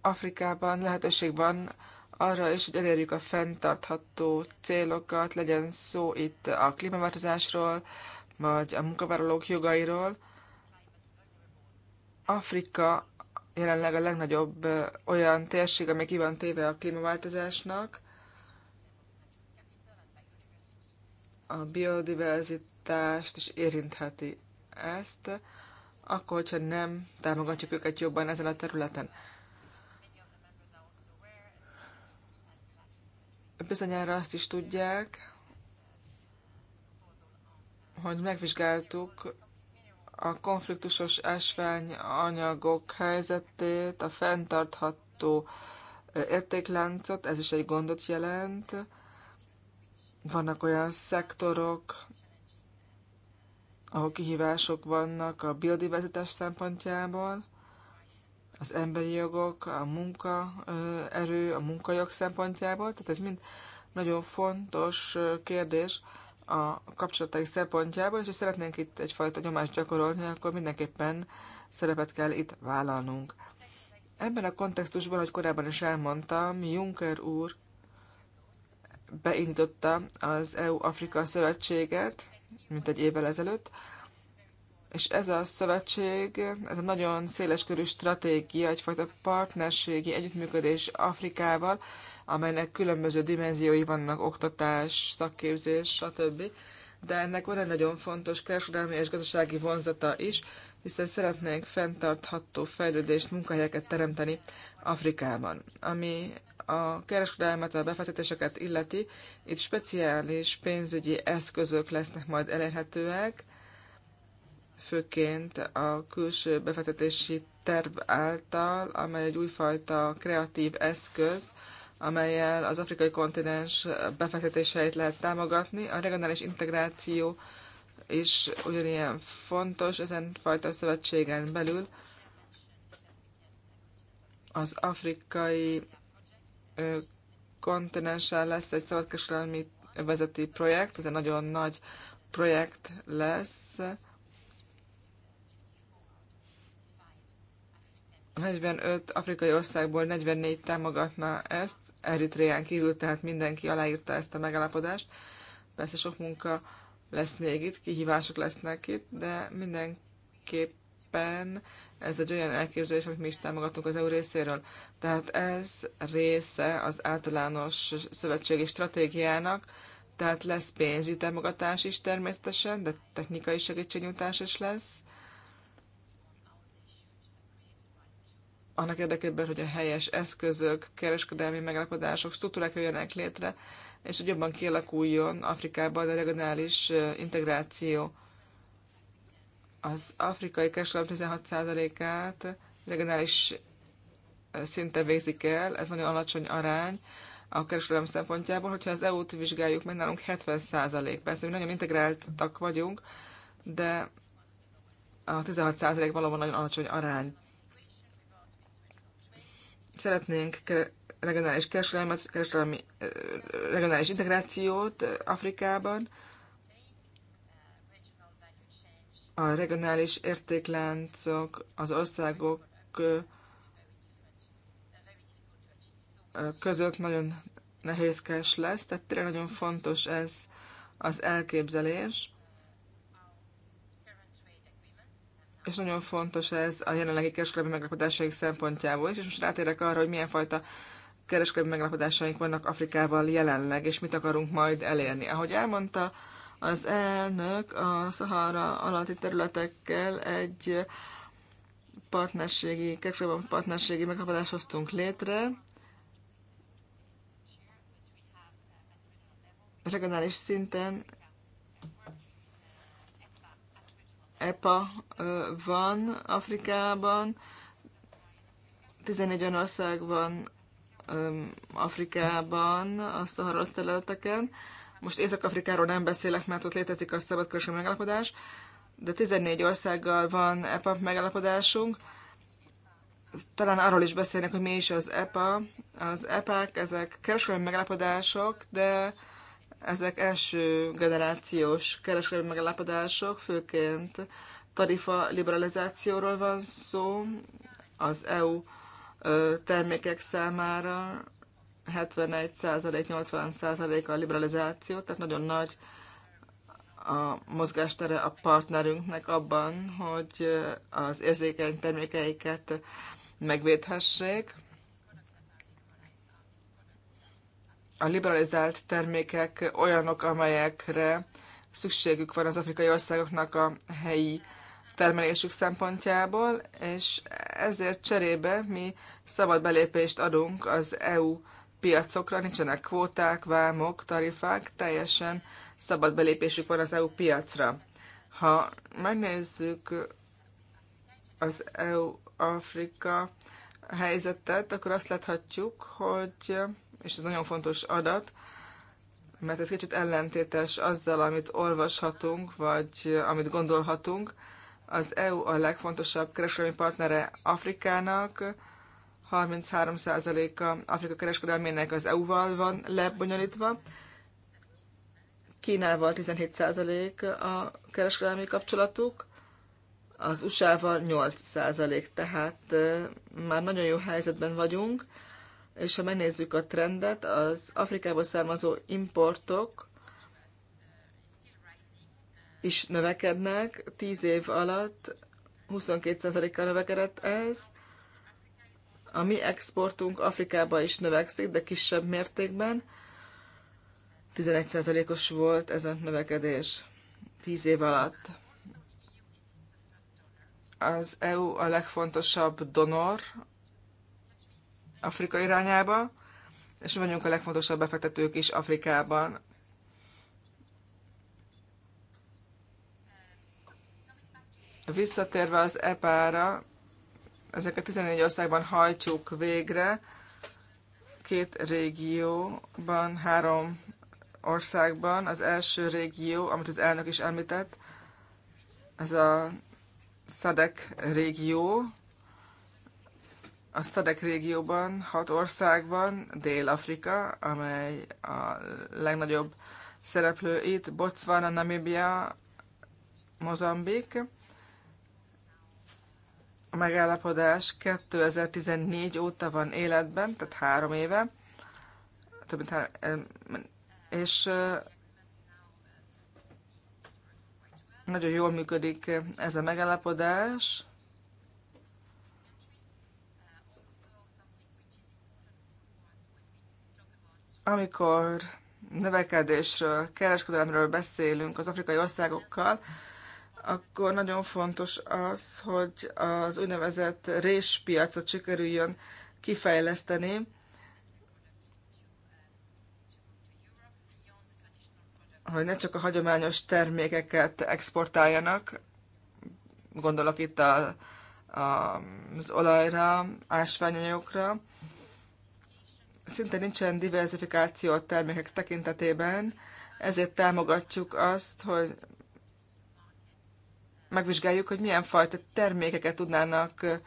Afrikában lehetőség van arra is, hogy elérjük a fenntartható célokat, legyen szó itt a klímaváltozásról, vagy a munkavállalók jogairól. Afrika jelenleg a legnagyobb olyan térség, amely ki van téve a klímaváltozásnak. A biodiverzitást is érintheti ezt, akkor, hogyha nem támogatjuk őket jobban ezen a területen. Bizonyára azt is tudják, hogy megvizsgáltuk a konfliktusos ásvány anyagok helyzetét, a fenntartható értékláncot, ez is egy gondot jelent. Vannak olyan szektorok, ahol kihívások vannak a biodiverzitás szempontjából, az emberi jogok, a munka erő, a munkajog szempontjából, tehát ez mind nagyon fontos kérdés a kapcsolataik szempontjából, és ha szeretnénk itt egyfajta nyomást gyakorolni, akkor mindenképpen szerepet kell itt vállalnunk. Ebben a kontextusban, hogy korábban is elmondtam, Juncker úr beindította az EU-Afrika Szövetséget, mint egy évvel ezelőtt, és ez a szövetség, ez a nagyon széleskörű stratégia, egyfajta partnerségi együttműködés Afrikával, amelynek különböző dimenziói vannak, oktatás, szakképzés, stb. De ennek van egy nagyon fontos kereskedelmi és gazdasági vonzata is, hiszen szeretnénk fenntartható fejlődést, munkahelyeket teremteni Afrikában. Ami a kereskedelmet, a befektetéseket illeti, itt speciális pénzügyi eszközök lesznek majd elérhetőek, főként a külső befektetési terv által, amely egy újfajta kreatív eszköz, amelyel az afrikai kontinens befektetéseit lehet támogatni. A regionális integráció is ugyanilyen fontos ezen fajta szövetségen belül. Az afrikai kontinensen lesz egy szabadkereskedelmi vezeti projekt, ez egy nagyon nagy projekt lesz, 45 afrikai országból 44 támogatna ezt, Eritreán kívül, tehát mindenki aláírta ezt a megállapodást. Persze sok munka lesz még itt, kihívások lesznek itt, de mindenképpen ez egy olyan elképzelés, amit mi is támogatunk az EU részéről. Tehát ez része az általános szövetségi stratégiának, tehát lesz pénzügyi támogatás is természetesen, de technikai segítségnyújtás is lesz annak érdekében, hogy a helyes eszközök, kereskedelmi megállapodások, struktúrák jöjjenek létre, és hogy jobban kialakuljon Afrikában a regionális integráció. Az afrikai kereskedelem 16%-át regionális szinten végzik el, ez nagyon alacsony arány a kereskedelem szempontjából, hogyha az EU-t vizsgáljuk meg, nálunk 70 Persze mi nagyon integráltak vagyunk, de a 16 valóban nagyon alacsony arány. Szeretnénk regionális kereskedelmet, kereskedelmi, regionális integrációt Afrikában, a regionális értékláncok, az országok között nagyon nehézkes lesz, tehát tényleg nagyon fontos ez az elképzelés. és nagyon fontos ez a jelenlegi kereskedelmi megállapodásaik szempontjából is, és most rátérek arra, hogy milyen fajta kereskedelmi megállapodásaink vannak Afrikával jelenleg, és mit akarunk majd elérni. Ahogy elmondta az elnök, a Szahara alatti területekkel egy partnerségi, kereskedelmi partnerségi megállapodást hoztunk létre, regionális szinten EPA van Afrikában, 11 ország van Afrikában, a Szahara területeken. Most Észak-Afrikáról nem beszélek, mert ott létezik a szabadkereskedelmi megállapodás, de 14 országgal van EPA megállapodásunk. Talán arról is beszélnek, hogy mi is az EPA. Az EPA-k, ezek kereskedelmi megállapodások, de ezek első generációs kereskedelmi megállapodások, főként tarifa liberalizációról van szó az EU termékek számára, 71%-80% a liberalizáció, tehát nagyon nagy a mozgástere a partnerünknek abban, hogy az érzékeny termékeiket megvédhessék. a liberalizált termékek olyanok, amelyekre szükségük van az afrikai országoknak a helyi termelésük szempontjából, és ezért cserébe mi szabad belépést adunk az EU piacokra, nincsenek kvóták, vámok, tarifák, teljesen szabad belépésük van az EU piacra. Ha megnézzük az EU-Afrika helyzetet, akkor azt láthatjuk, hogy és ez nagyon fontos adat, mert ez kicsit ellentétes azzal, amit olvashatunk, vagy amit gondolhatunk. Az EU a legfontosabb kereskedelmi partnere Afrikának, 33%-a Afrika kereskedelmének az EU-val van lebonyolítva, Kínával 17% a kereskedelmi kapcsolatuk, az USA-val 8%, tehát eh, már nagyon jó helyzetben vagyunk és ha megnézzük a trendet, az Afrikából származó importok is növekednek. Tíz év alatt 22%-kal növekedett ez. A mi exportunk Afrikába is növekszik, de kisebb mértékben. 11%-os volt ez a növekedés tíz év alatt. Az EU a legfontosabb donor Afrika irányába, és vagyunk a legfontosabb befektetők is Afrikában. Visszatérve az EPA-ra, ezeket 14 országban hajtsuk végre, két régióban, három országban. Az első régió, amit az elnök is említett, ez a SZADEK régió, a szedek régióban hat ország van, Dél-Afrika, amely a legnagyobb szereplő itt, Botswana, Namibia, Mozambik. A megállapodás 2014 óta van életben, tehát három éve, több mint három, és nagyon jól működik ez a megállapodás. amikor növekedésről, kereskedelemről beszélünk az afrikai országokkal, akkor nagyon fontos az, hogy az úgynevezett réspiacot sikerüljön kifejleszteni, hogy ne csak a hagyományos termékeket exportáljanak, gondolok itt a, a, az olajra, ásványanyagokra, szinte nincsen diversifikáció a termékek tekintetében, ezért támogatjuk azt, hogy megvizsgáljuk, hogy milyen fajta termékeket tudnának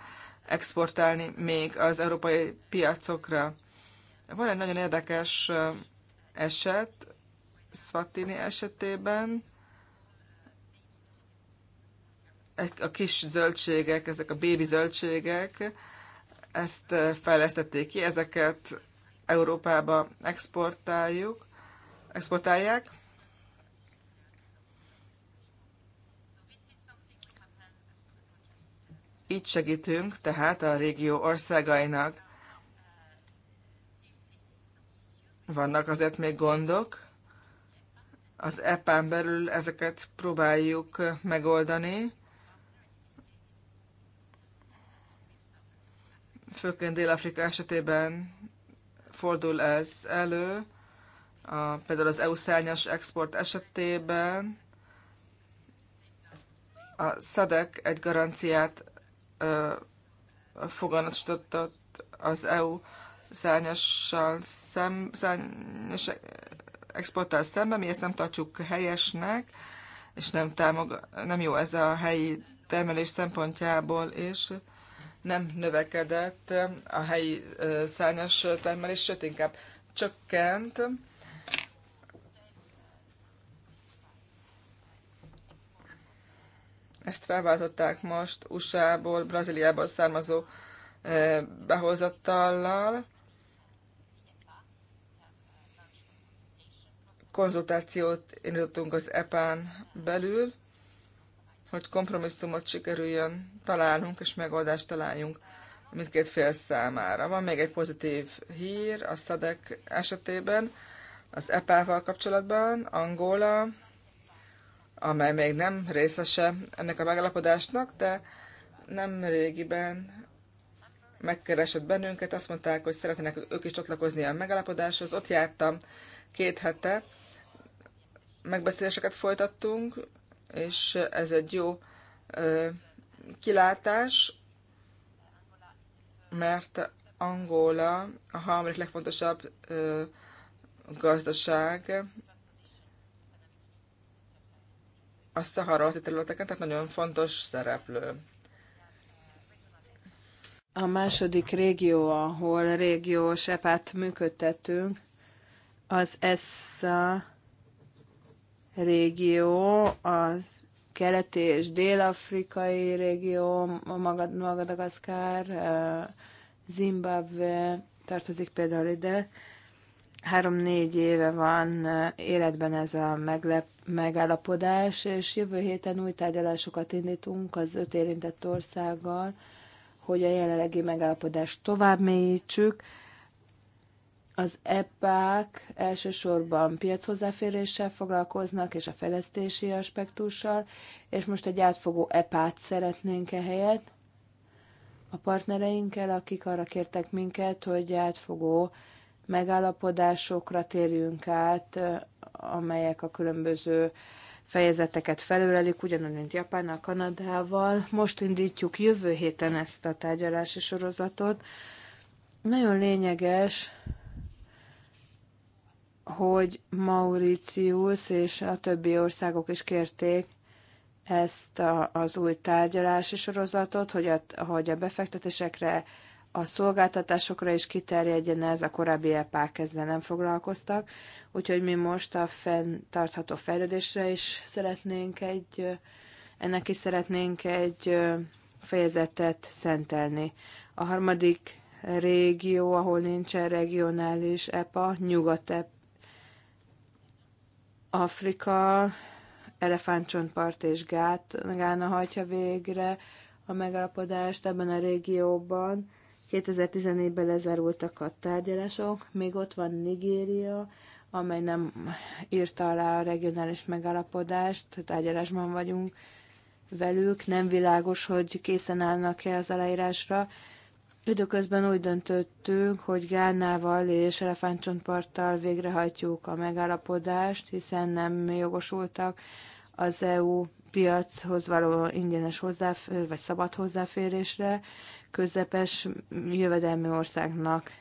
exportálni még az európai piacokra. Van egy nagyon érdekes eset, Svatini esetében, a kis zöldségek, ezek a bébi zöldségek, ezt fejlesztették ki, ezeket Európába exportáljuk, exportálják. Így segítünk tehát a régió országainak. Vannak azért még gondok. Az EPÁN belül ezeket próbáljuk megoldani. Főként Dél-Afrika esetében fordul ez elő, a, például az EU szárnyas export esetében a SZADEK egy garanciát ö, foganatosított az EU szárnyassal szem, szárnyas exporttal szemben, mi ezt nem tartjuk helyesnek, és nem, támog, nem jó ez a helyi termelés szempontjából, és nem növekedett a helyi szárnyas termelés, sőt inkább csökkent. Ezt felváltották most USA-ból, Brazíliából származó behozatallal. Konzultációt indítottunk az EPÁN belül, hogy kompromisszumot sikerüljön találnunk és megoldást találjunk mindkét fél számára. Van még egy pozitív hír a SZADEK esetében, az EPA-val kapcsolatban, Angola, amely még nem részese ennek a megállapodásnak, de nem régiben megkeresett bennünket, azt mondták, hogy szeretnének ők is csatlakozni a megállapodáshoz. Ott jártam két hete, megbeszéléseket folytattunk, és ez egy jó kilátás, mert Angola a harmadik legfontosabb gazdaság a szaharolti területeken, tehát nagyon fontos szereplő. A második régió, ahol régiós epát működtetünk, az ESSA régió, az keleti és dél-afrikai régió, Magadagaszkár, Zimbabwe tartozik például ide. Három-négy éve van életben ez a meglep, megállapodás, és jövő héten új tárgyalásokat indítunk az öt érintett országgal, hogy a jelenlegi megállapodást tovább mélyítsük, az EPÁK elsősorban piachozzáféréssel foglalkoznak, és a fejlesztési aspektussal, és most egy átfogó EPÁT szeretnénk ehelyett a partnereinkkel, akik arra kértek minket, hogy átfogó megállapodásokra térjünk át, amelyek a különböző fejezeteket felölelik, ugyanúgy, mint Japánnal, Kanadával. Most indítjuk jövő héten ezt a tárgyalási sorozatot. Nagyon lényeges hogy Mauritius és a többi országok is kérték ezt a, az új tárgyalási sorozatot, hogy a, hogy a befektetésekre, a szolgáltatásokra is kiterjedjen ez, a korábbi epák ezzel nem foglalkoztak, úgyhogy mi most a fenntartható fejlődésre is szeretnénk egy, ennek is szeretnénk egy fejezetet szentelni. A harmadik régió, ahol nincsen regionális EPA, nyugat e Afrika elefántcsontpart és gát, Gána hajtja végre a megalapodást ebben a régióban. 2014-ben lezárultak a tárgyalások, még ott van Nigéria, amely nem írta alá a regionális megalapodást, tárgyalásban vagyunk velük, nem világos, hogy készen állnak-e az aláírásra, Időközben úgy döntöttünk, hogy Gánával és Elefántcsontparttal végrehajtjuk a megállapodást, hiszen nem jogosultak az EU piachoz való ingyenes hozzáfér, vagy szabad hozzáférésre közepes jövedelmi országnak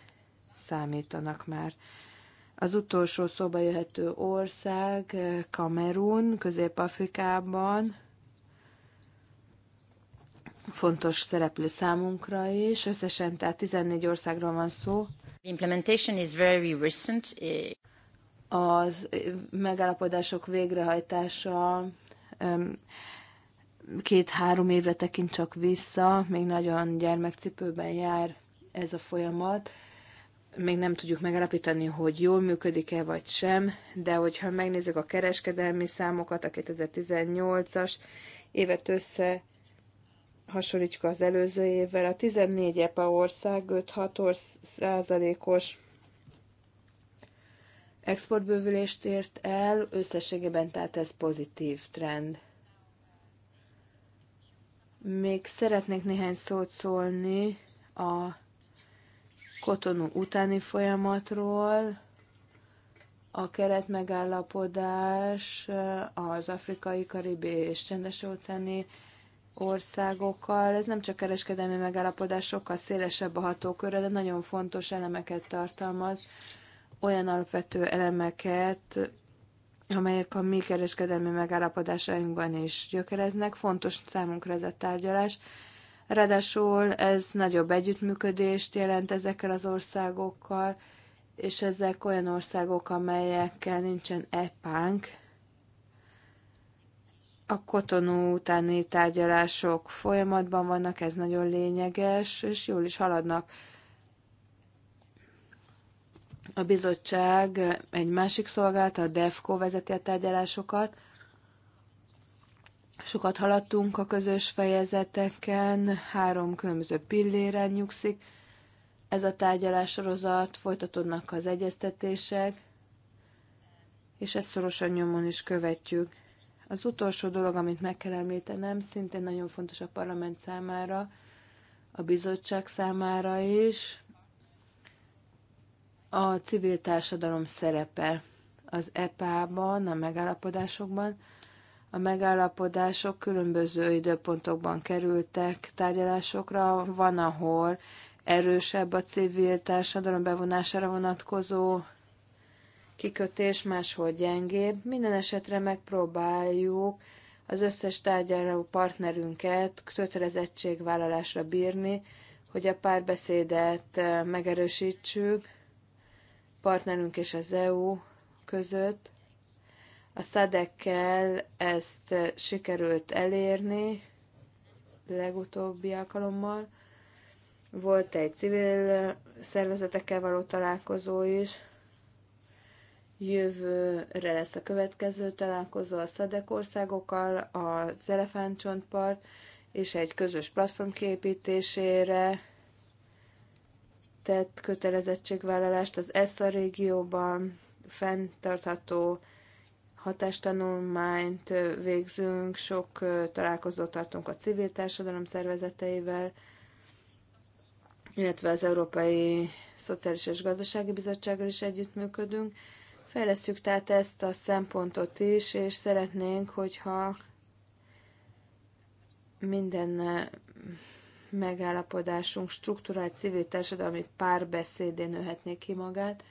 számítanak már. Az utolsó szóba jöhető ország Kamerun, Közép-Afrikában, fontos szereplő számunkra is. Összesen tehát 14 országról van szó. The implementation is very recent. Az megállapodások végrehajtása két-három évre tekint csak vissza, még nagyon gyermekcipőben jár ez a folyamat. Még nem tudjuk megállapítani, hogy jól működik-e vagy sem, de hogyha megnézzük a kereskedelmi számokat, a 2018-as évet össze hasonlítjuk az előző évvel, a 14 EPA ország 5-6 százalékos exportbővülést ért el, összességében tehát ez pozitív trend. Még szeretnék néhány szót szólni a kotonú utáni folyamatról, a keretmegállapodás az afrikai, karibi és csendes óceáni országokkal. Ez nem csak kereskedelmi megállapodás, sokkal szélesebb a hatókörre, de nagyon fontos elemeket tartalmaz, olyan alapvető elemeket, amelyek a mi kereskedelmi megállapodásainkban is gyökereznek. Fontos számunkra ez a tárgyalás. Ráadásul ez nagyobb együttműködést jelent ezekkel az országokkal, és ezek olyan országok, amelyekkel nincsen epánk, a kotonó utáni tárgyalások folyamatban vannak, ez nagyon lényeges, és jól is haladnak. A bizottság egy másik szolgálata, a DEFCO vezeti a tárgyalásokat. Sokat haladtunk a közös fejezeteken, három különböző pilléren nyugszik. Ez a sorozat, folytatódnak az egyeztetések, és ezt szorosan nyomon is követjük. Az utolsó dolog, amit meg kell említenem, szintén nagyon fontos a parlament számára, a bizottság számára is, a civil társadalom szerepe az EPA-ban, a megállapodásokban. A megállapodások különböző időpontokban kerültek tárgyalásokra. Van, ahol erősebb a civil társadalom bevonására vonatkozó kikötés, máshol gyengébb. Minden esetre megpróbáljuk az összes tárgyaló partnerünket kötelezettségvállalásra bírni, hogy a párbeszédet megerősítsük partnerünk és az EU között. A szadekkel ezt sikerült elérni legutóbbi alkalommal. Volt egy civil szervezetekkel való találkozó is, Jövőre lesz a következő találkozó a szedek országokkal, a elefántcsontpart és egy közös platform kiépítésére tett kötelezettségvállalást az ESZA régióban fenntartható hatástanulmányt végzünk, sok találkozót tartunk a civil társadalom szervezeteivel, illetve az Európai Szociális és Gazdasági Bizottsággal is együttműködünk, Fejlesztjük tehát ezt a szempontot is, és szeretnénk, hogyha minden eh, megállapodásunk struktúrált civil társadalmi párbeszédén nőhetnék ki magát.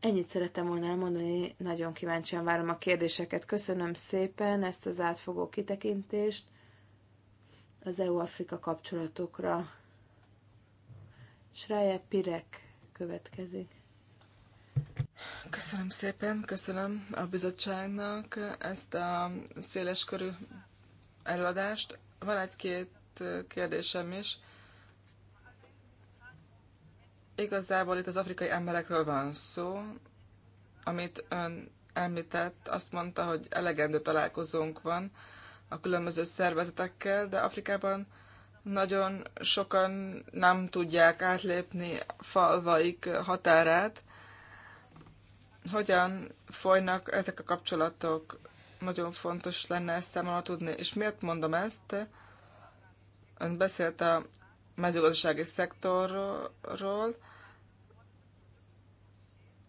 Ennyit szeretem volna elmondani, nagyon kíváncsian várom a kérdéseket. Köszönöm szépen ezt az átfogó kitekintést az EU-Afrika kapcsolatokra. Sraje Pirek következik. Köszönöm szépen, köszönöm a bizottságnak ezt a széleskörű előadást. Van egy-két kérdésem is. Igazából itt az afrikai emberekről van szó, amit ön említett, azt mondta, hogy elegendő találkozónk van a különböző szervezetekkel, de Afrikában nagyon sokan nem tudják átlépni falvaik határát, hogyan folynak ezek a kapcsolatok. Nagyon fontos lenne ezt számomra tudni. És miért mondom ezt? Ön beszélt a mezőgazdasági szektorról,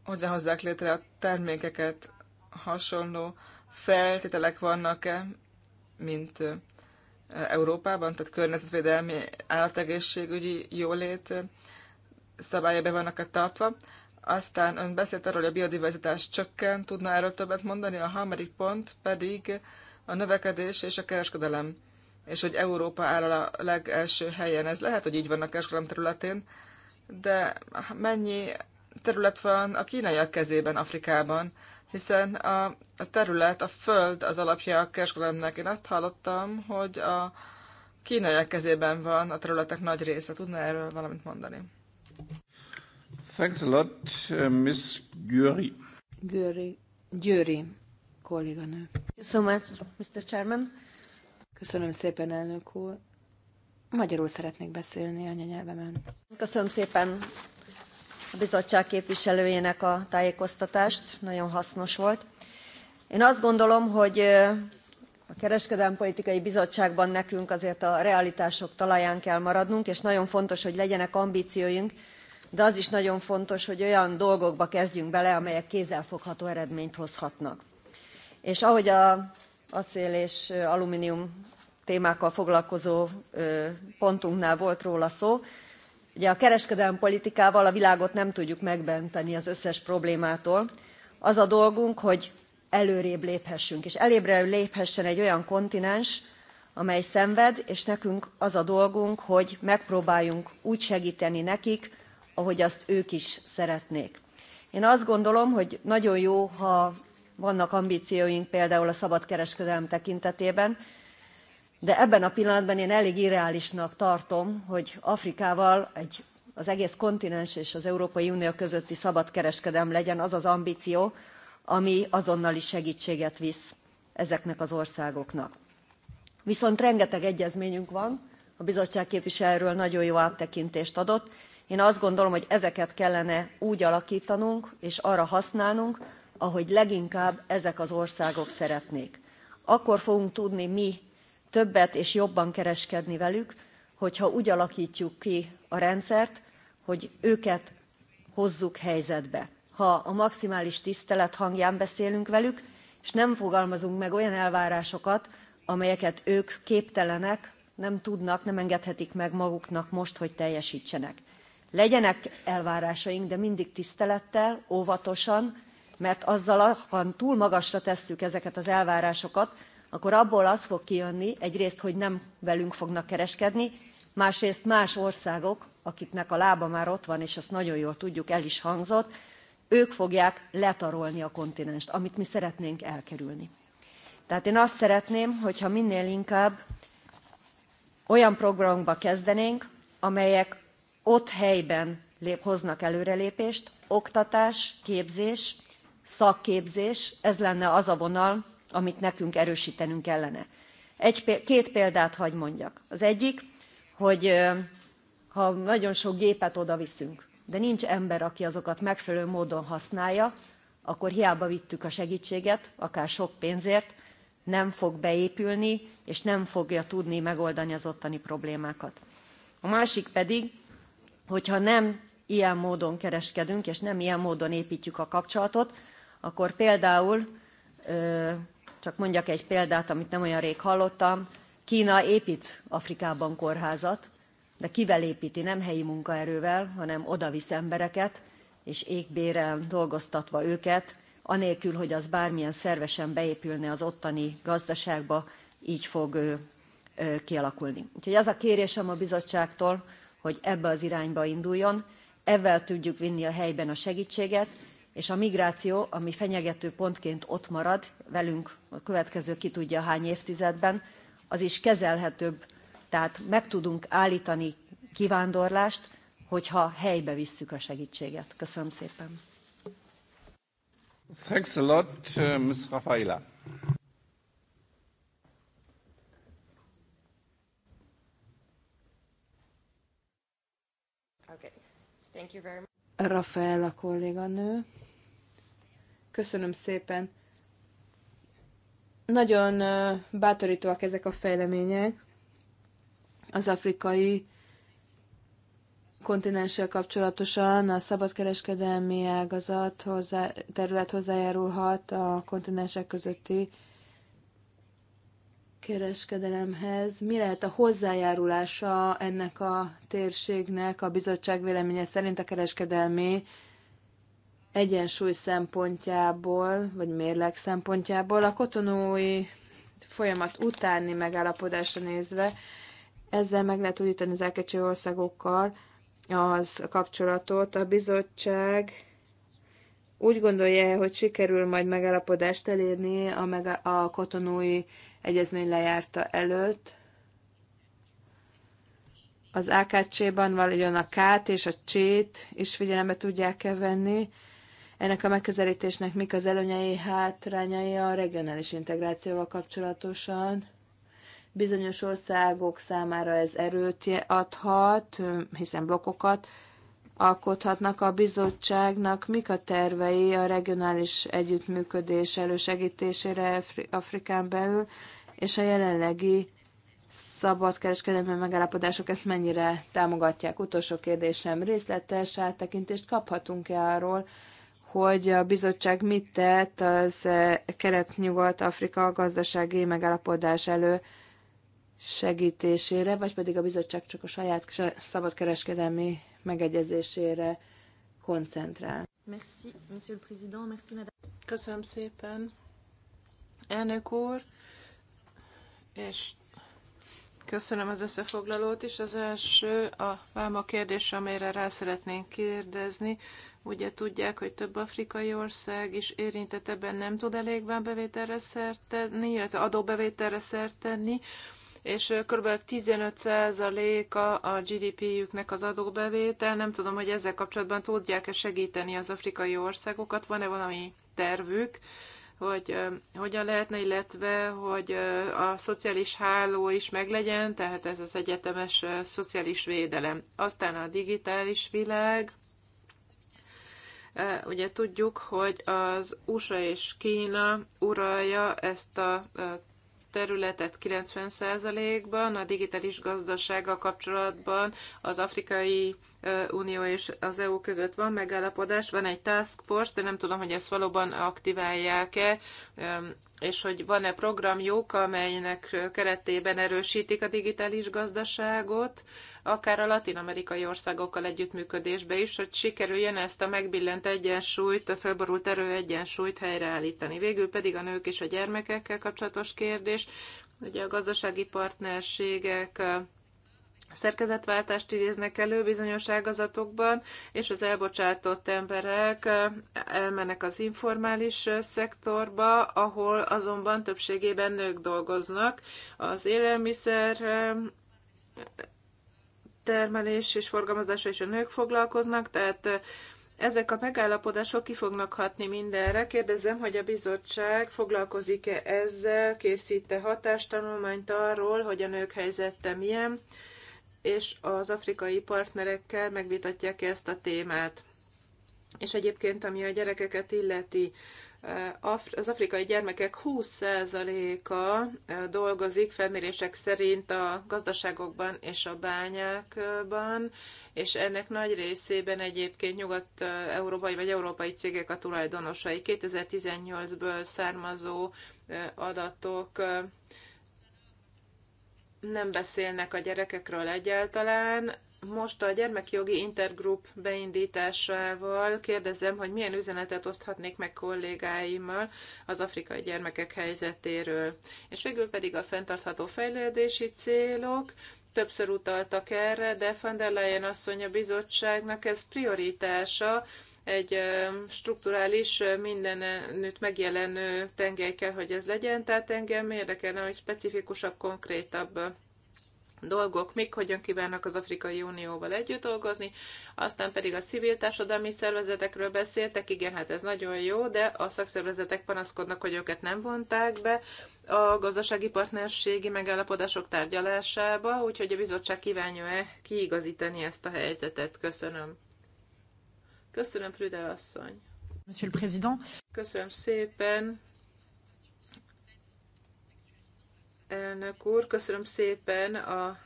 hogyan hozzák létre a termékeket, hasonló feltételek vannak-e, mint Európában, tehát környezetvédelmi, állategészségügyi jólét szabályai be vannak-e tartva. Aztán ön beszélt arról, hogy a biodiverzitás csökken, tudna erről többet mondani? A harmadik pont pedig a növekedés és a kereskedelem, és hogy Európa áll a legelső helyen. Ez lehet, hogy így van a kereskedelem területén, de mennyi terület van a kínaiak kezében Afrikában, hiszen a, a terület, a föld az alapja a kereskedelemnek. Én azt hallottam, hogy a kínaiak kezében van a területek nagy része. Tudna erről valamit mondani? Thanks a lot, uh, Miss Gyuri. Gyuri. Győri kolléganő. So much, Mr. Chairman. Köszönöm szépen, elnök úr. Magyarul szeretnék beszélni anyanyelvemen. Köszönöm szépen a bizottság képviselőjének a tájékoztatást, nagyon hasznos volt. Én azt gondolom, hogy a Kereskedelmpolitikai Bizottságban nekünk azért a realitások talaján kell maradnunk, és nagyon fontos, hogy legyenek ambícióink, de az is nagyon fontos, hogy olyan dolgokba kezdjünk bele, amelyek kézzelfogható eredményt hozhatnak. És ahogy a acél és alumínium témákkal foglalkozó pontunknál volt róla szó, ugye a kereskedelmi politikával a világot nem tudjuk megmenteni az összes problémától. Az a dolgunk, hogy előrébb léphessünk, és elébre léphessen egy olyan kontinens, amely szenved, és nekünk az a dolgunk, hogy megpróbáljunk úgy segíteni nekik, ahogy azt ők is szeretnék. Én azt gondolom, hogy nagyon jó, ha vannak ambícióink például a szabadkereskedelem tekintetében, de ebben a pillanatban én elég irreálisnak tartom, hogy Afrikával egy, az egész kontinens és az Európai Unió közötti szabadkereskedelem legyen az az ambíció, ami azonnali segítséget visz ezeknek az országoknak. Viszont rengeteg egyezményünk van, a bizottság képviselőről nagyon jó áttekintést adott, én azt gondolom hogy ezeket kellene úgy alaktanunk és arra használnunk ahogy leginkább ezek az országok szeretnék. akkor fogunk tudni mi többet és jobban kereskedni velük hogyha úgy alaktjuk ki a rendszert hogy őket hozzuk helyzetbe ha a maximális tisztelet hangján beszélünk velük és nem fogalmazunk meg olyan elvárásokat amelyeket ők képtelenek nem tudnak nem engedhetik meg maguknak most hogy teljestsenek legyenek elvárásaink de mindig tisztelettel óvatosan mert azzal ha túl magasra tesszük ezeket az elvárásokat akkor abból az fog kijönni egyrészt hogy nem velünk fognak kereskedni másrészt más országok akiknek a lába már ott van és ezt nagyon jól tudjuk el is hangzott ők fogják letarolni a kontinenst amit mi szeretnénk elkerülni. tehát én azt szeretném hogyha minél inkább olyan programokba kezdenénk amelyek ott helyben lép, hoznak előrelépést, oktatás, képzés, szakképzés, ez lenne az a vonal, amit nekünk erősítenünk kellene. Egy, két példát hagy mondjak. Az egyik, hogy ha nagyon sok gépet odaviszünk, de nincs ember, aki azokat megfelelő módon használja, akkor hiába vittük a segítséget, akár sok pénzért, nem fog beépülni, és nem fogja tudni megoldani az ottani problémákat. A másik pedig, hogyha nem ilyen módon kereskedünk, és nem ilyen módon építjük a kapcsolatot, akkor például, csak mondjak egy példát, amit nem olyan rég hallottam, Kína épít Afrikában kórházat, de kivel építi, nem helyi munkaerővel, hanem oda visz embereket, és égbéren dolgoztatva őket, anélkül, hogy az bármilyen szervesen beépülne az ottani gazdaságba, így fog kialakulni. Úgyhogy az a kérésem a bizottságtól, hogy ebbe az irányba induljon ezzel tudjuk vinni a helyben a segtséget és a migráció ami fenyegető pontként ott marad velünk a következő ki tudja hány évtizedben az is kezelhetőbb tehát meg tudunk állítani kivándorlást hogyha helybe visszük a segtséget. köszönöm szépen! Thanks a lot, uh, Ms. Rafaela. Thank you very much. Rafaela kolléganő. Köszönöm szépen. Nagyon bátorítóak ezek a fejlemények az afrikai kontinenssel kapcsolatosan a szabadkereskedelmi ágazat hozzá, terület hozzájárulhat a kontinensek közötti kereskedelemhez. Mi lehet a hozzájárulása ennek a térségnek a bizottság véleménye szerint a kereskedelmi egyensúly szempontjából, vagy mérleg szempontjából, a kotonói folyamat utáni megállapodásra nézve, ezzel meg lehet újítani az elkecső országokkal az kapcsolatot. A bizottság úgy gondolja, hogy sikerül majd megállapodást elérni a, meg a kotonói egyezmény lejárta előtt. Az AKC-ban valójában a K-t és a C-t is figyelembe tudják-e venni. Ennek a megközelítésnek mik az előnyei, hátrányai a regionális integrációval kapcsolatosan? Bizonyos országok számára ez erőt adhat, hiszen blokkokat alkothatnak a bizottságnak, mik a tervei a regionális együttműködés elősegítésére Afrikán belül, és a jelenlegi szabadkereskedelmi megállapodások ezt mennyire támogatják? Utolsó kérdésem, részletes áttekintést kaphatunk-e arról, hogy a bizottság mit tett az e, Keret-Nyugat-Afrika gazdasági megállapodás elő segítésére, vagy pedig a bizottság csak a saját szabadkereskedelmi megegyezésére koncentrál. Merci, Monsieur le Président, merci, Madame. Köszönöm szépen, elnök úr, és Köszönöm az összefoglalót is. Az első a váma kérdés, amelyre rá szeretnénk kérdezni. Ugye tudják, hogy több afrikai ország is érintett ebben nem tud elég bevételre szert tenni, illetve adóbevételre szert tenni és kb. 15%-a a GDP-jüknek az adóbevétel. Nem tudom, hogy ezzel kapcsolatban tudják-e segíteni az afrikai országokat, van-e valami tervük, hogy hogyan lehetne, illetve hogy a szociális háló is meglegyen, tehát ez az egyetemes szociális védelem. Aztán a digitális világ, Ugye tudjuk, hogy az USA és Kína uralja ezt a területet 90%-ban, a digitális gazdasággal kapcsolatban az Afrikai Unió és az EU között van megállapodás, van egy task force, de nem tudom, hogy ezt valóban aktiválják-e, és hogy van-e programjuk, amelynek keretében erősítik a digitális gazdaságot, akár a latin-amerikai országokkal együttműködésbe is, hogy sikerüljön ezt a megbillent egyensúlyt, a felborult erő egyensúlyt helyreállítani. Végül pedig a nők és a gyermekekkel kapcsolatos kérdés, ugye a gazdasági partnerségek szerkezetváltást idéznek elő bizonyos ágazatokban, és az elbocsátott emberek elmennek az informális szektorba, ahol azonban többségében nők dolgoznak. Az élelmiszer termelés és forgalmazása is a nők foglalkoznak, tehát ezek a megállapodások ki fognak hatni mindenre. Kérdezem, hogy a bizottság foglalkozik-e ezzel, készít-e hatástanulmányt arról, hogy a nők helyzete milyen, és az afrikai partnerekkel megvitatják -e ezt a témát. És egyébként, ami a gyerekeket illeti, az afrikai gyermekek 20%-a dolgozik felmérések szerint a gazdaságokban és a bányákban, és ennek nagy részében egyébként nyugat-európai vagy európai cégek a tulajdonosai. 2018-ből származó adatok nem beszélnek a gyerekekről egyáltalán, most a gyermekjogi intergroup beindításával kérdezem, hogy milyen üzenetet oszthatnék meg kollégáimmal az afrikai gyermekek helyzetéről. És végül pedig a fenntartható fejlődési célok, többször utaltak erre, de van der Leyen asszony a bizottságnak ez prioritása, egy strukturális mindenütt megjelenő tengely kell, hogy ez legyen, tehát engem érdekelne, hogy specifikusabb, konkrétabb dolgok, mik hogyan kívánnak az Afrikai Unióval együtt dolgozni, aztán pedig a civil társadalmi szervezetekről beszéltek, igen, hát ez nagyon jó, de a szakszervezetek panaszkodnak, hogy őket nem vonták be a gazdasági partnerségi megállapodások tárgyalásába, úgyhogy a bizottság kívánja-e kiigazítani ezt a helyzetet. Köszönöm. Köszönöm, Prüder asszony. Monsieur le Président. Köszönöm szépen. elnök úr, köszönöm szépen a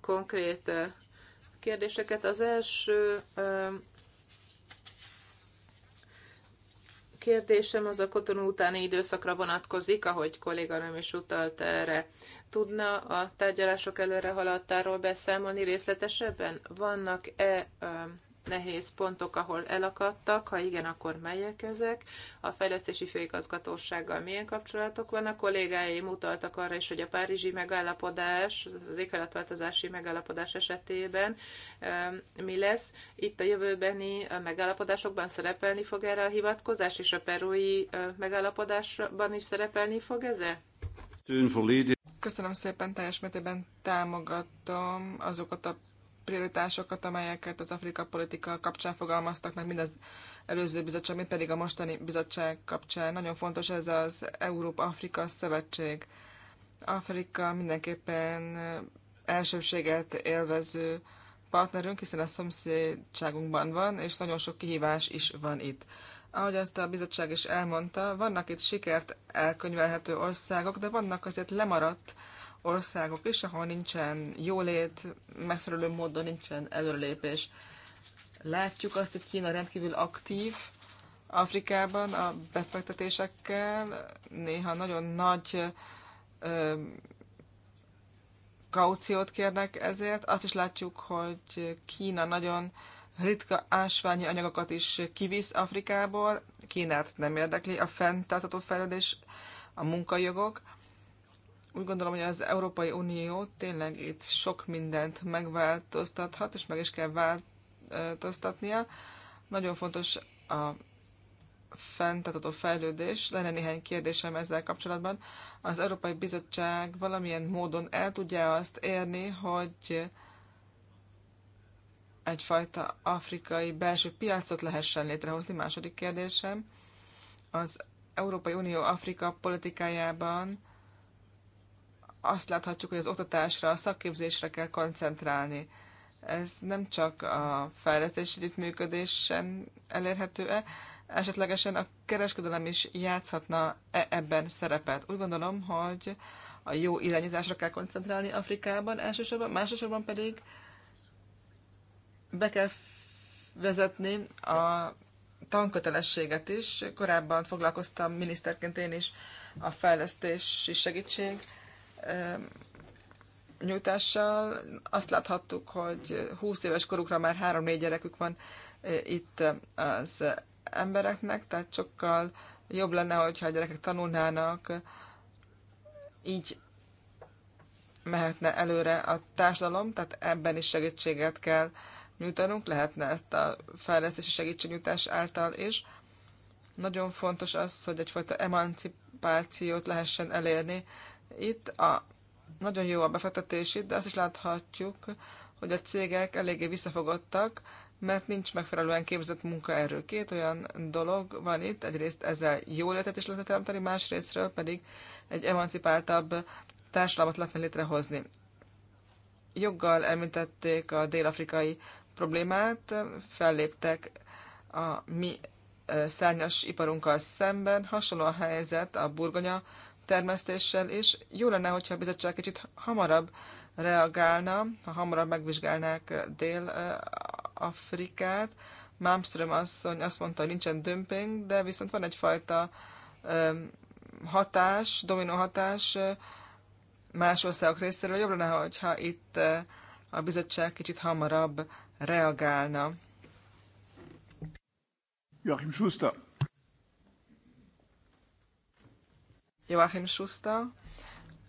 konkrét kérdéseket. Az első kérdésem az a kotonú utáni időszakra vonatkozik, ahogy kolléganőm is utalt erre. Tudna a tárgyalások előre haladtáról beszámolni részletesebben? Vannak-e nehéz pontok, ahol elakadtak, ha igen, akkor melyek ezek, a fejlesztési főigazgatósággal milyen kapcsolatok vannak, kollégáim utaltak arra is, hogy a párizsi megállapodás, az éghajlatváltozási megállapodás esetében mi lesz. Itt a jövőbeni megállapodásokban szerepelni fog erre a hivatkozás, és a perui megállapodásban is szerepelni fog ez? -e? Köszönöm szépen, teljes mértékben támogatom azokat a prioritásokat, amelyeket az Afrika politika kapcsán fogalmaztak meg, mind az előző bizottság, mind pedig a mostani bizottság kapcsán. Nagyon fontos ez az Európa-Afrika Szövetség. Afrika mindenképpen elsőbséget élvező partnerünk, hiszen a szomszédságunkban van, és nagyon sok kihívás is van itt. Ahogy azt a bizottság is elmondta, vannak itt sikert elkönyvelhető országok, de vannak azért lemaradt országok is, ahol nincsen jólét, megfelelő módon nincsen előrelépés. Látjuk azt, hogy Kína rendkívül aktív Afrikában a befektetésekkel, néha nagyon nagy ö, kauciót kérnek ezért. Azt is látjuk, hogy Kína nagyon ritka ásványi anyagokat is kivisz Afrikából. Kínát nem érdekli a fenntartható fejlődés, a munkajogok úgy gondolom, hogy az Európai Unió tényleg itt sok mindent megváltoztathat, és meg is kell változtatnia. Nagyon fontos a fenntartató fejlődés. Lenne néhány kérdésem ezzel kapcsolatban. Az Európai Bizottság valamilyen módon el tudja azt érni, hogy egyfajta afrikai belső piacot lehessen létrehozni. Második kérdésem. Az Európai Unió Afrika politikájában azt láthatjuk, hogy az oktatásra, a szakképzésre kell koncentrálni. Ez nem csak a fejlesztési együttműködésen elérhető-e, esetlegesen a kereskedelem is játszhatna -e ebben szerepet. Úgy gondolom, hogy a jó irányításra kell koncentrálni Afrikában elsősorban, másosorban pedig be kell vezetni a tankötelességet is. Korábban foglalkoztam miniszterként én is a fejlesztési segítség nyújtással. Azt láthattuk, hogy 20 éves korukra már 3-4 gyerekük van itt az embereknek, tehát sokkal jobb lenne, hogyha a gyerekek tanulnának, így mehetne előre a társadalom, tehát ebben is segítséget kell nyújtanunk, lehetne ezt a fejlesztési segítségnyújtás által is. Nagyon fontos az, hogy egyfajta emancipációt lehessen elérni itt a, nagyon jó a befektetés itt, de azt is láthatjuk, hogy a cégek eléggé visszafogottak, mert nincs megfelelően képzett munkaerő. Két olyan dolog van itt, egyrészt ezzel jó életet is lehet teremteni, másrésztről pedig egy emancipáltabb társadalmat lehetne létrehozni. Joggal említették a dél-afrikai problémát, felléptek a mi szárnyas iparunkkal szemben. Hasonló a helyzet a burgonya termesztéssel is. Jó lenne, hogyha a bizottság kicsit hamarabb reagálna, ha hamarabb megvizsgálnák Dél-Afrikát. Malmström asszony azt mondta, hogy nincsen dömping, de viszont van egyfajta hatás, dominó hatás más országok részéről. Jobb lenne, hogyha itt a bizottság kicsit hamarabb reagálna. Joachim Schuster. Joachim Schuster.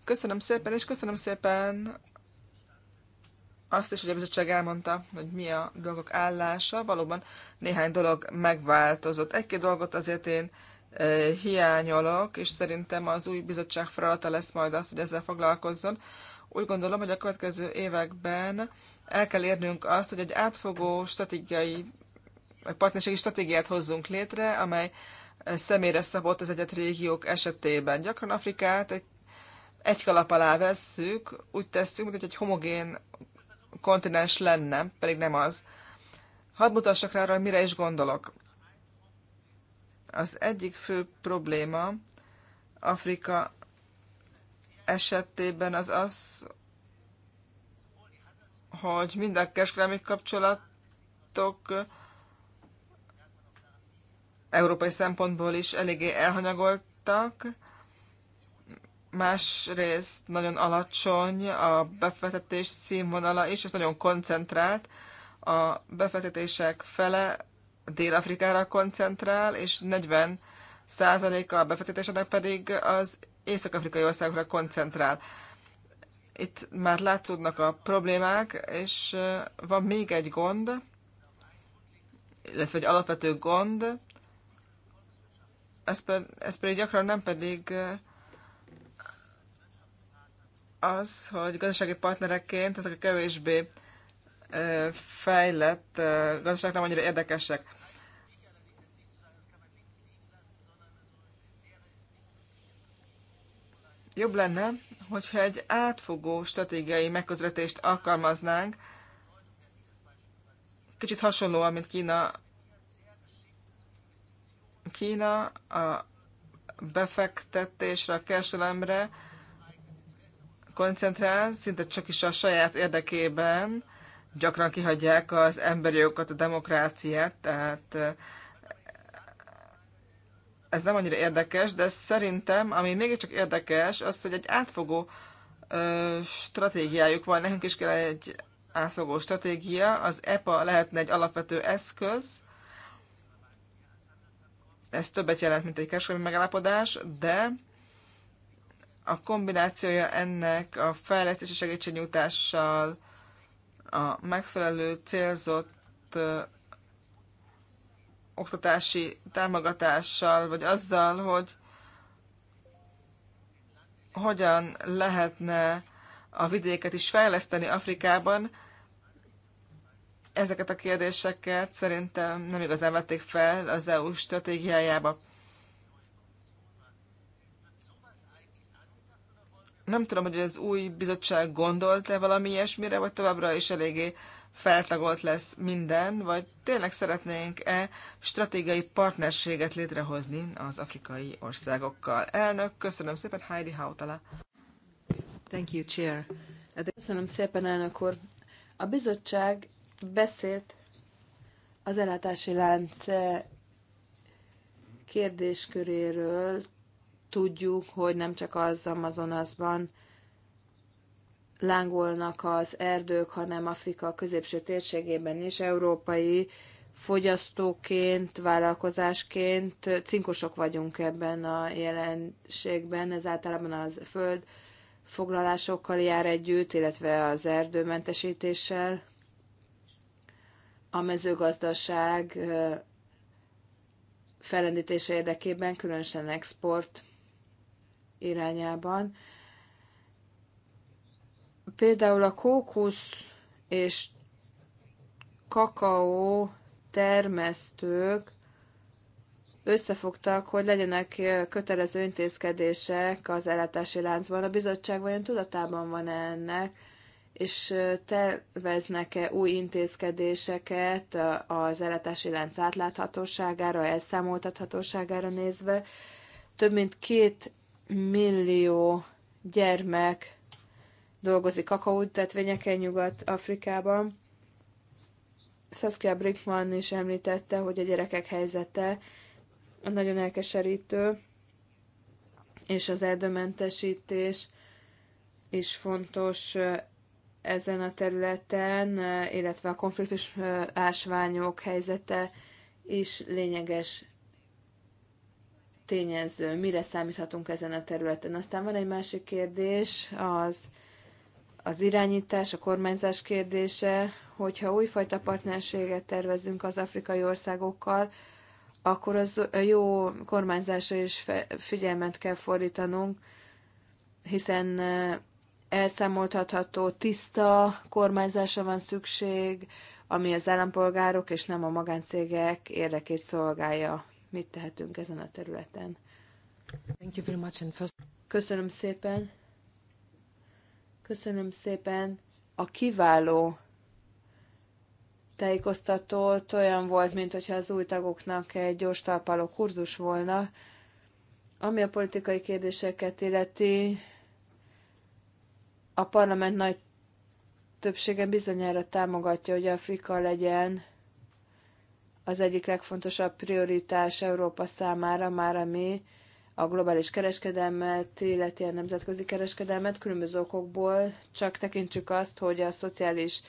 Köszönöm szépen, és köszönöm szépen azt is, hogy a bizottság elmondta, hogy mi a dolgok állása. Valóban néhány dolog megváltozott. Egy-két dolgot azért én e, hiányolok, és szerintem az új bizottság feladata lesz majd az, hogy ezzel foglalkozzon. Úgy gondolom, hogy a következő években el kell érnünk azt, hogy egy átfogó stratégiai, egy partnerségi stratégiát hozzunk létre, amely személyre szabott az egyet régiók esetében. Gyakran Afrikát egy, egy kalap alá vesszük, úgy tesszük, mint hogy egy homogén kontinens lenne, pedig nem az. Hadd mutassak rá, hogy mire is gondolok. Az egyik fő probléma Afrika esetében az az, hogy mind a kereskedelmi kapcsolatok európai szempontból is eléggé elhanyagoltak. Másrészt nagyon alacsony a befektetés színvonala is, és nagyon koncentrált. A befektetések fele Dél-Afrikára koncentrál, és 40 százaléka a befektetésének pedig az észak-afrikai országokra koncentrál. Itt már látszódnak a problémák, és van még egy gond, illetve egy alapvető gond, ez, ped, ez pedig gyakran nem pedig az, hogy gazdasági partnerekként ezek a kevésbé fejlett gazdaság nem annyira érdekesek. Jobb lenne, hogyha egy átfogó stratégiai megközelítést alkalmaznánk, kicsit hasonlóan, mint Kína Kína a befektetésre, a kereselemre koncentrál, szinte csak is a saját érdekében, gyakran kihagyják az emberi jogokat, a demokráciát, tehát eh, ez nem annyira érdekes, de szerintem, ami mégiscsak érdekes, az, hogy egy átfogó ö, stratégiájuk van, nekünk is kell egy átfogó stratégia, az EPA lehetne egy alapvető eszköz, ez többet jelent, mint egy kereskedelmi megállapodás, de a kombinációja ennek a fejlesztési segítségnyújtással, a megfelelő célzott oktatási támogatással, vagy azzal, hogy hogyan lehetne a vidéket is fejleszteni Afrikában, ezeket a kérdéseket szerintem nem igazán vették fel az EU stratégiájába. Nem tudom, hogy az új bizottság gondolt-e valami ilyesmire, vagy továbbra is eléggé feltagolt lesz minden, vagy tényleg szeretnénk-e stratégiai partnerséget létrehozni az afrikai országokkal. Elnök, köszönöm szépen, Heidi Hautala. Thank you, Chair. Köszönöm szépen, elnök úr. A bizottság beszélt az ellátási lánc kérdésköréről. Tudjuk, hogy nem csak az Amazonasban lángolnak az erdők, hanem Afrika középső térségében is európai fogyasztóként, vállalkozásként cinkosok vagyunk ebben a jelenségben. Ez általában az föld foglalásokkal jár együtt, illetve az erdőmentesítéssel a mezőgazdaság felendítése érdekében, különösen export irányában. Például a kókusz és kakaó termesztők összefogtak, hogy legyenek kötelező intézkedések az ellátási láncban. A bizottság vajon tudatában van -e ennek? és terveznek-e új intézkedéseket az ellátási lánc átláthatóságára, elszámoltathatóságára nézve. Több mint két millió gyermek dolgozik kakaótetvényeken Nyugat-Afrikában. Saskia Brickman is említette, hogy a gyerekek helyzete nagyon elkeserítő, és az erdőmentesítés is fontos ezen a területen, illetve a konfliktus ásványok helyzete is lényeges tényező. Mire számíthatunk ezen a területen? Aztán van egy másik kérdés, az, az irányítás, a kormányzás kérdése, hogyha újfajta partnerséget tervezünk az afrikai országokkal, akkor az jó kormányzásra is figyelmet kell fordítanunk, hiszen elszámoltatható, tiszta kormányzása van szükség, ami az állampolgárok és nem a magáncégek érdekét szolgálja. Mit tehetünk ezen a területen? Thank you very much and first... Köszönöm szépen. Köszönöm szépen. A kiváló tájékoztatót olyan volt, mint hogyha az új tagoknak egy gyors talpaló kurzus volna. Ami a politikai kérdéseket illeti, a parlament nagy többsége bizonyára támogatja, hogy Afrika legyen az egyik legfontosabb prioritás Európa számára, már ami a globális kereskedelmet, illetve a nemzetközi kereskedelmet különböző okokból, csak tekintsük azt, hogy a szociális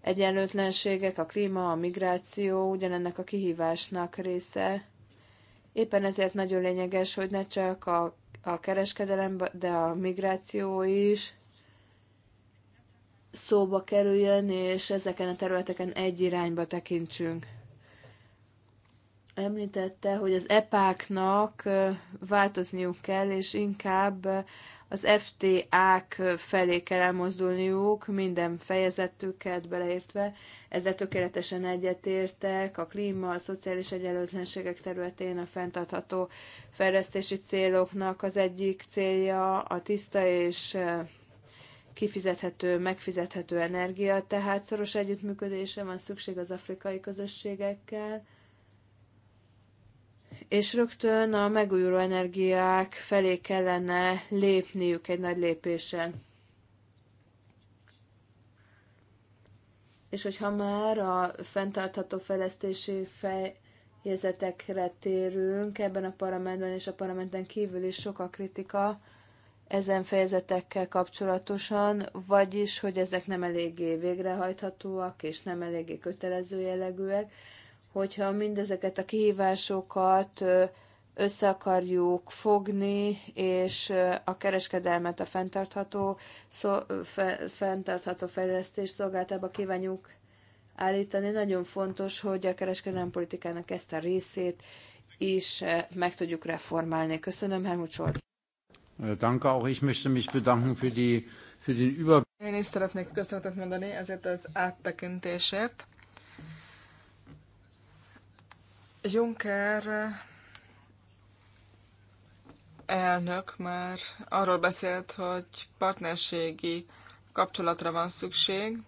egyenlőtlenségek, a klíma, a migráció ugyanennek a kihívásnak része. Éppen ezért nagyon lényeges, hogy ne csak a, a kereskedelem, de a migráció is szóba kerüljön, és ezeken a területeken egy irányba tekintsünk. Említette, hogy az epáknak változniuk kell, és inkább az FTA-k felé kell elmozdulniuk, minden fejezetüket beleértve. Ezzel tökéletesen egyetértek a klíma, a szociális egyenlőtlenségek területén a fenntartható fejlesztési céloknak az egyik célja a tiszta és kifizethető, megfizethető energia, tehát szoros együttműködésre van szükség az afrikai közösségekkel, és rögtön a megújuló energiák felé kellene lépniük egy nagy lépéssel. És hogyha már a fenntartható fejlesztési fejezetekre térünk, ebben a parlamentben és a parlamenten kívül is sok a kritika, ezen fejezetekkel kapcsolatosan, vagyis, hogy ezek nem eléggé végrehajthatóak és nem eléggé kötelező jellegűek, hogyha mindezeket a kihívásokat össze akarjuk fogni, és a kereskedelmet a fenntartható, szó, fe, fenntartható fejlesztés szolgáltába kívánjuk állítani. Nagyon fontos, hogy a kereskedelmi politikának ezt a részét is meg tudjuk reformálni. Köszönöm, Helmut Scholz. Äh, danke auch. Ich möchte mich bedanken für die, für den Über Én is szeretnék köszönetet mondani ezért az áttekintésért. Juncker elnök már arról beszélt, hogy partnerségi kapcsolatra van szükség.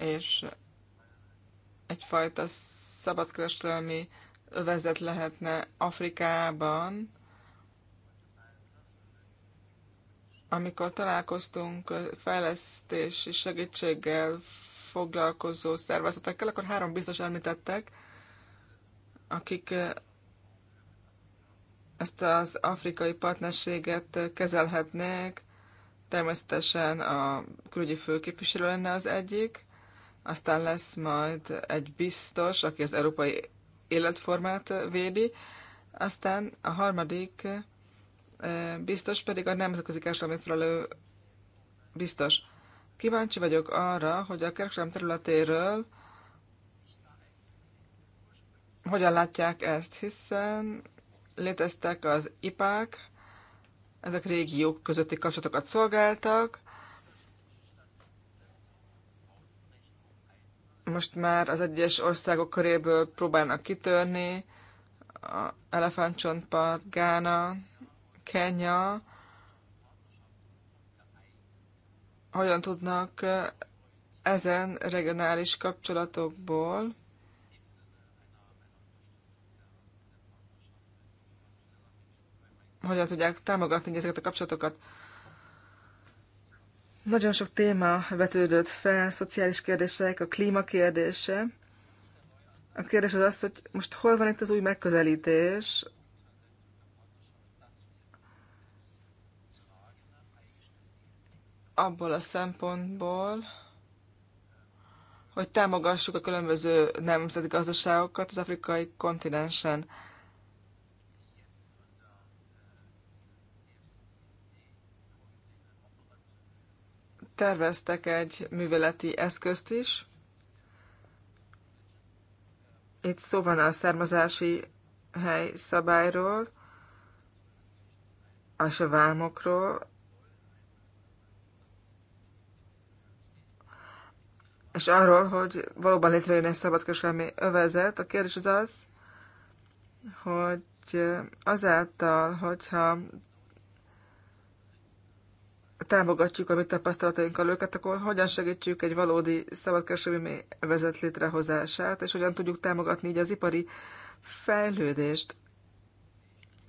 És egyfajta szabadkereskedelmi övezet lehetne Afrikában, amikor találkoztunk fejlesztési segítséggel foglalkozó szervezetekkel, akkor három biztos említettek, akik eh, ezt az afrikai partnerséget kezelhetnék. Természetesen a külügyi főképviselő lenne az egyik, aztán lesz majd egy biztos, aki az európai életformát védi, aztán a harmadik eh, biztos pedig a nemzetközi kereskedelmi felelő biztos. Kíváncsi vagyok arra, hogy a kereskedelmi területéről hogyan látják ezt, hiszen léteztek az ipák, ezek régiók közötti kapcsolatokat szolgáltak, most már az egyes országok köréből próbálnak kitörni, a Elefántcsontpart, Gána, Kenya, hogyan tudnak eh, ezen regionális kapcsolatokból hogyan tudják támogatni ezeket a kapcsolatokat. Nagyon sok téma vetődött fel, szociális kérdések, a klíma kérdése. A kérdés az az, hogy most hol van itt az új megközelítés, abból a szempontból, hogy támogassuk a különböző nemzeti gazdaságokat az afrikai kontinensen. terveztek egy műveleti eszközt is. Itt szó van a származási hely szabályról, a vámokról, és arról, hogy valóban létrejön egy szabadkereskedelmi övezet. A kérdés az az, hogy azáltal, hogyha támogatjuk a mi tapasztalatainkkal őket, akkor hogyan segítjük egy valódi szabadkereskedelmi vezet létrehozását, és hogyan tudjuk támogatni így az ipari fejlődést.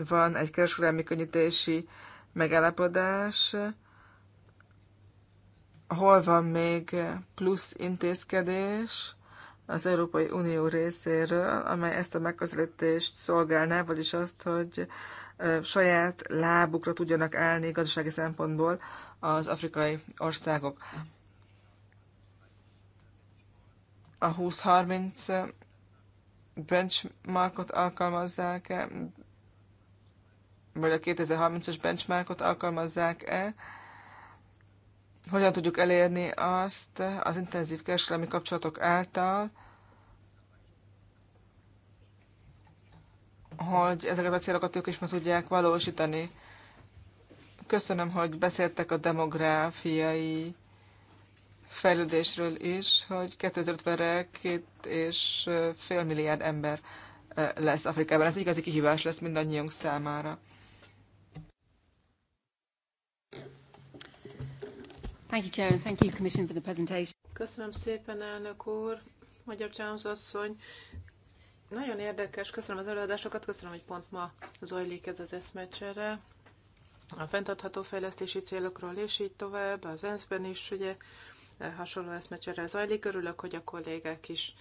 Van egy kereskedelmi könnyítési megállapodás, hol van még plusz intézkedés az Európai Unió részéről, amely ezt a megközelítést szolgálná, vagyis azt, hogy saját lábukra tudjanak állni gazdasági szempontból az afrikai országok. A 20-30 benchmarkot alkalmazzák-e, vagy a 2030-as benchmarkot alkalmazzák-e, hogyan tudjuk elérni azt az intenzív kereskedelmi kapcsolatok által, hogy ezeket a célokat ők is meg tudják valósítani. Köszönöm, hogy beszéltek a demográfiai fejlődésről is, hogy 2050-re két és fél milliárd ember lesz Afrikában. Ez igazi kihívás lesz mindannyiunk számára. Thank you, Chair, and thank you, Commission, for the presentation. Köszönöm szépen, elnök úr, Magyar Csámsz asszony. Nagyon érdekes, köszönöm az előadásokat, köszönöm, hogy pont ma zajlik ez az eszmecsere. A fenntartható fejlesztési célokról, és így tovább, az ENSZ-ben is ugye hasonló eszmecsere zajlik. Örülök, hogy a kollégák is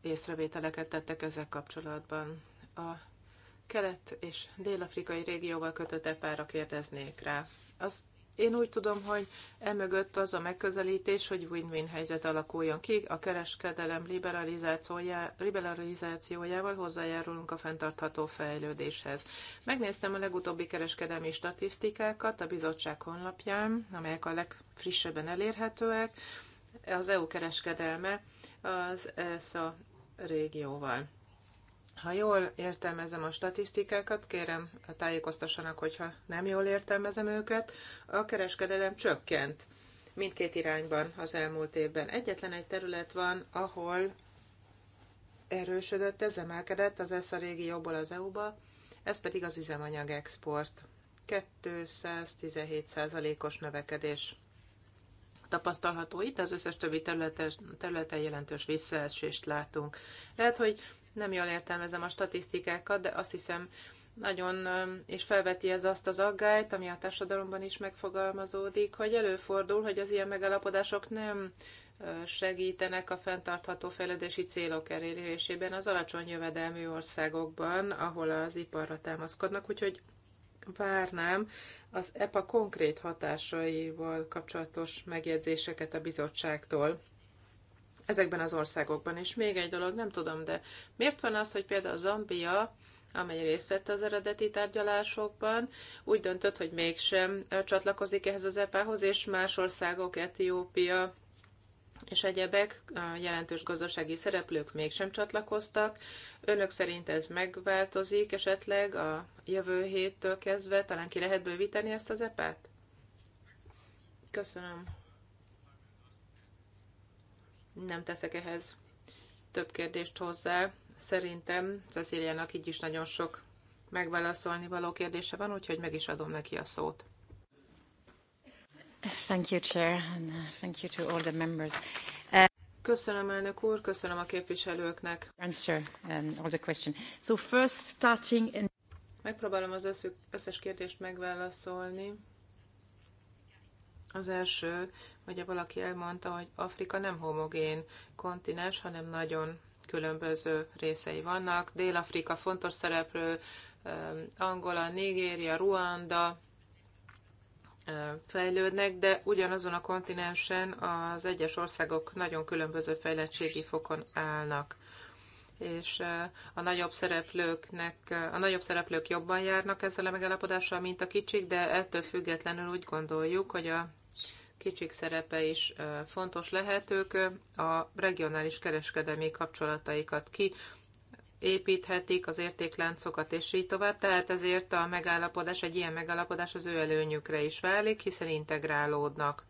észrevételeket tettek ezzel kapcsolatban. A kelet- és dél-afrikai régióval kötött epára kérdeznék rá. Azt én úgy tudom, hogy emögött az a megközelítés, hogy win-win helyzet alakuljon ki, a kereskedelem liberalizációjával hozzájárulunk a fenntartható fejlődéshez. Megnéztem a legutóbbi kereskedelmi statisztikákat a bizottság honlapján, amelyek a legfrissebben elérhetőek, az EU kereskedelme az ESA régióval. Ha jól értelmezem a statisztikákat, kérem tájékoztassanak, hogyha nem jól értelmezem őket, a kereskedelem csökkent mindkét irányban az elmúlt évben. Egyetlen egy terület van, ahol erősödött, ez emelkedett az ESZA régióból az EU-ba, ez pedig az üzemanyag export. 217%-os növekedés tapasztalható itt, az összes többi területen, területen jelentős visszaesést látunk. Lehet, hogy nem jól értelmezem a statisztikákat, de azt hiszem nagyon, és felveti ez azt az aggályt, ami a társadalomban is megfogalmazódik, hogy előfordul, hogy az ilyen megalapodások nem segítenek a fenntartható fejlődési célok elérésében az alacsony jövedelmű országokban, ahol az iparra támaszkodnak, úgyhogy várnám az EPA konkrét hatásaival kapcsolatos megjegyzéseket a bizottságtól ezekben az országokban. És még egy dolog, nem tudom, de miért van az, hogy például Zambia, amely részt vett az eredeti tárgyalásokban, úgy döntött, hogy mégsem csatlakozik ehhez az EPA-hoz, és más országok, Etiópia, és egyebek, jelentős gazdasági szereplők mégsem csatlakoztak. Önök szerint ez megváltozik esetleg a jövő héttől kezdve? Talán ki lehet bővíteni ezt az epát? Köszönöm. Nem teszek ehhez több kérdést hozzá. Szerintem Ceciliának így is nagyon sok megválaszolni való kérdése van, úgyhogy meg is adom neki a szót. Thank you, Chair, and uh, thank you to all the members. Köszönöm, elnök úr, köszönöm a képviselőknek. Answer um, all the question. So first starting in... Megpróbálom az összes kérdést megválaszolni. Az első, ugye valaki elmondta, hogy Afrika nem homogén kontinens, hanem nagyon különböző részei vannak. Dél-Afrika fontos szereplő, Angola, Nigéria, Ruanda fejlődnek, de ugyanazon a kontinensen az egyes országok nagyon különböző fejlettségi fokon állnak és a nagyobb szereplőknek, a nagyobb szereplők jobban járnak ezzel a megállapodással, mint a kicsik, de ettől függetlenül úgy gondoljuk, hogy a kicsik szerepe is fontos lehet. Ők a regionális kereskedelmi kapcsolataikat ki építhetik az értékláncokat, és így tovább. Tehát ezért a megállapodás, egy ilyen megállapodás az ő előnyükre is válik, hiszen integrálódnak.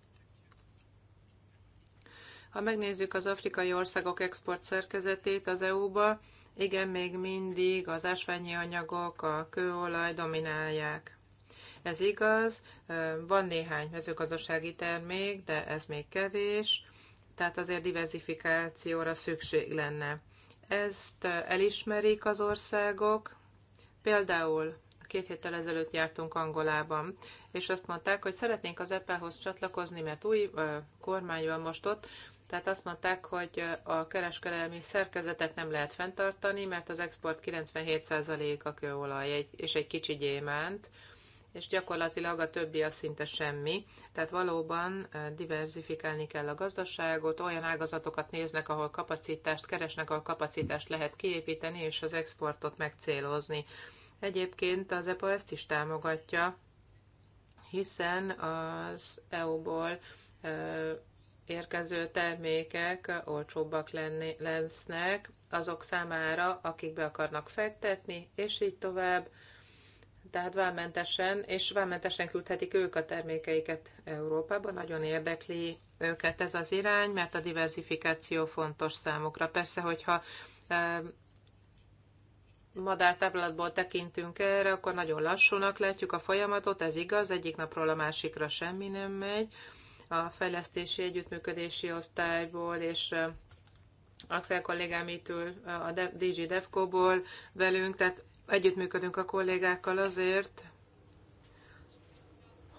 Ha megnézzük az afrikai országok export szerkezetét az EU-ba, igen, még mindig az ásványi anyagok, a kőolaj dominálják. Ez igaz, van néhány mezőgazdasági termék, de ez még kevés, tehát azért diversifikációra szükség lenne. Ezt elismerik az országok, például két héttel ezelőtt jártunk Angolában, és azt mondták, hogy szeretnénk az EPA-hoz csatlakozni, mert új kormány van most ott, tehát azt mondták, hogy a kereskedelmi szerkezetet nem lehet fenntartani, mert az export 97% a kőolaj és egy kicsi gyémánt, és gyakorlatilag a többi az szinte semmi. Tehát valóban diversifikálni kell a gazdaságot, olyan ágazatokat néznek, ahol kapacitást keresnek, ahol kapacitást lehet kiépíteni, és az exportot megcélozni. Egyébként az EPA ezt is támogatja, hiszen az EU-ból érkező termékek olcsóbbak lenni, lesznek azok számára, akik be akarnak fektetni, és így tovább tehát vámmentesen, és vámmentesen küldhetik ők a termékeiket Európába. Nagyon érdekli őket ez az irány, mert a diversifikáció fontos számukra. Persze, hogyha e, madártáblatból tekintünk erre, akkor nagyon lassúnak látjuk a folyamatot, ez igaz, egyik napról a másikra semmi nem megy. A fejlesztési együttműködési osztályból és e, Axel kollégám itt ül a DG Devco-ból velünk, tehát Együttműködünk a kollégákkal azért,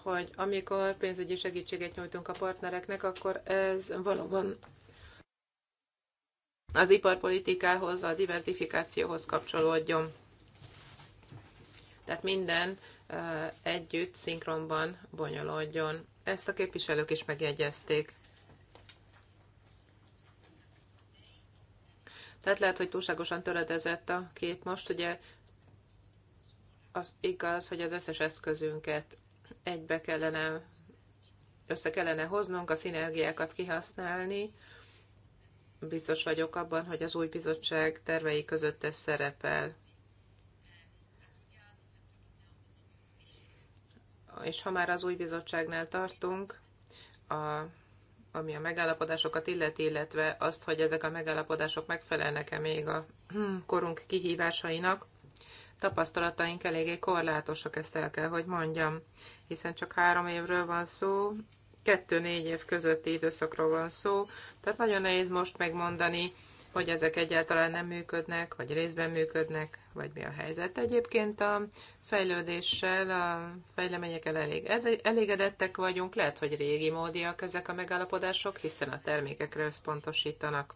hogy amikor pénzügyi segítséget nyújtunk a partnereknek, akkor ez valóban az iparpolitikához, a diversifikációhoz kapcsolódjon. Tehát minden együtt, szinkronban bonyolódjon. Ezt a képviselők is megjegyezték. Tehát lehet, hogy túlságosan töredezett a kép most. Ugye az igaz, hogy az összes eszközünket egybe kellene, össze kellene hoznunk, a szinergiákat kihasználni. Biztos vagyok abban, hogy az új bizottság tervei között ez szerepel. És ha már az új bizottságnál tartunk, a, ami a megállapodásokat illeti, illetve azt, hogy ezek a megállapodások megfelelnek-e még a hmm, korunk kihívásainak, tapasztalataink eléggé korlátosak, ezt el kell, hogy mondjam, hiszen csak három évről van szó, kettő-négy év közötti időszakról van szó, tehát nagyon nehéz most megmondani, hogy ezek egyáltalán nem működnek, vagy részben működnek, vagy mi a helyzet. Egyébként a fejlődéssel, a fejleményekkel elég, elégedettek vagyunk, lehet, hogy régi módiak ezek a megállapodások, hiszen a termékekre összpontosítanak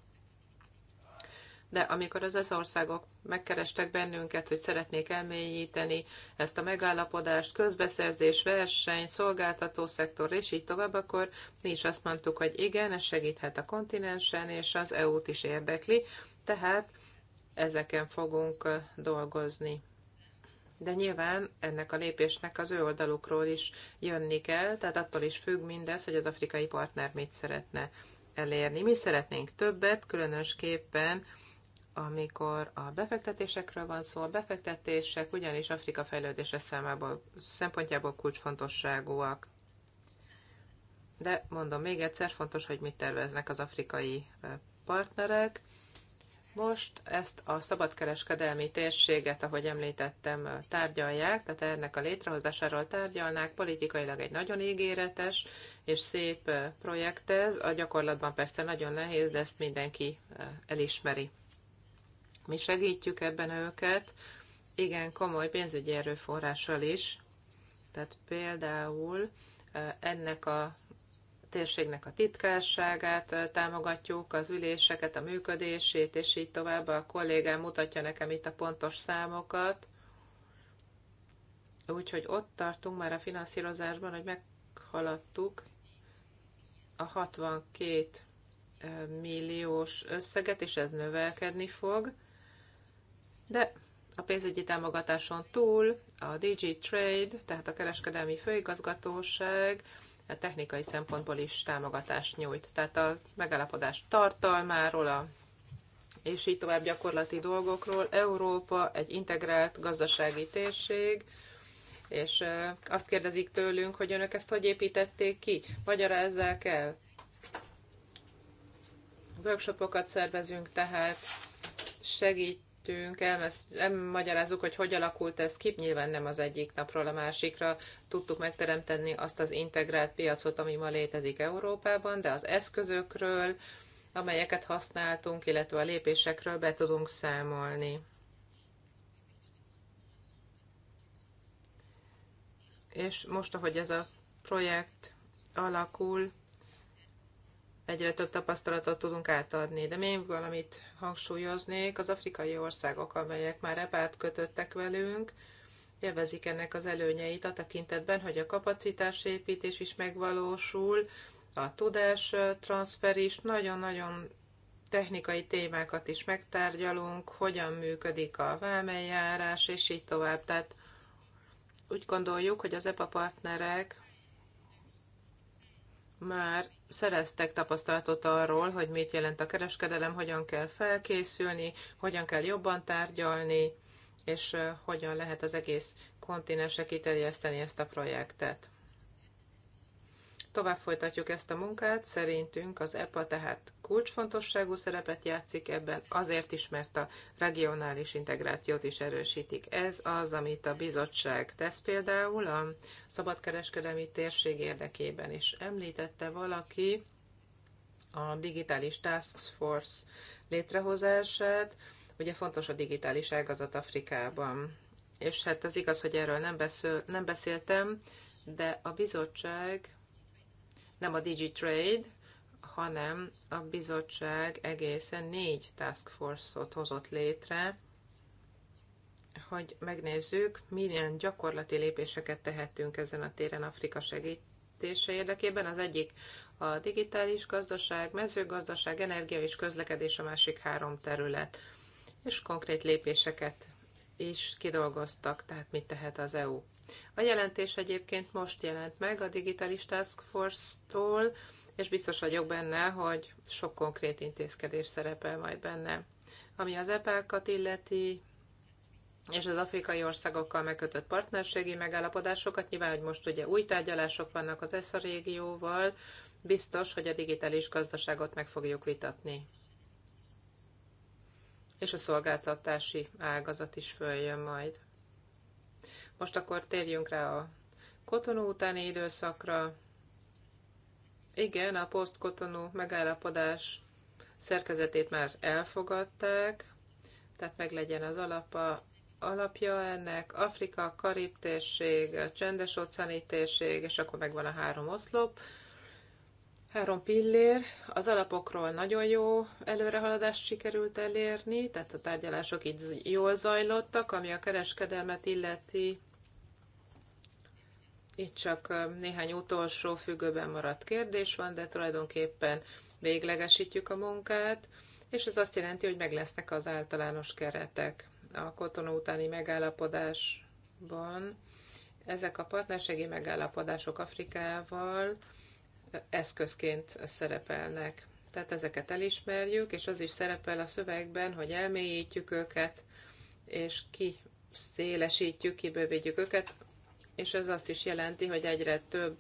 de amikor az ez országok megkerestek bennünket, hogy szeretnék elmélyíteni ezt a megállapodást, közbeszerzés, verseny, szolgáltató szektor, és így tovább, akkor mi is azt mondtuk, hogy igen, ez segíthet a kontinensen, és az EU-t is érdekli, tehát ezeken fogunk dolgozni. De nyilván ennek a lépésnek az ő oldalukról is jönni kell, tehát attól is függ mindez, hogy az afrikai partner mit szeretne elérni. Mi szeretnénk többet, különösképpen amikor a befektetésekről van szó. A befektetések ugyanis Afrika fejlődése számából, szempontjából kulcsfontosságúak. De mondom még egyszer, fontos, hogy mit terveznek az afrikai partnerek. Most ezt a szabadkereskedelmi térséget, ahogy említettem, tárgyalják, tehát ennek a létrehozásáról tárgyalnák. Politikailag egy nagyon ígéretes és szép projekt ez. A gyakorlatban persze nagyon nehéz, de ezt mindenki elismeri. Mi segítjük ebben őket, igen komoly pénzügyi erőforrással is. Tehát például ennek a térségnek a titkárságát támogatjuk, az üléseket, a működését, és így tovább. A kollégám mutatja nekem itt a pontos számokat. Úgyhogy ott tartunk már a finanszírozásban, hogy meghaladtuk a 62 milliós összeget, és ez növelkedni fog. De a pénzügyi támogatáson túl a DG Trade, tehát a kereskedelmi főigazgatóság a technikai szempontból is támogatást nyújt. Tehát a megállapodás tartalmáról, a és így tovább gyakorlati dolgokról. Európa egy integrált gazdasági térség, és azt kérdezik tőlünk, hogy önök ezt hogy építették ki, magyarázzák el. Workshopokat szervezünk tehát, segít beszélgetünk, elmagyarázzuk, hogy hogy alakult ez ki, nyilván nem az egyik napról a másikra tudtuk megteremteni azt az integrált piacot, ami ma létezik Európában, de az eszközökről, amelyeket használtunk, illetve a lépésekről be tudunk számolni. És most, ahogy ez a projekt alakul, egyre több tapasztalatot tudunk átadni. De még valamit hangsúlyoznék, az afrikai országok, amelyek már epát kötöttek velünk, élvezik ennek az előnyeit a tekintetben, hogy a kapacitásépítés is megvalósul, a tudás transfer is, nagyon-nagyon technikai témákat is megtárgyalunk, hogyan működik a vámeljárás, és így tovább. Tehát úgy gondoljuk, hogy az EPA partnerek már szereztek tapasztalatot arról, hogy mit jelent a kereskedelem, hogyan kell felkészülni, hogyan kell jobban tárgyalni, és eh, hogyan lehet az egész kontinensre kiterjeszteni ezt a projektet tovább folytatjuk ezt a munkát. Szerintünk az EPA tehát kulcsfontosságú szerepet játszik ebben, azért is, mert a regionális integrációt is erősítik. Ez az, amit a bizottság tesz például a szabadkereskedelmi térség érdekében is. Említette valaki a digitális task force létrehozását, ugye fontos a digitális ágazat Afrikában. És hát az igaz, hogy erről nem, beszél, nem beszéltem, de a bizottság nem a DigiTrade, hanem a bizottság egészen négy task force-ot hozott létre, hogy megnézzük, milyen gyakorlati lépéseket tehetünk ezen a téren Afrika segítése érdekében. Az egyik a digitális gazdaság, mezőgazdaság, energia és közlekedés a másik három terület, és konkrét lépéseket is kidolgoztak, tehát mit tehet az EU. A jelentés egyébként most jelent meg a Digitális Task Force-tól, és biztos vagyok benne, hogy sok konkrét intézkedés szerepel majd benne. Ami az epel kat illeti, és az afrikai országokkal megkötött partnerségi megállapodásokat, nyilván, hogy most ugye új tárgyalások vannak az ESZA régióval, biztos, hogy a digitális gazdaságot meg fogjuk vitatni. És a szolgáltatási ágazat is följön majd. Most akkor térjünk rá a kotonó utáni időszakra. Igen, a posztkotonó megállapodás szerkezetét már elfogadták, tehát meg legyen az alapa, alapja ennek, Afrika, Karib térség, csendes óceáni térség, és akkor megvan a három oszlop, három pillér. Az alapokról nagyon jó előrehaladást sikerült elérni, tehát a tárgyalások így jól zajlottak, ami a kereskedelmet illeti, itt csak néhány utolsó függőben maradt kérdés van, de tulajdonképpen véglegesítjük a munkát, és ez azt jelenti, hogy meg lesznek az általános keretek. A kotonó utáni megállapodásban ezek a partnerségi megállapodások Afrikával eszközként szerepelnek. Tehát ezeket elismerjük, és az is szerepel a szövegben, hogy elmélyítjük őket, és ki szélesítjük, kibővítjük őket, és ez azt is jelenti, hogy egyre több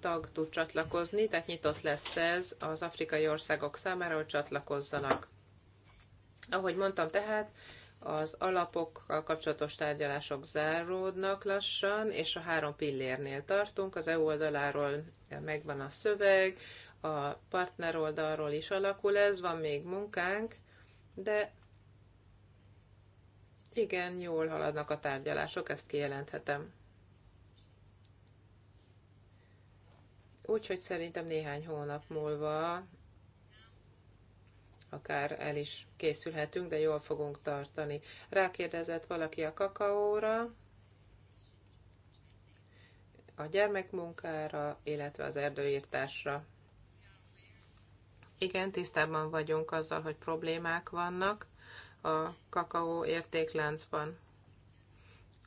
tag tud csatlakozni, tehát nyitott lesz ez az afrikai országok számára, hogy csatlakozzanak. Ahogy mondtam, tehát az alapokkal kapcsolatos tárgyalások záródnak lassan, és a három pillérnél tartunk. Az EU oldaláról megvan a szöveg, a partner oldalról is alakul ez, van még munkánk, de igen, jól haladnak a tárgyalások, ezt kijelenthetem. Úgyhogy szerintem néhány hónap múlva akár el is készülhetünk, de jól fogunk tartani. Rákérdezett valaki a kakaóra, a gyermekmunkára, illetve az erdőírtásra. Igen, tisztában vagyunk azzal, hogy problémák vannak a kakaó értékláncban.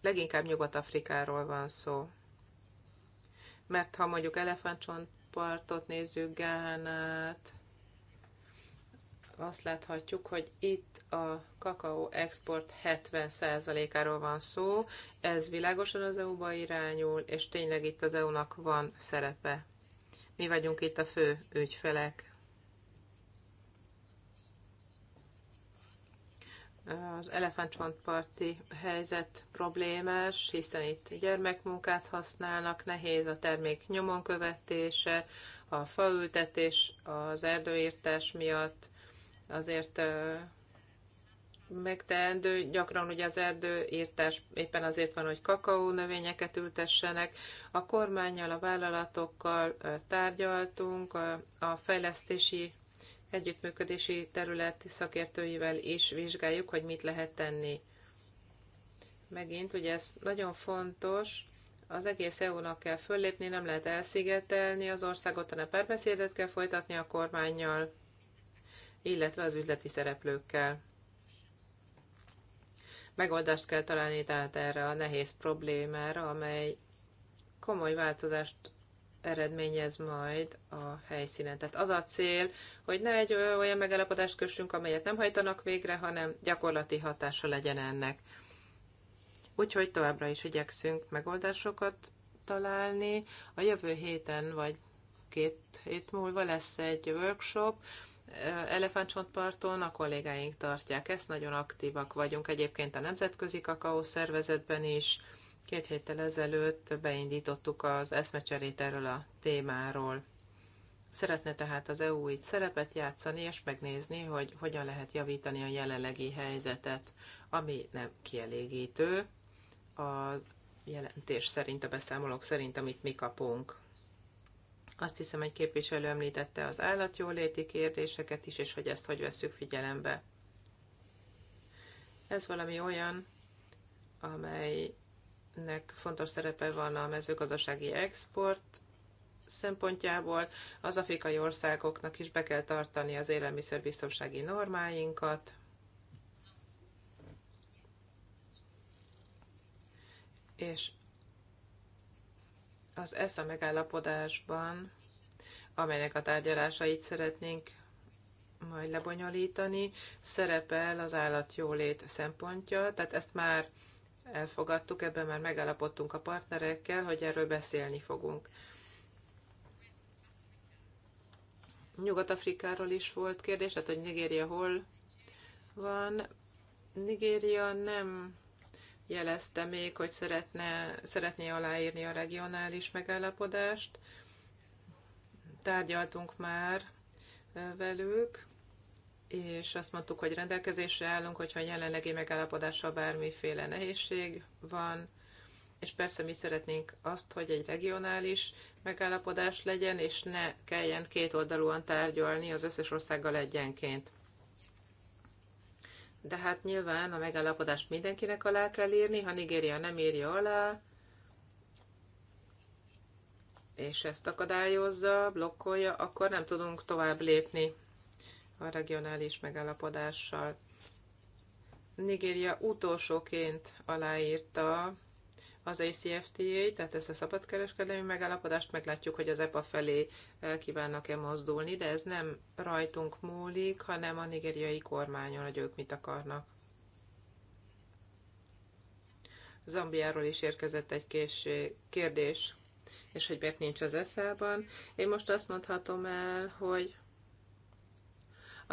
Leginkább Nyugat-Afrikáról van szó mert ha mondjuk elefántcsontpartot nézzük, Gánát, azt láthatjuk, hogy itt a kakaó export 70%-áról van szó, ez világosan az EU-ba irányul, és tényleg itt az EU-nak van szerepe. Mi vagyunk itt a fő ügyfelek. az elefántcsontparti helyzet problémás, hiszen itt gyermekmunkát használnak, nehéz a termék nyomon követése, a faültetés az erdőírtás miatt azért megteendő, gyakran ugye az erdőírtás éppen azért van, hogy kakaó növényeket ültessenek. A kormányjal, a vállalatokkal tárgyaltunk, a fejlesztési együttműködési terület szakértőivel is vizsgáljuk, hogy mit lehet tenni. Megint, ugye ez nagyon fontos, az egész EU-nak kell föllépni, nem lehet elszigetelni az országot, hanem párbeszédet kell folytatni a kormányjal, illetve az üzleti szereplőkkel. Megoldást kell találni tehát erre a nehéz problémára, amely komoly változást eredményez majd a helyszínen. Tehát az a cél, hogy ne egy olyan megállapodást kössünk, amelyet nem hajtanak végre, hanem gyakorlati hatása legyen ennek. Úgyhogy továbbra is igyekszünk megoldásokat találni. A jövő héten vagy két hét múlva lesz egy workshop, Elefántcsontparton a kollégáink tartják ezt, nagyon aktívak vagyunk egyébként a Nemzetközi Kakaó Szervezetben is, Két héttel ezelőtt beindítottuk az eszmecserét erről a témáról. Szeretne tehát az EU itt szerepet játszani, és megnézni, hogy hogyan lehet javítani a jelenlegi helyzetet, ami nem kielégítő a jelentés szerint, a beszámolók szerint, amit mi kapunk. Azt hiszem, egy képviselő említette az állatjóléti kérdéseket is, és hogy ezt hogy vesszük figyelembe. Ez valami olyan, amely nek fontos szerepe van a mezőgazdasági export szempontjából. Az afrikai országoknak is be kell tartani az élelmiszerbiztonsági normáinkat, és az a megállapodásban, amelynek a tárgyalásait szeretnénk majd lebonyolítani, szerepel az állatjólét szempontja, tehát ezt már elfogadtuk, ebben már megállapodtunk a partnerekkel, hogy erről beszélni fogunk. Nyugat-Afrikáról is volt kérdés, tehát hogy Nigéria hol van. Nigéria nem jelezte még, hogy szeretne, szeretné aláírni a regionális megállapodást. Tárgyaltunk már velük, és azt mondtuk, hogy rendelkezésre állunk, hogyha a jelenlegi megállapodással bármiféle nehézség van, és persze mi szeretnénk azt, hogy egy regionális megállapodás legyen, és ne kelljen kétoldalúan tárgyalni az összes országgal egyenként. De hát nyilván a megállapodást mindenkinek alá kell írni, ha Nigéria nem írja alá, és ezt akadályozza, blokkolja, akkor nem tudunk tovább lépni a regionális megállapodással. Nigéria utolsóként aláírta az ACFTA, tehát ezt a szabadkereskedelmi megállapodást, meglátjuk, hogy az EPA felé e, kívánnak-e mozdulni, de ez nem rajtunk múlik, hanem a nigériai kormányon, hogy ők mit akarnak. Zambiáról is érkezett egy késő kérdés, és hogy miért nincs az eszában. Én most azt mondhatom el, hogy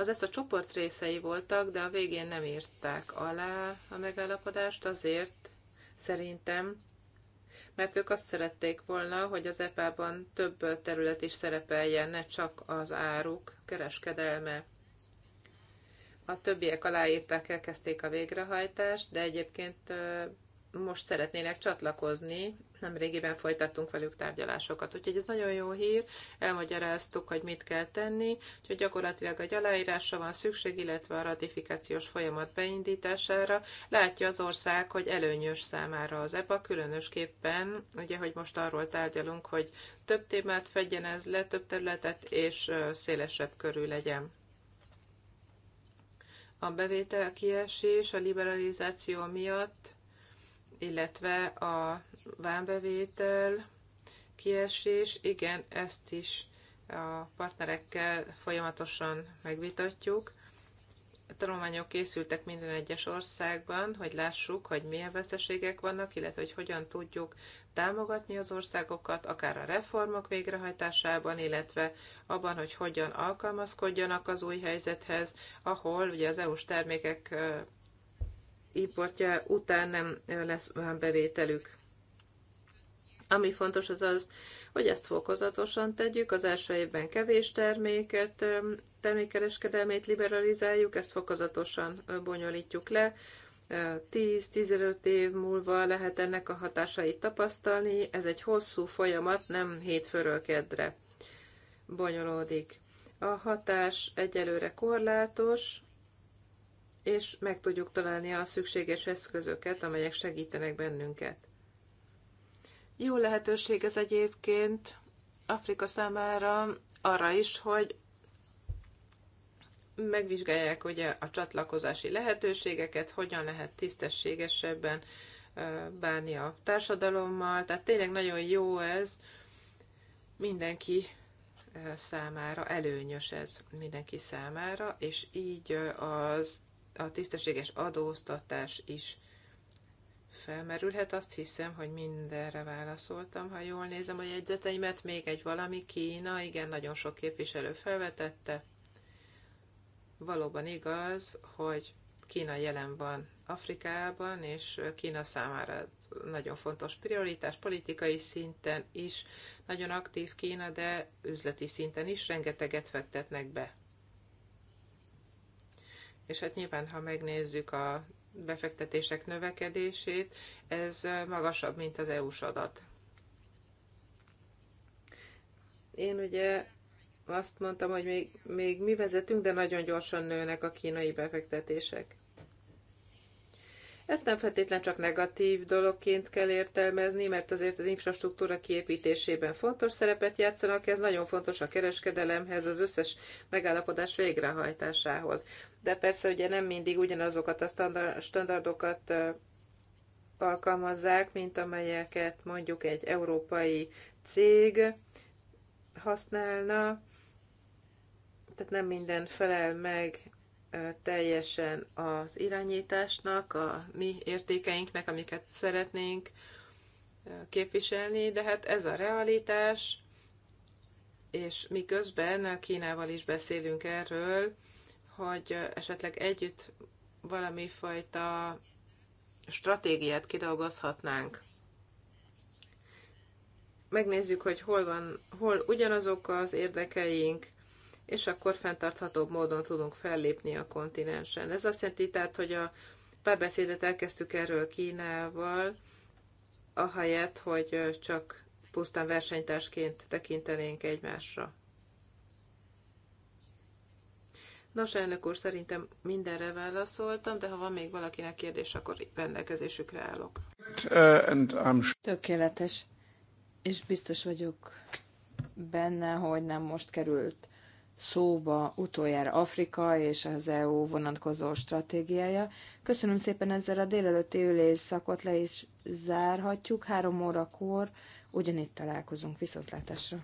az ezt a csoport részei voltak, de a végén nem írták alá a megállapodást, azért szerintem, mert ők azt szerették volna, hogy az EPA-ban több terület is szerepeljen, ne csak az áruk kereskedelme. A többiek aláírták, elkezdték a végrehajtást, de egyébként most szeretnének csatlakozni, nem régiben folytattunk velük tárgyalásokat. Úgyhogy ez nagyon jó hír, elmagyaráztuk, hogy mit kell tenni, úgyhogy gyakorlatilag egy aláírásra van szükség, illetve a ratifikációs folyamat beindítására. Látja az ország, hogy előnyös számára az EPA, különösképpen, ugye, hogy most arról tárgyalunk, hogy több témát fedjen ez le, több területet, és szélesebb körül legyen a bevétel kiesés a liberalizáció miatt illetve a vámbevétel kiesés, igen, ezt is a partnerekkel folyamatosan megvitatjuk. A tanulmányok készültek minden egyes országban, hogy lássuk, hogy milyen veszteségek vannak, illetve hogy hogyan tudjuk támogatni az országokat, akár a reformok végrehajtásában, illetve abban, hogy hogyan alkalmazkodjanak az új helyzethez, ahol ugye az EU-s termékek importja után nem lesz már bevételük. Ami fontos az az, hogy ezt fokozatosan tegyük, az első évben kevés terméket, termékkereskedelmét liberalizáljuk, ezt fokozatosan bonyolítjuk le, 10-15 év múlva lehet ennek a hatásait tapasztalni, ez egy hosszú folyamat, nem hétfőről kedre bonyolódik. A hatás egyelőre korlátos, és meg tudjuk találni a szükséges eszközöket, amelyek segítenek bennünket. Jó lehetőség ez egyébként Afrika számára arra is, hogy megvizsgálják ugye a csatlakozási lehetőségeket, hogyan lehet tisztességesebben bánni a társadalommal. Tehát tényleg nagyon jó ez, mindenki számára előnyös ez mindenki számára, és így az a tisztességes adóztatás is felmerülhet. Azt hiszem, hogy mindenre válaszoltam, ha jól nézem a jegyzeteimet. Még egy valami Kína, igen, nagyon sok képviselő felvetette. Valóban igaz, hogy Kína jelen van Afrikában, és Kína számára nagyon fontos prioritás politikai szinten is, nagyon aktív Kína, de üzleti szinten is rengeteget fektetnek be és hát nyilván, ha megnézzük a befektetések növekedését, ez magasabb, mint az EU-s adat. Én ugye azt mondtam, hogy még, még mi vezetünk, de nagyon gyorsan nőnek a kínai befektetések. Ezt nem feltétlen csak negatív dologként kell értelmezni, mert azért az infrastruktúra kiépítésében fontos szerepet játszanak, ez nagyon fontos a kereskedelemhez, az összes megállapodás végrehajtásához de persze ugye nem mindig ugyanazokat a standardokat alkalmazzák, mint amelyeket mondjuk egy európai cég használna, tehát nem minden felel meg teljesen az irányításnak, a mi értékeinknek, amiket szeretnénk képviselni, de hát ez a realitás, és miközben Kínával is beszélünk erről, hogy esetleg együtt valami fajta stratégiát kidolgozhatnánk. Megnézzük, hogy hol, van, hol ugyanazok az érdekeink, és akkor fenntarthatóbb módon tudunk fellépni a kontinensen. Ez azt jelenti tehát, hogy a párbeszédet elkezdtük erről Kínával, ahelyett, hogy csak pusztán versenytársként tekintenénk egymásra. Nos, elnök úr, szerintem mindenre válaszoltam, de ha van még valakinek kérdés, akkor rendelkezésükre állok. Tökéletes. És biztos vagyok benne, hogy nem most került szóba utoljára Afrika és az EU vonatkozó stratégiája. Köszönöm szépen ezzel a délelőtti ülésszakot le is zárhatjuk. Három órakor ugyanitt találkozunk. Viszontlátásra!